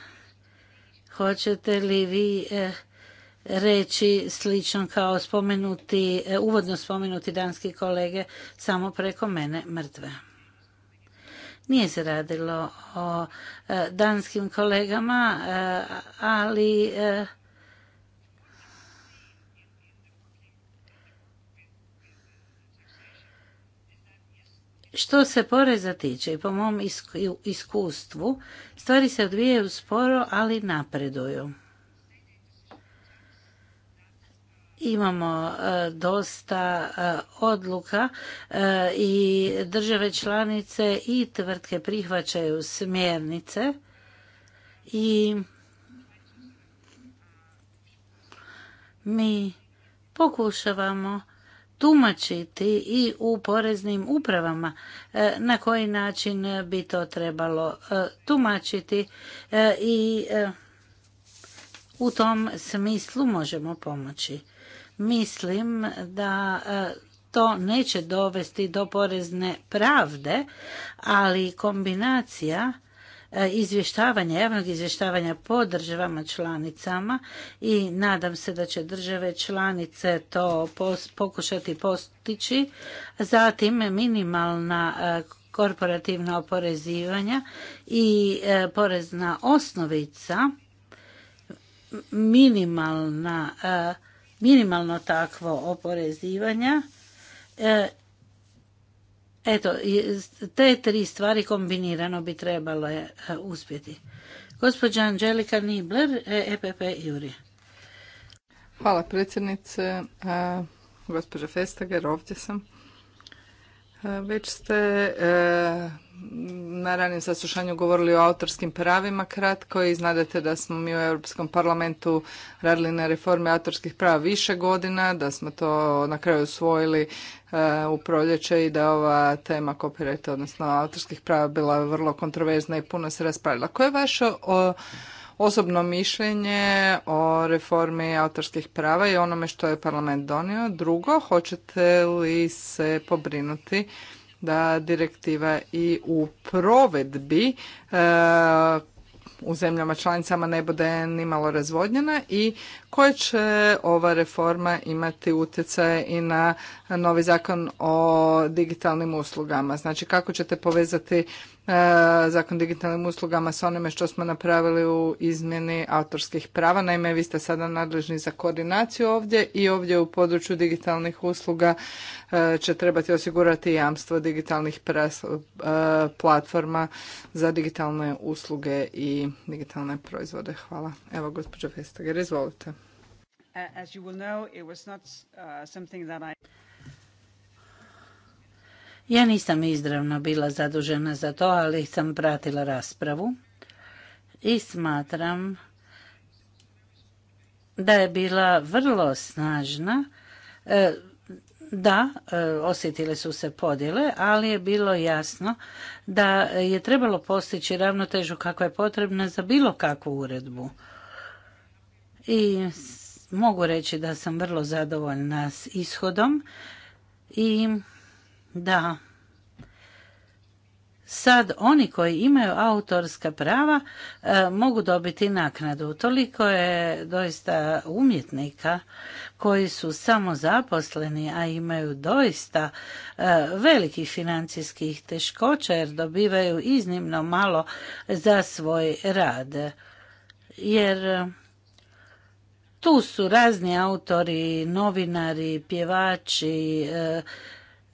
hoćete li vi e, reći slično kao spomenuti, uvodno spomenuti danski kolege samo preko mene mrtve. Nije se radilo o danskim kolegama, ali Što se poreza tiče, po mom iskustvu, stvari se odvijaju sporo, ali napreduju. imamo e, dosta e, odluka e, i države članice i tvrtke prihvaćaju smjernice i mi pokušavamo tumačiti i u poreznim upravama e, na koji način bi to trebalo e, tumačiti e, i u tom smislu možemo pomoći. Mislim da to neće dovesti do porezne pravde, ali kombinacija E, izvještavanja, javnog izvještavanja po državama članicama i nadam se da će države članice to pokušati postići. Zatim minimalna e, korporativna oporezivanja i e, porezna osnovica minimalno takvo oporezivanja Eto, te tri stvari kombinirano bi je uspjeti. Gospođa Anđelika Nibler, EPP e Juri. Hvala predsjednice, e, gospođa Festager, ovdje sam. Već ste e, na ranijem saslušanju govorili o autorskim pravima kratko i znadete da smo mi u Europskom parlamentu radili na reformi autorskih prava više godina, da smo to na kraju usvojili e, u proljeće i da ova tema copyright, odnosno autorskih prava bila vrlo kontroverzna i puno se raspravila. Koje je vaše o, osobno mišljenje o reformi autorskih prava i onome što je parlament donio. Drugo, hoćete li se pobrinuti da direktiva i u provedbi e, u zemljama članicama ne bude nimalo razvodnjena i koje će ova reforma imati utjecaj i na novi zakon o digitalnim uslugama. Znači kako ćete povezati E, zakon digitalnim uslugama s onime što smo napravili u izmjeni autorskih prava. Naime, vi ste sada nadležni za koordinaciju ovdje i ovdje u području digitalnih usluga e, će trebati osigurati jamstvo digitalnih e, platforma za digitalne usluge i digitalne proizvode. Hvala. Evo, gospođo Vestager, izvolite. Ja nisam izravno bila zadužena za to, ali sam pratila raspravu i smatram da je bila vrlo snažna. E, da, e, osjetile su se podjele, ali je bilo jasno da je trebalo postići ravnotežu kako je potrebna za bilo kakvu uredbu. I mogu reći da sam vrlo zadovoljna s ishodom i da sad oni koji imaju autorska prava e, mogu dobiti naknadu. Toliko je doista umjetnika koji su samozaposleni, a imaju doista e, velikih financijskih teškoća jer dobivaju iznimno malo za svoj rad. Jer e, tu su razni autori, novinari, pjevači, e,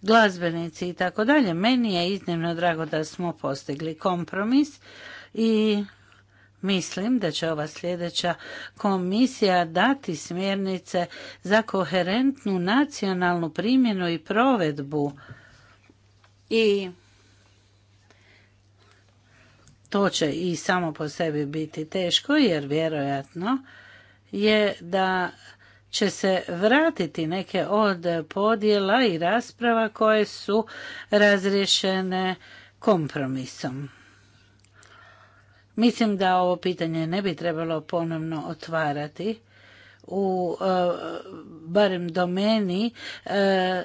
glazbenici i tako dalje. Meni je iznimno drago da smo postigli kompromis i Mislim da će ova sljedeća komisija dati smjernice za koherentnu nacionalnu primjenu i provedbu i to će i samo po sebi biti teško jer vjerojatno je da će se vratiti neke od podjela i rasprava koje su razriješene kompromisom. Mislim da ovo pitanje ne bi trebalo ponovno otvarati u e, barem domeni e,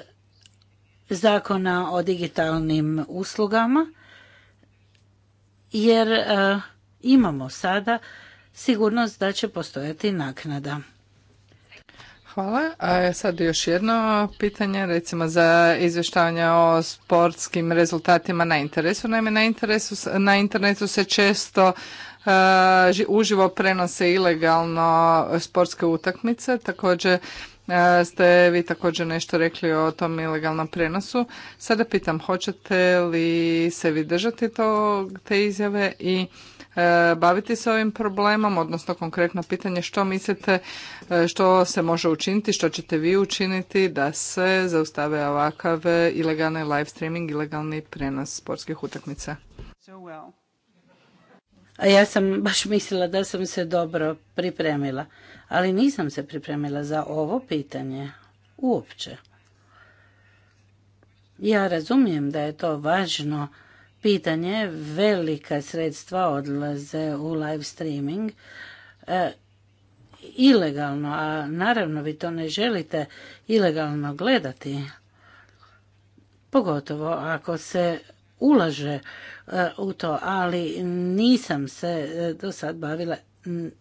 zakona o digitalnim uslugama jer e, imamo sada sigurnost da će postojati naknada. Hvala. A sad još jedno pitanje, recimo za izvještavanje o sportskim rezultatima na interesu. Naime, na, interesu, na internetu se često eh, uživo prenose ilegalno sportske utakmice. Također eh, ste vi također nešto rekli o tom ilegalnom prenosu. Sada pitam, hoćete li se vi držati to, te izjave i E, baviti se ovim problemom, odnosno konkretno pitanje što mislite, e, što se može učiniti, što ćete vi učiniti da se zaustave ovakav ilegalni live streaming, ilegalni prenos sportskih utakmica? Ja sam baš mislila da sam se dobro pripremila, ali nisam se pripremila za ovo pitanje uopće. Ja razumijem da je to važno pitanje. Velika sredstva odlaze u live streaming e, ilegalno, a naravno vi to ne želite ilegalno gledati. Pogotovo ako se ulaže e, u to, ali nisam se e, do sad bavila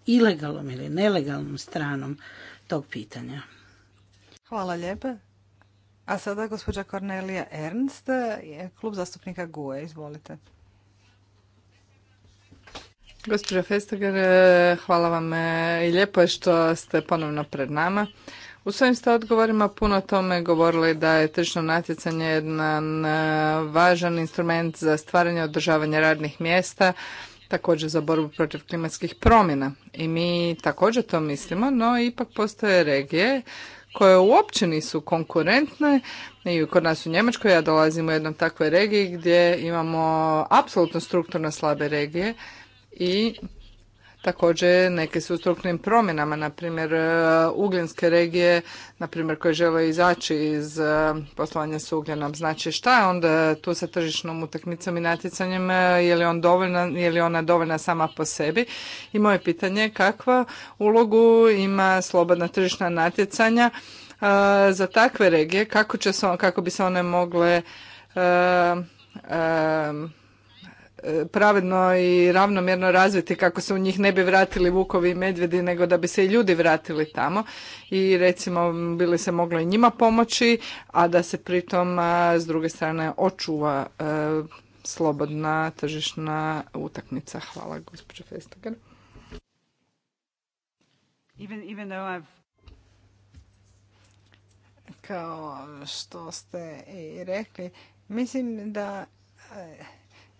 ilegalnom ili nelegalnom stranom tog pitanja. Hvala lijepa. A sada gospođa Kornelija Ernst, klub zastupnika GUE. Izvolite. Gospođa Festager, e, hvala vam e, i lijepo je što ste ponovno pred nama. U svojim ste odgovorima puno o tome govorili da je tržno natjecanje jedan e, važan instrument za stvaranje i održavanje radnih mjesta, također za borbu protiv klimatskih promjena. I mi također to mislimo, no ipak postoje regije koje uopće nisu konkurentne i kod nas u Njemačkoj, ja dolazim u jednom takvoj regiji gdje imamo apsolutno strukturno slabe regije i Također neke su strukturnim promjenama, na primjer e, ugljenske regije, na primjer koje žele izaći iz e, poslovanja s ugljenom. Znači šta je onda tu sa tržišnom utakmicom i natjecanjem, e, je li, on dovoljna, je li ona dovoljna sama po sebi? I moje pitanje je kakva ulogu ima slobodna tržišna natjecanja za takve regije, kako, će se, kako bi se one mogle pravedno i ravnomjerno razviti kako se u njih ne bi vratili vukovi i medvjedi nego da bi se i ljudi vratili tamo i recimo bili se moglo i njima pomoći a da se pritom s druge strane očuva e, slobodna tržišna utakmica. Hvala gospođo Festager. Kao što ste i rekli, mislim da e,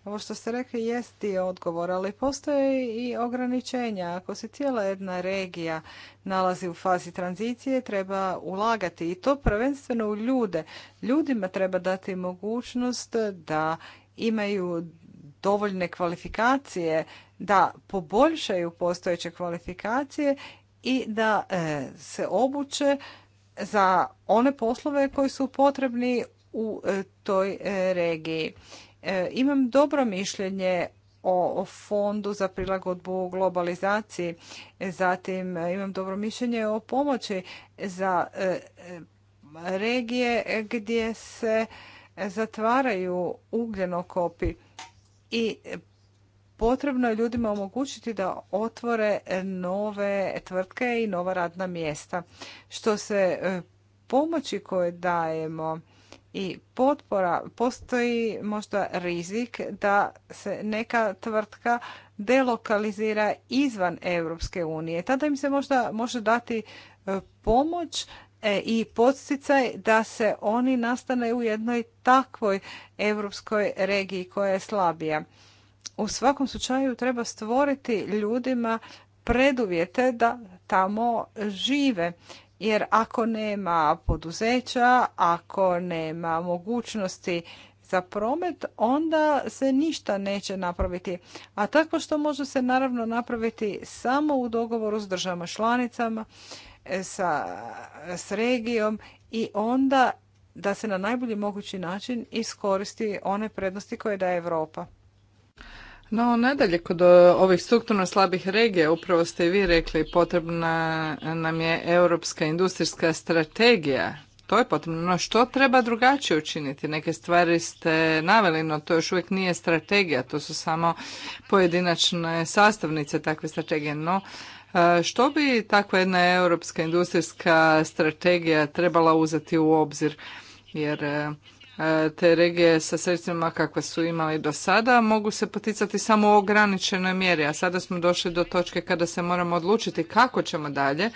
ovo što ste rekli jest dio odgovor, ali postoje i ograničenja. Ako se cijela jedna regija nalazi u fazi tranzicije, treba ulagati i to prvenstveno u ljude. Ljudima treba dati mogućnost da imaju dovoljne kvalifikacije, da poboljšaju postojeće kvalifikacije i da e, se obuče za one poslove koji su potrebni u e, toj e, regiji. E, imam dobro mišljenje o fondu za prilagodbu globalizaciji. Zatim e, imam dobro mišljenje o pomoći za e, regije gdje se zatvaraju ugljenokopi i potrebno je ljudima omogućiti da otvore nove tvrtke i nova radna mjesta. Što se pomoći koje dajemo i potpora postoji možda rizik da se neka tvrtka delokalizira izvan Europske unije. Tada im se možda može dati e, pomoć e, i podsticaj da se oni nastane u jednoj takvoj europskoj regiji koja je slabija. U svakom slučaju treba stvoriti ljudima preduvjete da tamo žive jer ako nema poduzeća, ako nema mogućnosti za promet, onda se ništa neće napraviti. A tako što može se naravno napraviti samo u dogovoru s državama članicama, sa, s regijom i onda da se na najbolji mogući način iskoristi one prednosti koje daje Europa. No, nadalje, kod e, ovih strukturno slabih regija, upravo ste i vi rekli, potrebna nam je europska industrijska strategija. To je potrebno. No, što treba drugačije učiniti? Neke stvari ste naveli, no to još uvijek nije strategija. To su samo pojedinačne sastavnice takve strategije. No, e, što bi takva jedna europska industrijska strategija trebala uzeti u obzir? Jer e, E, te regije sa sredstvima kakve su imali do sada mogu se poticati samo u ograničenoj mjeri, a sada smo došli do točke kada se moramo odlučiti kako ćemo dalje,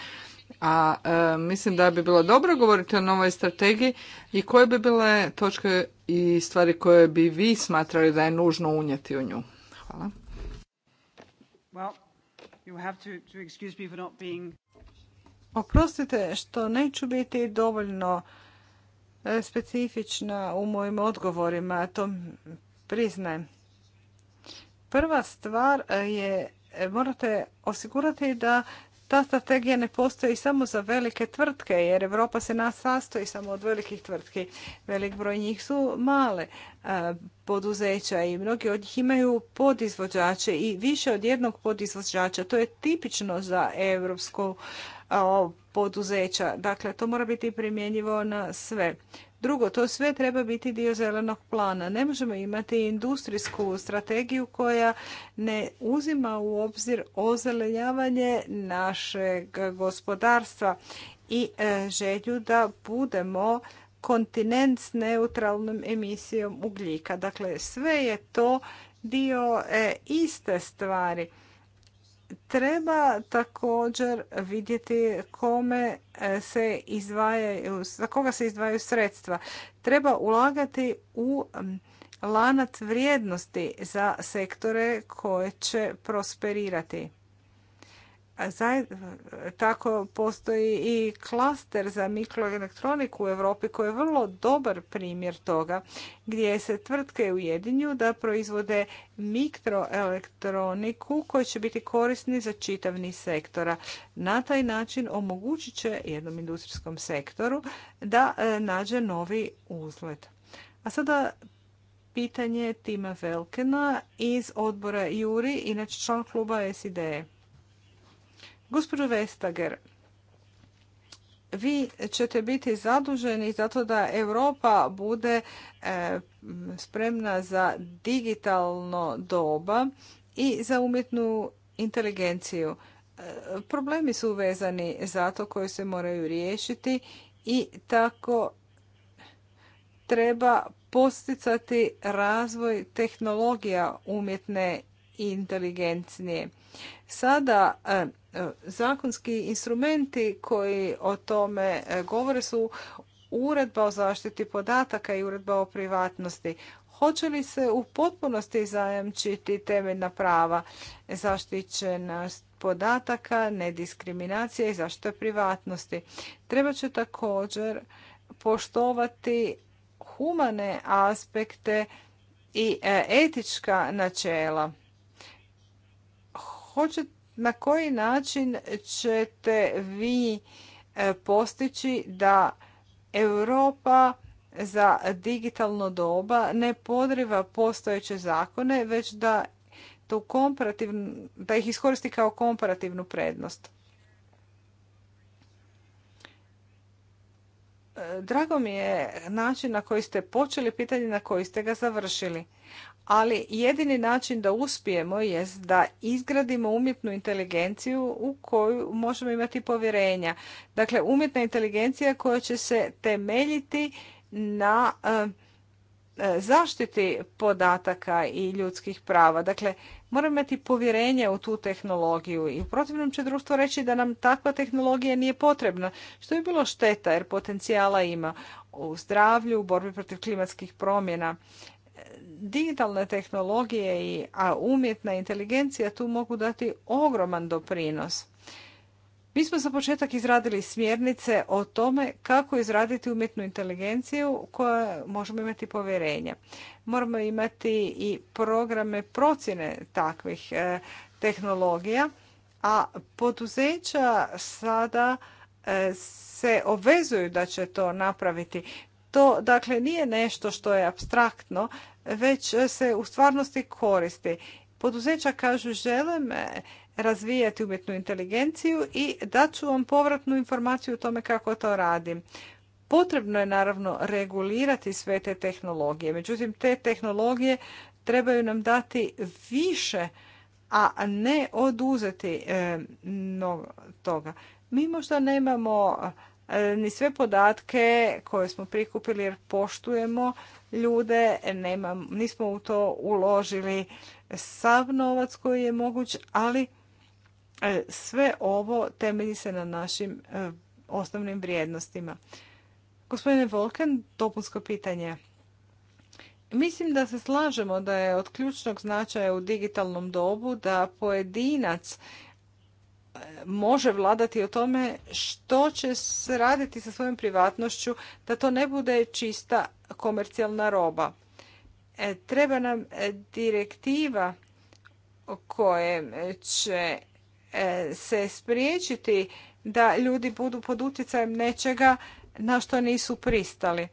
a e, mislim da bi bilo dobro govoriti o novoj strategiji i koje bi bile točke i stvari koje bi vi smatrali da je nužno unijeti u nju. Hvala. Well, you have to, to me for not being... Oprostite što neću biti dovoljno E, specifična u mojim odgovorima, to priznajem. Prva stvar e, je, e, morate osigurati da ta strategija ne postoji samo za velike tvrtke, jer Europa se nas sastoji samo od velikih tvrtki. Velik broj njih su male poduzeća i mnogi od njih imaju podizvođače i više od jednog podizvođača. To je tipično za europsku poduzeća. Dakle, to mora biti primjenjivo na sve. Drugo, to sve treba biti dio zelenog plana. Ne možemo imati industrijsku strategiju koja ne uzima u obzir ozelenjavanje našeg gospodarstva i e, želju da budemo kontinent s neutralnom emisijom ugljika. Dakle, sve je to dio e, iste stvari. Treba također vidjeti kome e, se izdvajaju, za koga se izdvajaju sredstva. Treba ulagati u lanac vrijednosti za sektore koje će prosperirati. Tako postoji i klaster za mikroelektroniku u Europi koji je vrlo dobar primjer toga gdje se tvrtke ujedinju da proizvode mikroelektroniku koja će biti korisni za čitav sektora. Na taj način omogućit će jednom industrijskom sektoru da e, nađe novi uzlet. A sada pitanje Tima Velkena iz odbora Juri, inače član kluba sid e. Gospođo Vestager, vi ćete biti zaduženi zato da Europa bude e, spremna za digitalno doba i za umjetnu inteligenciju. E, problemi su vezani za to koje se moraju riješiti i tako treba posticati razvoj tehnologija umjetne inteligencije. Sada e, Zakonski instrumenti koji o tome e, govore su uredba o zaštiti podataka i uredba o privatnosti. Hoće li se u potpunosti zajamčiti temeljna prava zaštićenost podataka, nediskriminacija i zaštita privatnosti? Treba će također poštovati humane aspekte i e, etička načela. Hoće na koji način ćete vi e, postići da Europa za digitalno doba ne podriva postojeće zakone, već da, to da ih iskoristi kao komparativnu prednost. E, drago mi je način na koji ste počeli pitanje na koji ste ga završili ali jedini način da uspijemo jest da izgradimo umjetnu inteligenciju u koju možemo imati povjerenja. Dakle, umjetna inteligencija koja će se temeljiti na e, e, zaštiti podataka i ljudskih prava. Dakle, moramo imati povjerenje u tu tehnologiju i u protivnom će društvo reći da nam takva tehnologija nije potrebna, što je bilo šteta jer potencijala ima u zdravlju, u borbi protiv klimatskih promjena digitalne tehnologije i a umjetna inteligencija tu mogu dati ogroman doprinos. Mi smo za početak izradili smjernice o tome kako izraditi umjetnu inteligenciju kojoj možemo imati povjerenje. Moramo imati i programe procjene takvih e, tehnologija, a poduzeća sada e, se obvezuju da će to napraviti. To dakle nije nešto što je abstraktno, već se u stvarnosti koristi. Poduzeća kažu želim razvijati umjetnu inteligenciju i dat ću vam povratnu informaciju o tome kako to radim. Potrebno je naravno regulirati sve te tehnologije, međutim te tehnologije trebaju nam dati više, a ne oduzeti eh, mnogo toga. Mi možda nemamo E, ni sve podatke koje smo prikupili jer poštujemo ljude, nemam, nismo u to uložili sav novac koji je moguć, ali e, sve ovo temelji se na našim e, osnovnim vrijednostima. Gospodine Volken, dopunsko pitanje. Mislim da se slažemo da je od ključnog značaja u digitalnom dobu da pojedinac može vladati o tome što će se raditi sa svojom privatnošću, da to ne bude čista komercijalna roba. E, treba nam e, direktiva koje će e, se spriječiti da ljudi budu pod utjecajem nečega na što nisu pristali.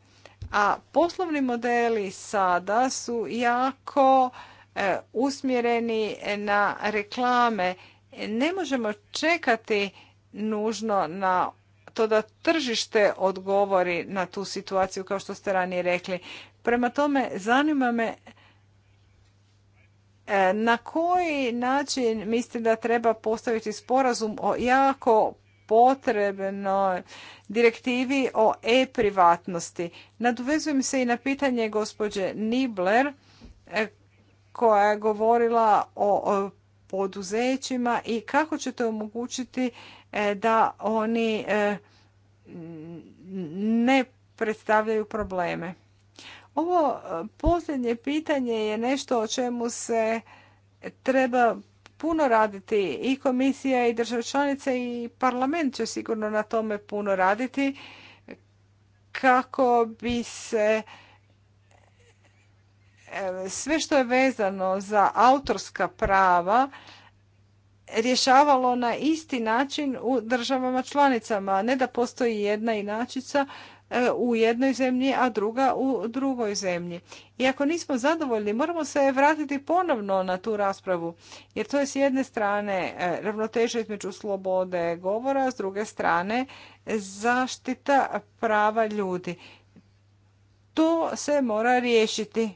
A poslovni modeli sada su jako usmjereni na reklame ne možemo čekati nužno na to da tržište odgovori na tu situaciju kao što ste ranije rekli. Prema tome, zanima me e, na koji način mislim da treba postaviti sporazum o jako potrebnoj direktivi o e-privatnosti. Nadovezujem se i na pitanje gospođe Nibler e, koja je govorila o poduzećima i kako ćete omogućiti e, da oni e, ne predstavljaju probleme. Ovo e, posljednje pitanje je nešto o čemu se treba puno raditi i komisija i države članice i parlament će sigurno na tome puno raditi kako bi se sve što je vezano za autorska prava rješavalo na isti način u državama članicama, ne da postoji jedna inačica e, u jednoj zemlji, a druga u drugoj zemlji. I ako nismo zadovoljni, moramo se vratiti ponovno na tu raspravu, jer to je s jedne strane e, ravnoteža između slobode govora, s druge strane zaštita prava ljudi. To se mora riješiti.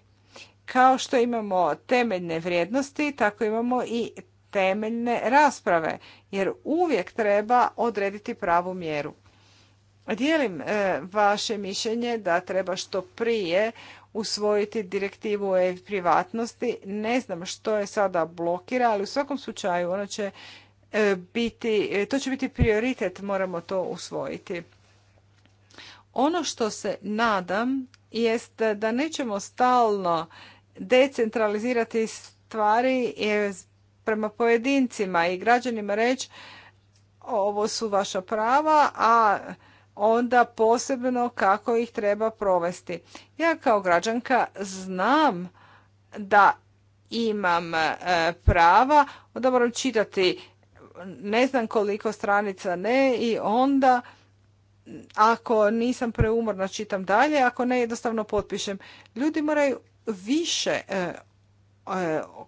Kao što imamo temeljne vrijednosti, tako imamo i temeljne rasprave, jer uvijek treba odrediti pravu mjeru. Dijelim e, vaše mišljenje da treba što prije usvojiti direktivu o privatnosti. Ne znam što je sada blokira, ali u svakom slučaju ona će e, biti, e, to će biti prioritet, moramo to usvojiti. Ono što se nadam jest da nećemo stalno decentralizirati stvari prema pojedincima i građanima reći ovo su vaša prava, a onda posebno kako ih treba provesti. Ja kao građanka znam da imam e, prava, onda moram čitati ne znam koliko stranica ne i onda ako nisam preumorna čitam dalje, ako ne jednostavno potpišem. Ljudi moraju više e, e,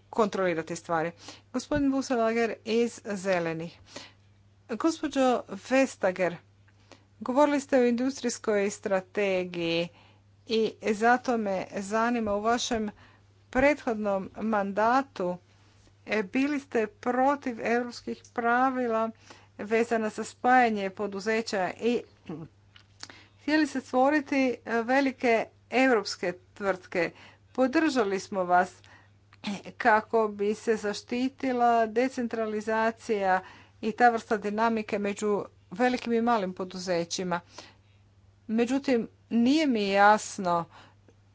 kontrolirati stvari. Gospodin Buselager iz Zelenih. Gospođo Vestager, govorili ste o industrijskoj strategiji i zato me zanima u vašem prethodnom mandatu e, bili ste protiv europskih pravila vezana za spajanje poduzeća i htjeli se stvoriti velike europske tvrtke. Podržali smo vas kako bi se zaštitila decentralizacija i ta vrsta dinamike među velikim i malim poduzećima. Međutim, nije mi jasno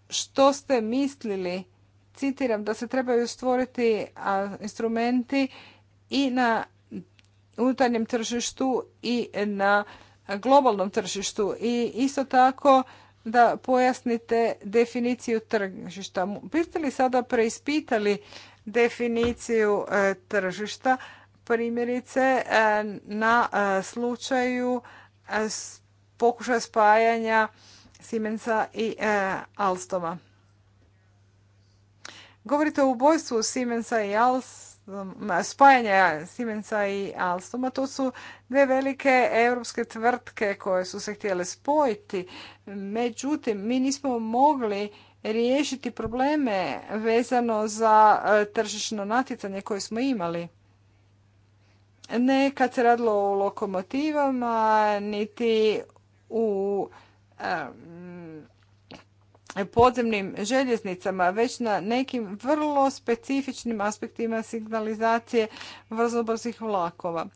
što ste mislili, citiram, da se trebaju stvoriti instrumenti i na unutarnjem tržištu i na globalnom tržištu. I isto tako da pojasnite definiciju tržišta. Biste li sada preispitali definiciju e, tržišta, primjerice e, na e, slučaju pokušaja spajanja Simensa i Alstoma? Govorite o ubojstvu Simensa i Alstoma spajanja Siemensa i Alstoma. To su dve velike europske tvrtke koje su se htjele spojiti. Međutim, mi nismo mogli riješiti probleme vezano za e, tržišno natjecanje koje smo imali. Ne kad se radilo u lokomotivama, niti u podzemnim željeznicama, već na nekim vrlo specifičnim aspektima signalizacije vrlo vlakova.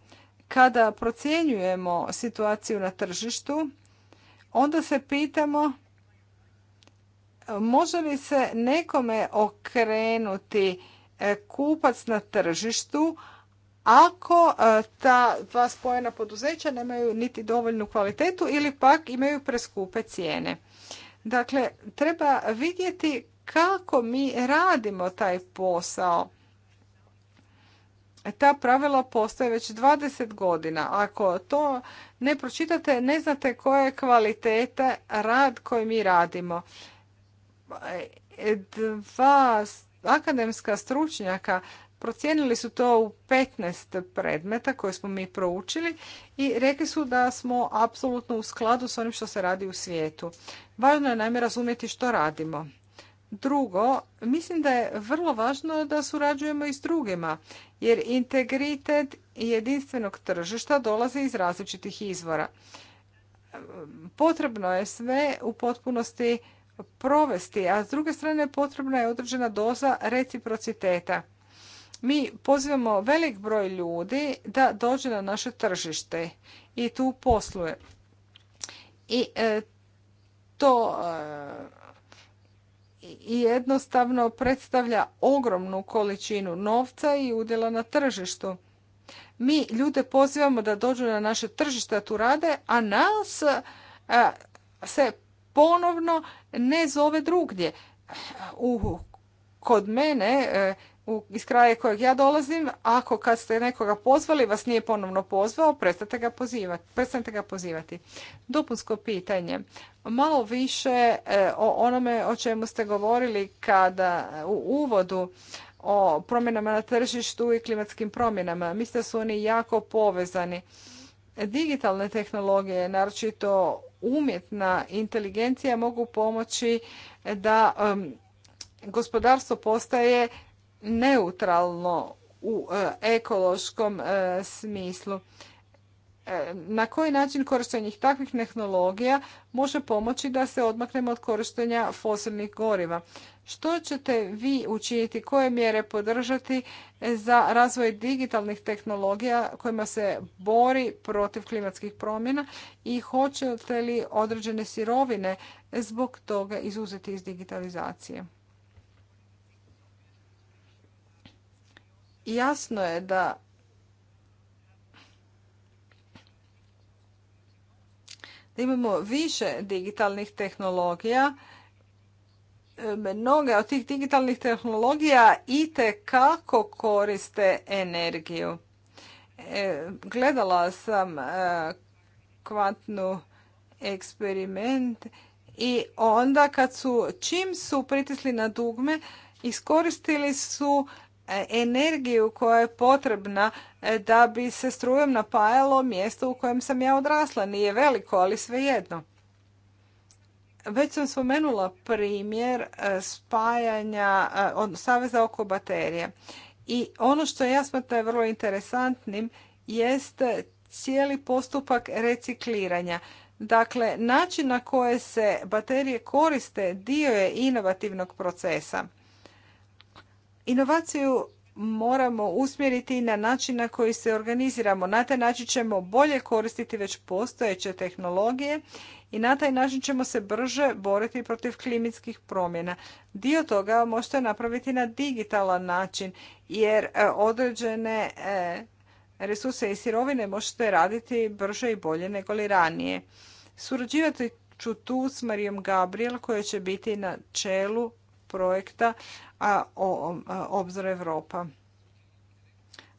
Kada procjenjujemo situaciju na tržištu, onda se pitamo može li se nekome okrenuti e, kupac na tržištu ako e, ta dva spojena poduzeća nemaju niti dovoljnu kvalitetu ili pak imaju preskupe cijene. Dakle, treba vidjeti kako mi radimo taj posao. Ta pravila postoje već 20 godina. Ako to ne pročitate, ne znate koja je kvaliteta rad koji mi radimo. Dva akademska stručnjaka procijenili su to u 15 predmeta koje smo mi proučili i rekli su da smo apsolutno u skladu s onim što se radi u svijetu. Važno je najme razumjeti što radimo. Drugo, mislim da je vrlo važno da surađujemo i s drugima, jer integritet jedinstvenog tržišta dolazi iz različitih izvora. Potrebno je sve u potpunosti provesti, a s druge strane potrebna je određena doza reciprociteta. Mi pozivamo velik broj ljudi da dođe na naše tržište i tu posluje. I e, to e, i jednostavno predstavlja ogromnu količinu novca i udjela na tržištu. Mi ljude pozivamo da dođu na naše tržište tu rade, a nas e, se ponovno ne zove drugdje. kod mene e, iz kraja kojeg ja dolazim, ako kad ste nekoga pozvali, vas nije ponovno pozvao, prestajte ga pozivati. Prestanite ga pozivati. Dopunsko pitanje. Malo više e, o onome o čemu ste govorili kada u uvodu o promjenama na tržištu i klimatskim promjenama. Mislim da su oni jako povezani. Digitalne tehnologije, naročito umjetna inteligencija, mogu pomoći da gospodarstvo postaje neutralno u e, ekološkom e, smislu. E, na koji način korištenje takvih tehnologija može pomoći da se odmaknemo od korištenja fosilnih goriva? Što ćete vi učiniti, koje mjere podržati za razvoj digitalnih tehnologija kojima se bori protiv klimatskih promjena i hoćete li određene sirovine zbog toga izuzeti iz digitalizacije? jasno je da imamo više digitalnih tehnologija. E, mnoge od tih digitalnih tehnologija i kako koriste energiju. E, gledala sam e, kvatnu eksperiment i onda kad su, čim su pritisli na dugme, iskoristili su energiju koja je potrebna e, da bi se strujom napajalo mjesto u kojem sam ja odrasla. Nije veliko, ali svejedno. Već sam spomenula primjer e, spajanja e, saveza oko baterije. I ono što ja smatram vrlo interesantnim jest cijeli postupak recikliranja. Dakle, način na koje se baterije koriste dio je inovativnog procesa. Inovaciju moramo usmjeriti na način na koji se organiziramo. Na taj način ćemo bolje koristiti već postojeće tehnologije i na taj način ćemo se brže boriti protiv klimatskih promjena. Dio toga možete napraviti na digitalan način jer e, određene e, resurse i sirovine možete raditi brže i bolje nego li ranije. Surađivati ću tu s Marijom Gabriel koja će biti na čelu projekta o, Obzor Evropa.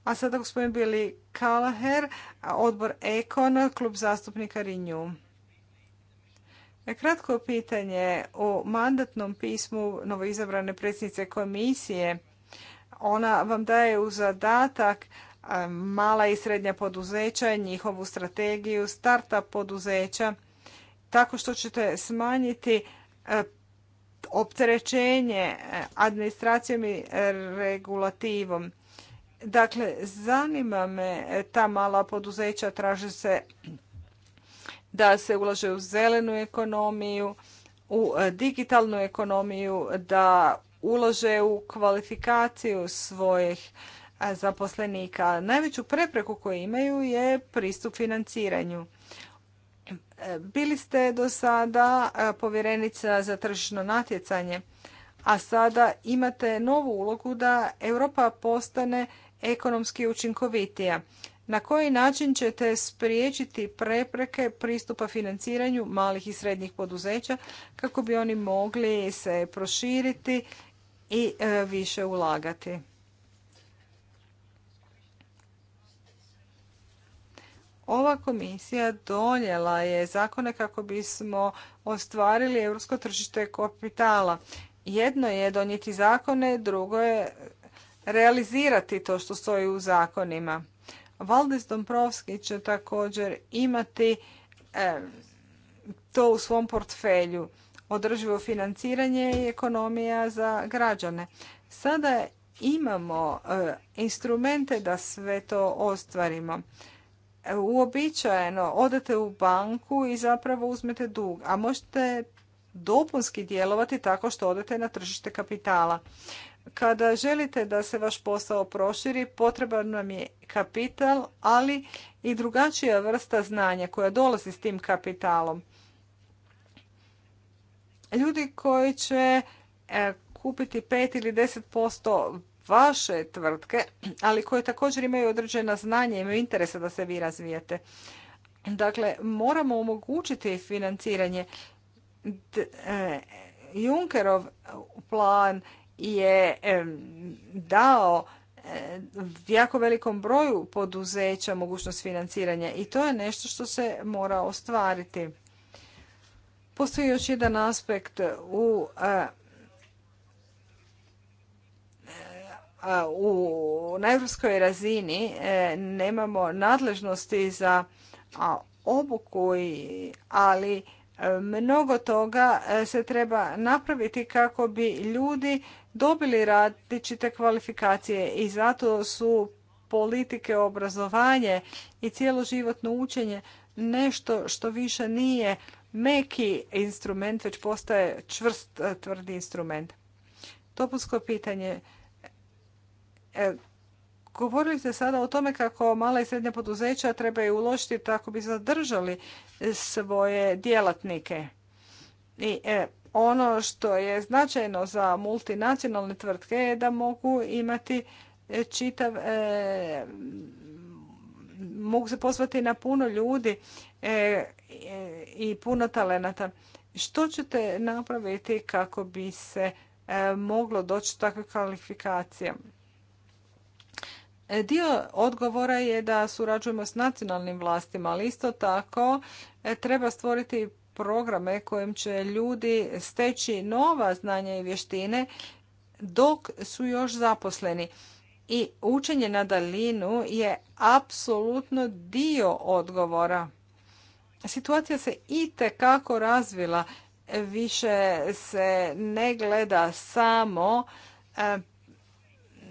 A sada gospodin Bili Kalaher, odbor Ekon, klub zastupnika Rinju. E, kratko pitanje o mandatnom pismu novoizabrane predsjednice komisije. Ona vam daje u zadatak mala i srednja poduzeća, njihovu strategiju, starta poduzeća, tako što ćete smanjiti opterećenje e, administracijom i regulativom. Dakle, zanima me e, ta mala poduzeća, traže se da se ulaže u zelenu ekonomiju, u e, digitalnu ekonomiju, da ulože u kvalifikaciju svojih zaposlenika. Najveću prepreku koju imaju je pristup financiranju. Bili ste do sada povjerenica za tržišno natjecanje, a sada imate novu ulogu da Europa postane ekonomski učinkovitija. Na koji način ćete spriječiti prepreke pristupa financiranju malih i srednjih poduzeća kako bi oni mogli se proširiti i e, više ulagati? Ova komisija donijela je zakone kako bismo ostvarili europsko tržište kapitala. Jedno je donijeti zakone, drugo je realizirati to što stoji u zakonima. Valdis Domprovski će također imati e, to u svom portfelju. Održivo financiranje i ekonomija za građane. Sada imamo e, instrumente da sve to ostvarimo uobičajeno odete u banku i zapravo uzmete dug, a možete dopunski djelovati tako što odete na tržište kapitala. Kada želite da se vaš posao proširi, potreban vam je kapital, ali i drugačija vrsta znanja koja dolazi s tim kapitalom. Ljudi koji će e, kupiti 5 ili 10% vaše tvrtke, ali koje također imaju određena znanja imaju interesa da se vi razvijete. Dakle, moramo omogućiti financiranje. E, Junkerov plan je dao e, jako velikom broju poduzeća mogućnost financiranja i to je nešto što se mora ostvariti. Postoji još jedan aspekt u e, u, na europskoj razini e, nemamo nadležnosti za obuku, ali e, mnogo toga e, se treba napraviti kako bi ljudi dobili različite kvalifikacije i zato su politike, obrazovanje i životno učenje nešto što više nije meki instrument, već postaje čvrst tvrdi instrument. Topusko pitanje E, govorili ste sada o tome kako mala i srednja poduzeća trebaju uložiti tako bi zadržali svoje djelatnike. I e, ono što je značajno za multinacionalne tvrtke je da mogu imati e, čitav mogu se pozvati na puno ljudi i puno talenata. Što ćete napraviti kako bi se moglo doći do takve kvalifikacije? Dio odgovora je da surađujemo s nacionalnim vlastima, ali isto tako e, treba stvoriti programe kojim će ljudi steći nova znanja i vještine dok su još zaposleni. I učenje na dalinu je apsolutno dio odgovora. Situacija se i kako razvila. Više se ne gleda samo e,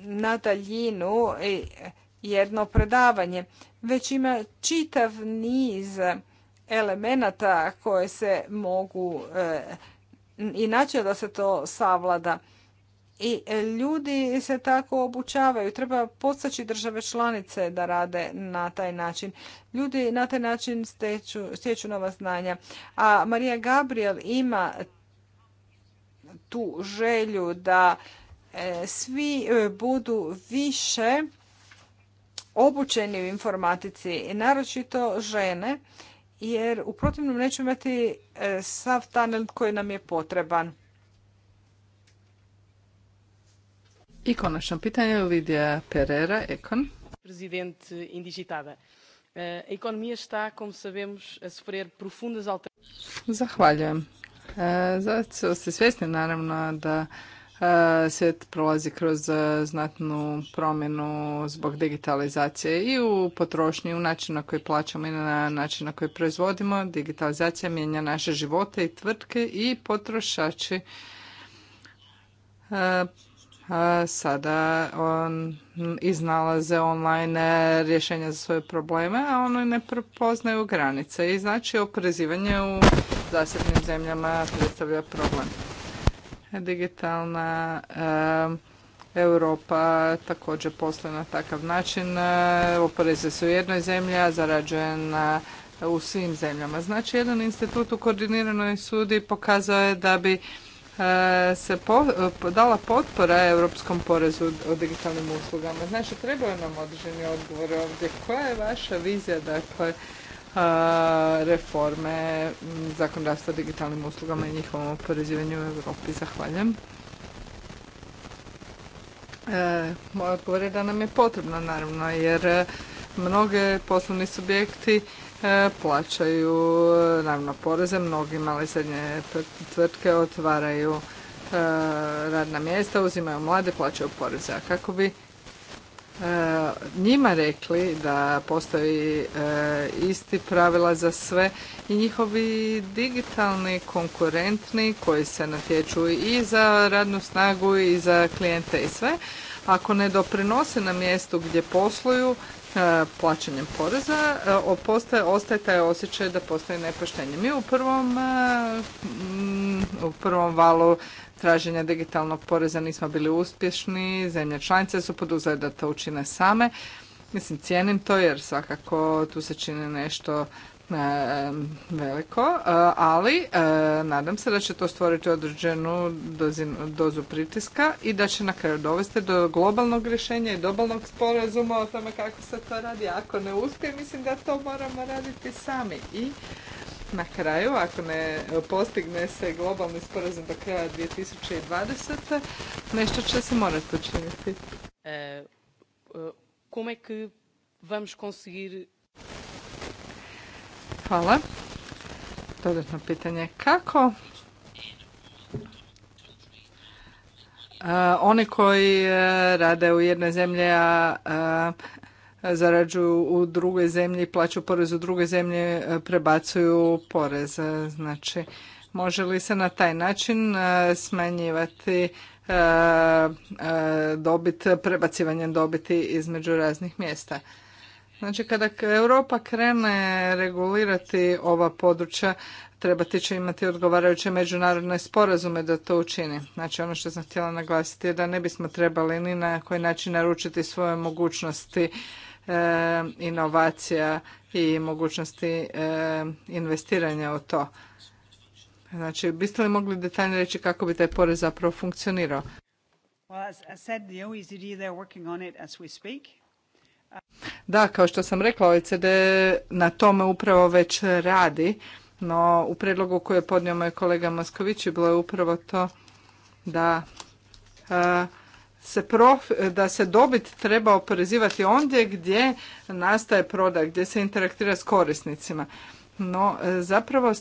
na daljinu jedno predavanje, već ima čitav niz elemenata koje se mogu e, i način da se to savlada. I ljudi se tako obučavaju. Treba postaći države članice da rade na taj način. Ljudi na taj način stječu nova znanja. A Marija Gabriel ima tu želju da E, svi e, budu više obučeni u informatici, naročito žene, jer u protivnom nećemo imati e, sav talent koji nam je potreban. I konačno pitanje Lidija Pereira, Ekon. Presidente indigitada. A ekonomija está, como sabemos, a sofrer profundas alterações. Zahvaljujem. Zato ste se svjesni naravno da E, svijet prolazi kroz e, znatnu promjenu zbog digitalizacije i u potrošnji, u načinu na koji plaćamo i na način na koji proizvodimo. Digitalizacija mijenja naše živote i tvrtke i potrošači e, sada on iznalaze online rješenja za svoje probleme, a ono ne prepoznaju granice. I znači oprezivanje u zasebnim zemljama predstavlja problem digitalna Europa također posluje na takav način. Oporeze su u jednoj zemlji, a zarađuje na u svim zemljama. Znači, jedan institut u koordiniranoj sudi pokazao je da bi eh, se dala potpora europskom porezu o digitalnim uslugama. Znači, trebaju nam određeni odgovor ovdje. Koja je vaša vizija, dakle, reforme zakonodavstva o digitalnim uslugama i njihovom oporezivanju u Europi. Zahvaljujem. E, moj odgovor je da nam je potrebno naravno jer e, mnoge poslovni subjekti e, plaćaju e, naravno poreze, mnogi male i srednje tvrtke otvaraju radna mjesta, uzimaju mlade, plaćaju poreze. A kako bi E, njima rekli da postoji e, isti pravila za sve i njihovi digitalni konkurentni koji se natječu i za radnu snagu i za klijente i sve, ako ne doprinose na mjestu gdje posluju e, plaćanjem poreza, ostaje taj osjećaj da postoji nepoštenje. Mi u prvom, u prvom valu traženja digitalnog poreza nismo bili uspješni, zemlje članice su poduzele da to učine same. Mislim, cijenim to jer svakako tu se čini nešto e, veliko, e, ali e, nadam se da će to stvoriti određenu dozu pritiska i da će na kraju dovesti do globalnog rješenja i globalnog sporazuma o tome kako se to radi. Ako ne uspije, mislim da to moramo raditi sami i na kraju, ako ne postigne se globalni sporazum do kraja 2020. nešto će se morati učiniti. como e, e, é Hvala. Dodatno pitanje kako e, oni koji rade u jednoj zemlji, a zarađuju u drugoj zemlji, plaćaju porez u drugoj zemlji, e, prebacuju porez. Znači, može li se na taj način e, smanjivati e, dobit, prebacivanjem dobiti između raznih mjesta? Znači, kada Europa krene regulirati ova područja, trebati će imati odgovarajuće međunarodne sporazume da to učini. Znači ono što sam htjela naglasiti je da ne bismo trebali ni na koji način naručiti svoje mogućnosti E, inovacija i mogućnosti e, investiranja u to. Znači, biste li mogli detaljnije reći kako bi taj porez zapravo funkcionirao? E da, kao što sam rekla, OECD na tome upravo već radi, no u predlogu koji je podnio moj kolega Moskovići bilo je upravo to da se prof, da se dobit treba oporezivati ondje gdje nastaje proda, gdje se interaktira s korisnicima. No, e, zapravo e,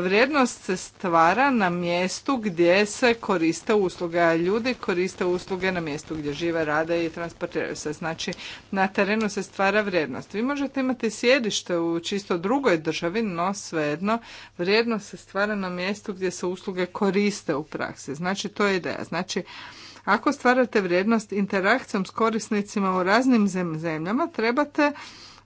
vrijednost se stvara na mjestu gdje se koriste usluge, a ljudi koriste usluge na mjestu gdje žive, rade i transportiraju se. Znači, na terenu se stvara vrijednost. Vi možete imati sjedište u čisto drugoj državi, no svejedno vrijednost se stvara na mjestu gdje se usluge koriste u praksi. Znači, to je ideja. Znači, ako stvarate vrijednost interakcijom s korisnicima u raznim zemljama, trebate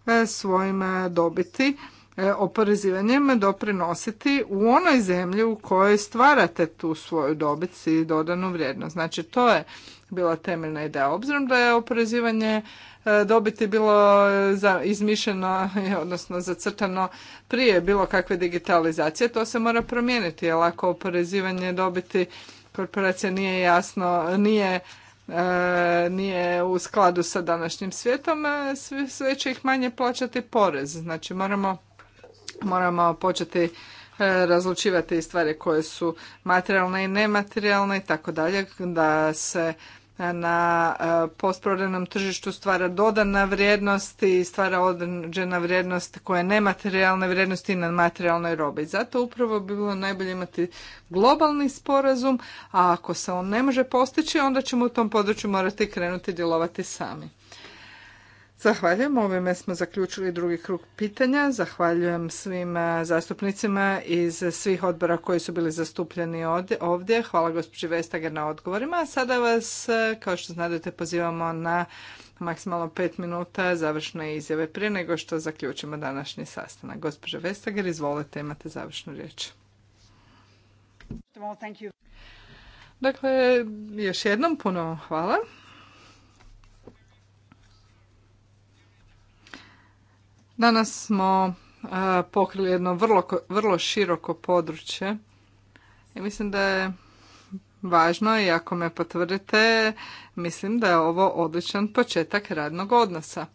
e, svojima e, dobiti e, oporezivanjem doprinositi u onoj zemlji u kojoj stvarate tu svoju dobit i dodanu vrijednost. Znači to je bila temeljna ideja. Obzirom da je oporezivanje dobiti bilo izmišljeno, odnosno zacrtano prije bilo kakve digitalizacije, to se mora promijeniti, jer ako oporezivanje dobiti korporacija nije jasno, nije e, nije u skladu sa današnjim svijetom, e, sve, sve će ih manje plaćati porez. Znači moramo, moramo početi e, razlučivati stvari koje su materijalne i nematerijalne i tako dalje, da se na e, postprodajnom tržištu stvara dodana vrijednost i stvara određena vrijednost koja je nematerijalne vrijednosti i na materijalnoj robi. Zato upravo bi bilo najbolje imati globalni sporazum, a ako se on ne može postići, onda ćemo u tom području morati krenuti djelovati sami. Zahvaljujem. Ovime smo zaključili drugi krug pitanja. Zahvaljujem svim eh, zastupnicima iz svih odbora koji su bili zastupljeni ovdje. Hvala gospođi Vestager na odgovorima. A sada vas, eh, kao što znate, pozivamo na maksimalno pet minuta završne izjave prije nego što zaključimo današnji sastanak. Gospođa Vestager, izvolite, imate završnu riječ. Dakle, još jednom puno hvala. Danas smo e, pokrili jedno vrlo, vrlo široko područje i mislim da je važno i ako me potvrdite, mislim da je ovo odličan početak radnog odnosa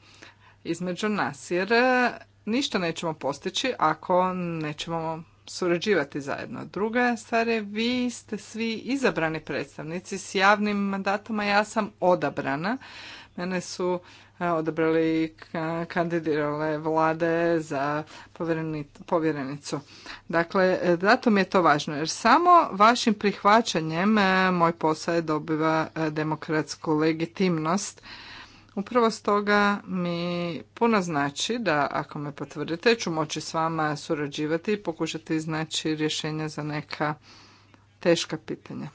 između nas, jer e, ništa nećemo postići ako nećemo surađivati zajedno. Druga stvar je, vi ste svi izabrani predstavnici s javnim mandatom, ja sam odabrana Mene su e, odabrali kandidirale vlade za povjerenicu. Dakle, e, zato mi je to važno, jer samo vašim prihvaćanjem e, moj posao je dobiva demokratsku legitimnost. Upravo stoga mi puno znači da ako me potvrdite ću moći s vama surađivati i pokušati iznaći rješenja za neka teška pitanja.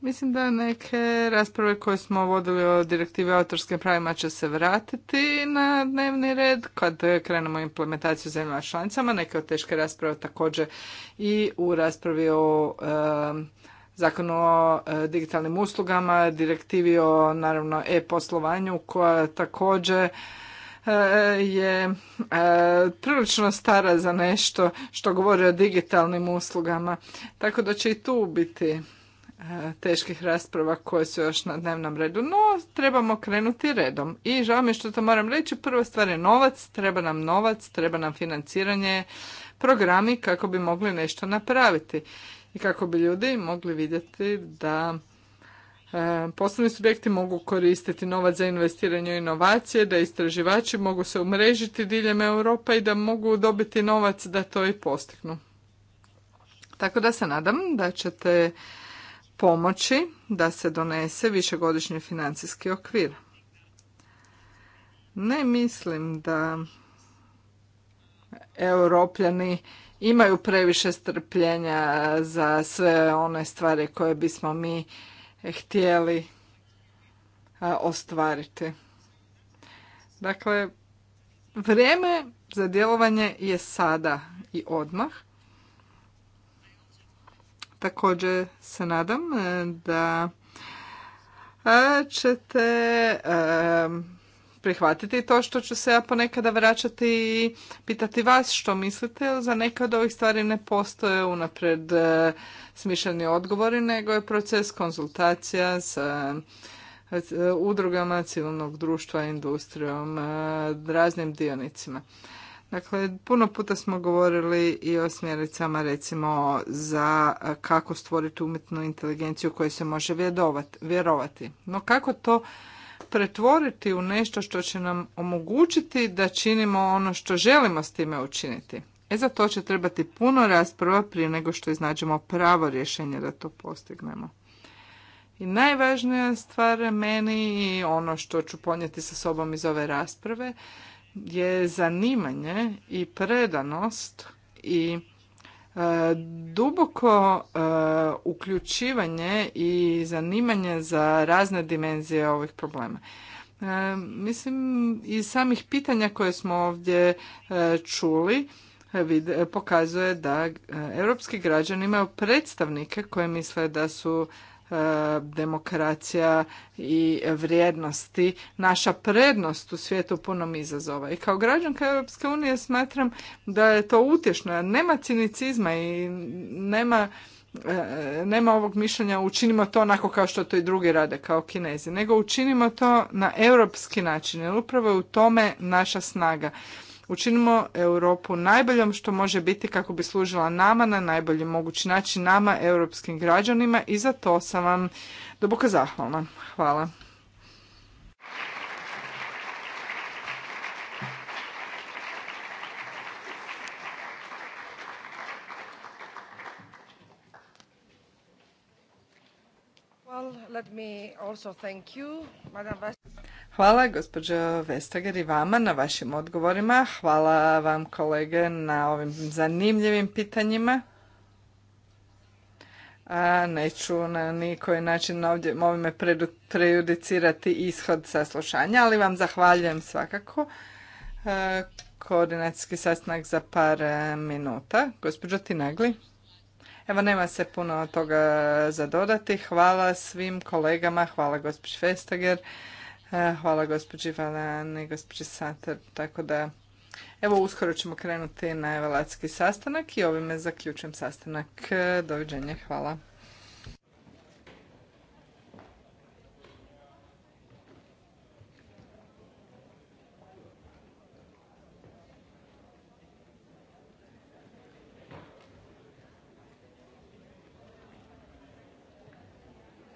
Mislim da neke rasprave koje smo vodili o direktivi autorskim pravima će se vratiti na dnevni red kad krenemo implementaciju zemljama članicama. Neke od teške rasprave također i u raspravi o zakonu o e, digitalnim uslugama, direktivi o naravno e-poslovanju koja također e, je e, prilično stara za nešto što govori o digitalnim uslugama. Tako da će i tu biti teških rasprava koje su još na dnevnom redu, no trebamo krenuti redom. I žao mi što to moram reći, prva stvar je novac, treba nam novac, treba nam financiranje, programi kako bi mogli nešto napraviti i kako bi ljudi mogli vidjeti da e, Poslovni subjekti mogu koristiti novac za investiranje u inovacije, da istraživači mogu se umrežiti diljem Europa i da mogu dobiti novac da to i postignu. Tako da se nadam da ćete pomoći da se donese višegodišnji financijski okvir. Ne mislim da europljani imaju previše strpljenja za sve one stvari koje bismo mi htjeli ostvariti. Dakle, vrijeme za djelovanje je sada i odmah Također se nadam e, da e, ćete e, prihvatiti to što ću se ja ponekada vraćati i pitati vas što mislite, za neke od ovih stvari ne postoje unapred smišljeni odgovori, nego je proces konzultacija sa udrugama civilnog društva, industrijom, raznim dionicima. Dakle, puno puta smo govorili i o smjericama recimo za kako stvoriti umjetnu inteligenciju kojoj se može vjerovati. No kako to pretvoriti u nešto što će nam omogućiti da činimo ono što želimo s time učiniti? E za to će trebati puno rasprava prije nego što iznađemo pravo rješenje da to postignemo. I najvažnija stvar meni i ono što ću ponijeti sa sobom iz ove rasprave je zanimanje i predanost i e, duboko e, uključivanje i zanimanje za razne dimenzije ovih problema. E, mislim, iz samih pitanja koje smo ovdje čuli pokazuje da europski građani imaju predstavnike koji misle da su E, demokracija i vrijednosti naša prednost u svijetu punom izazova. I kao građanka Europske unije smatram da je to utješno, nema cinicizma i nema e, nema ovog mišljenja učinimo to onako kao što to i drugi rade kao kinezi, nego učinimo to na europski način jer upravo je u tome naša snaga. Učinimo Europu najboljom što može biti kako bi služila nama na najbolji mogući način nama, europskim građanima i za to sam vam duboko zahvalna. Hvala. Hvala gospođo Vestager i vama na vašim odgovorima. Hvala vam kolege na ovim zanimljivim pitanjima. A neću na nikoj način ovdje ovime prejudicirati ishod saslušanja, ali vam zahvaljujem svakako. Koordinacijski sastanak za par minuta. Gospođo Tinagli. Evo, nema se puno toga za dodati. Hvala svim kolegama, hvala gospođi Festager, eh, hvala gospođi Valan i gospođi Sater. tako da... Evo, uskoro ćemo krenuti na evaluacijski sastanak i ovime zaključujem sastanak. Eh, Doviđenje, hvala.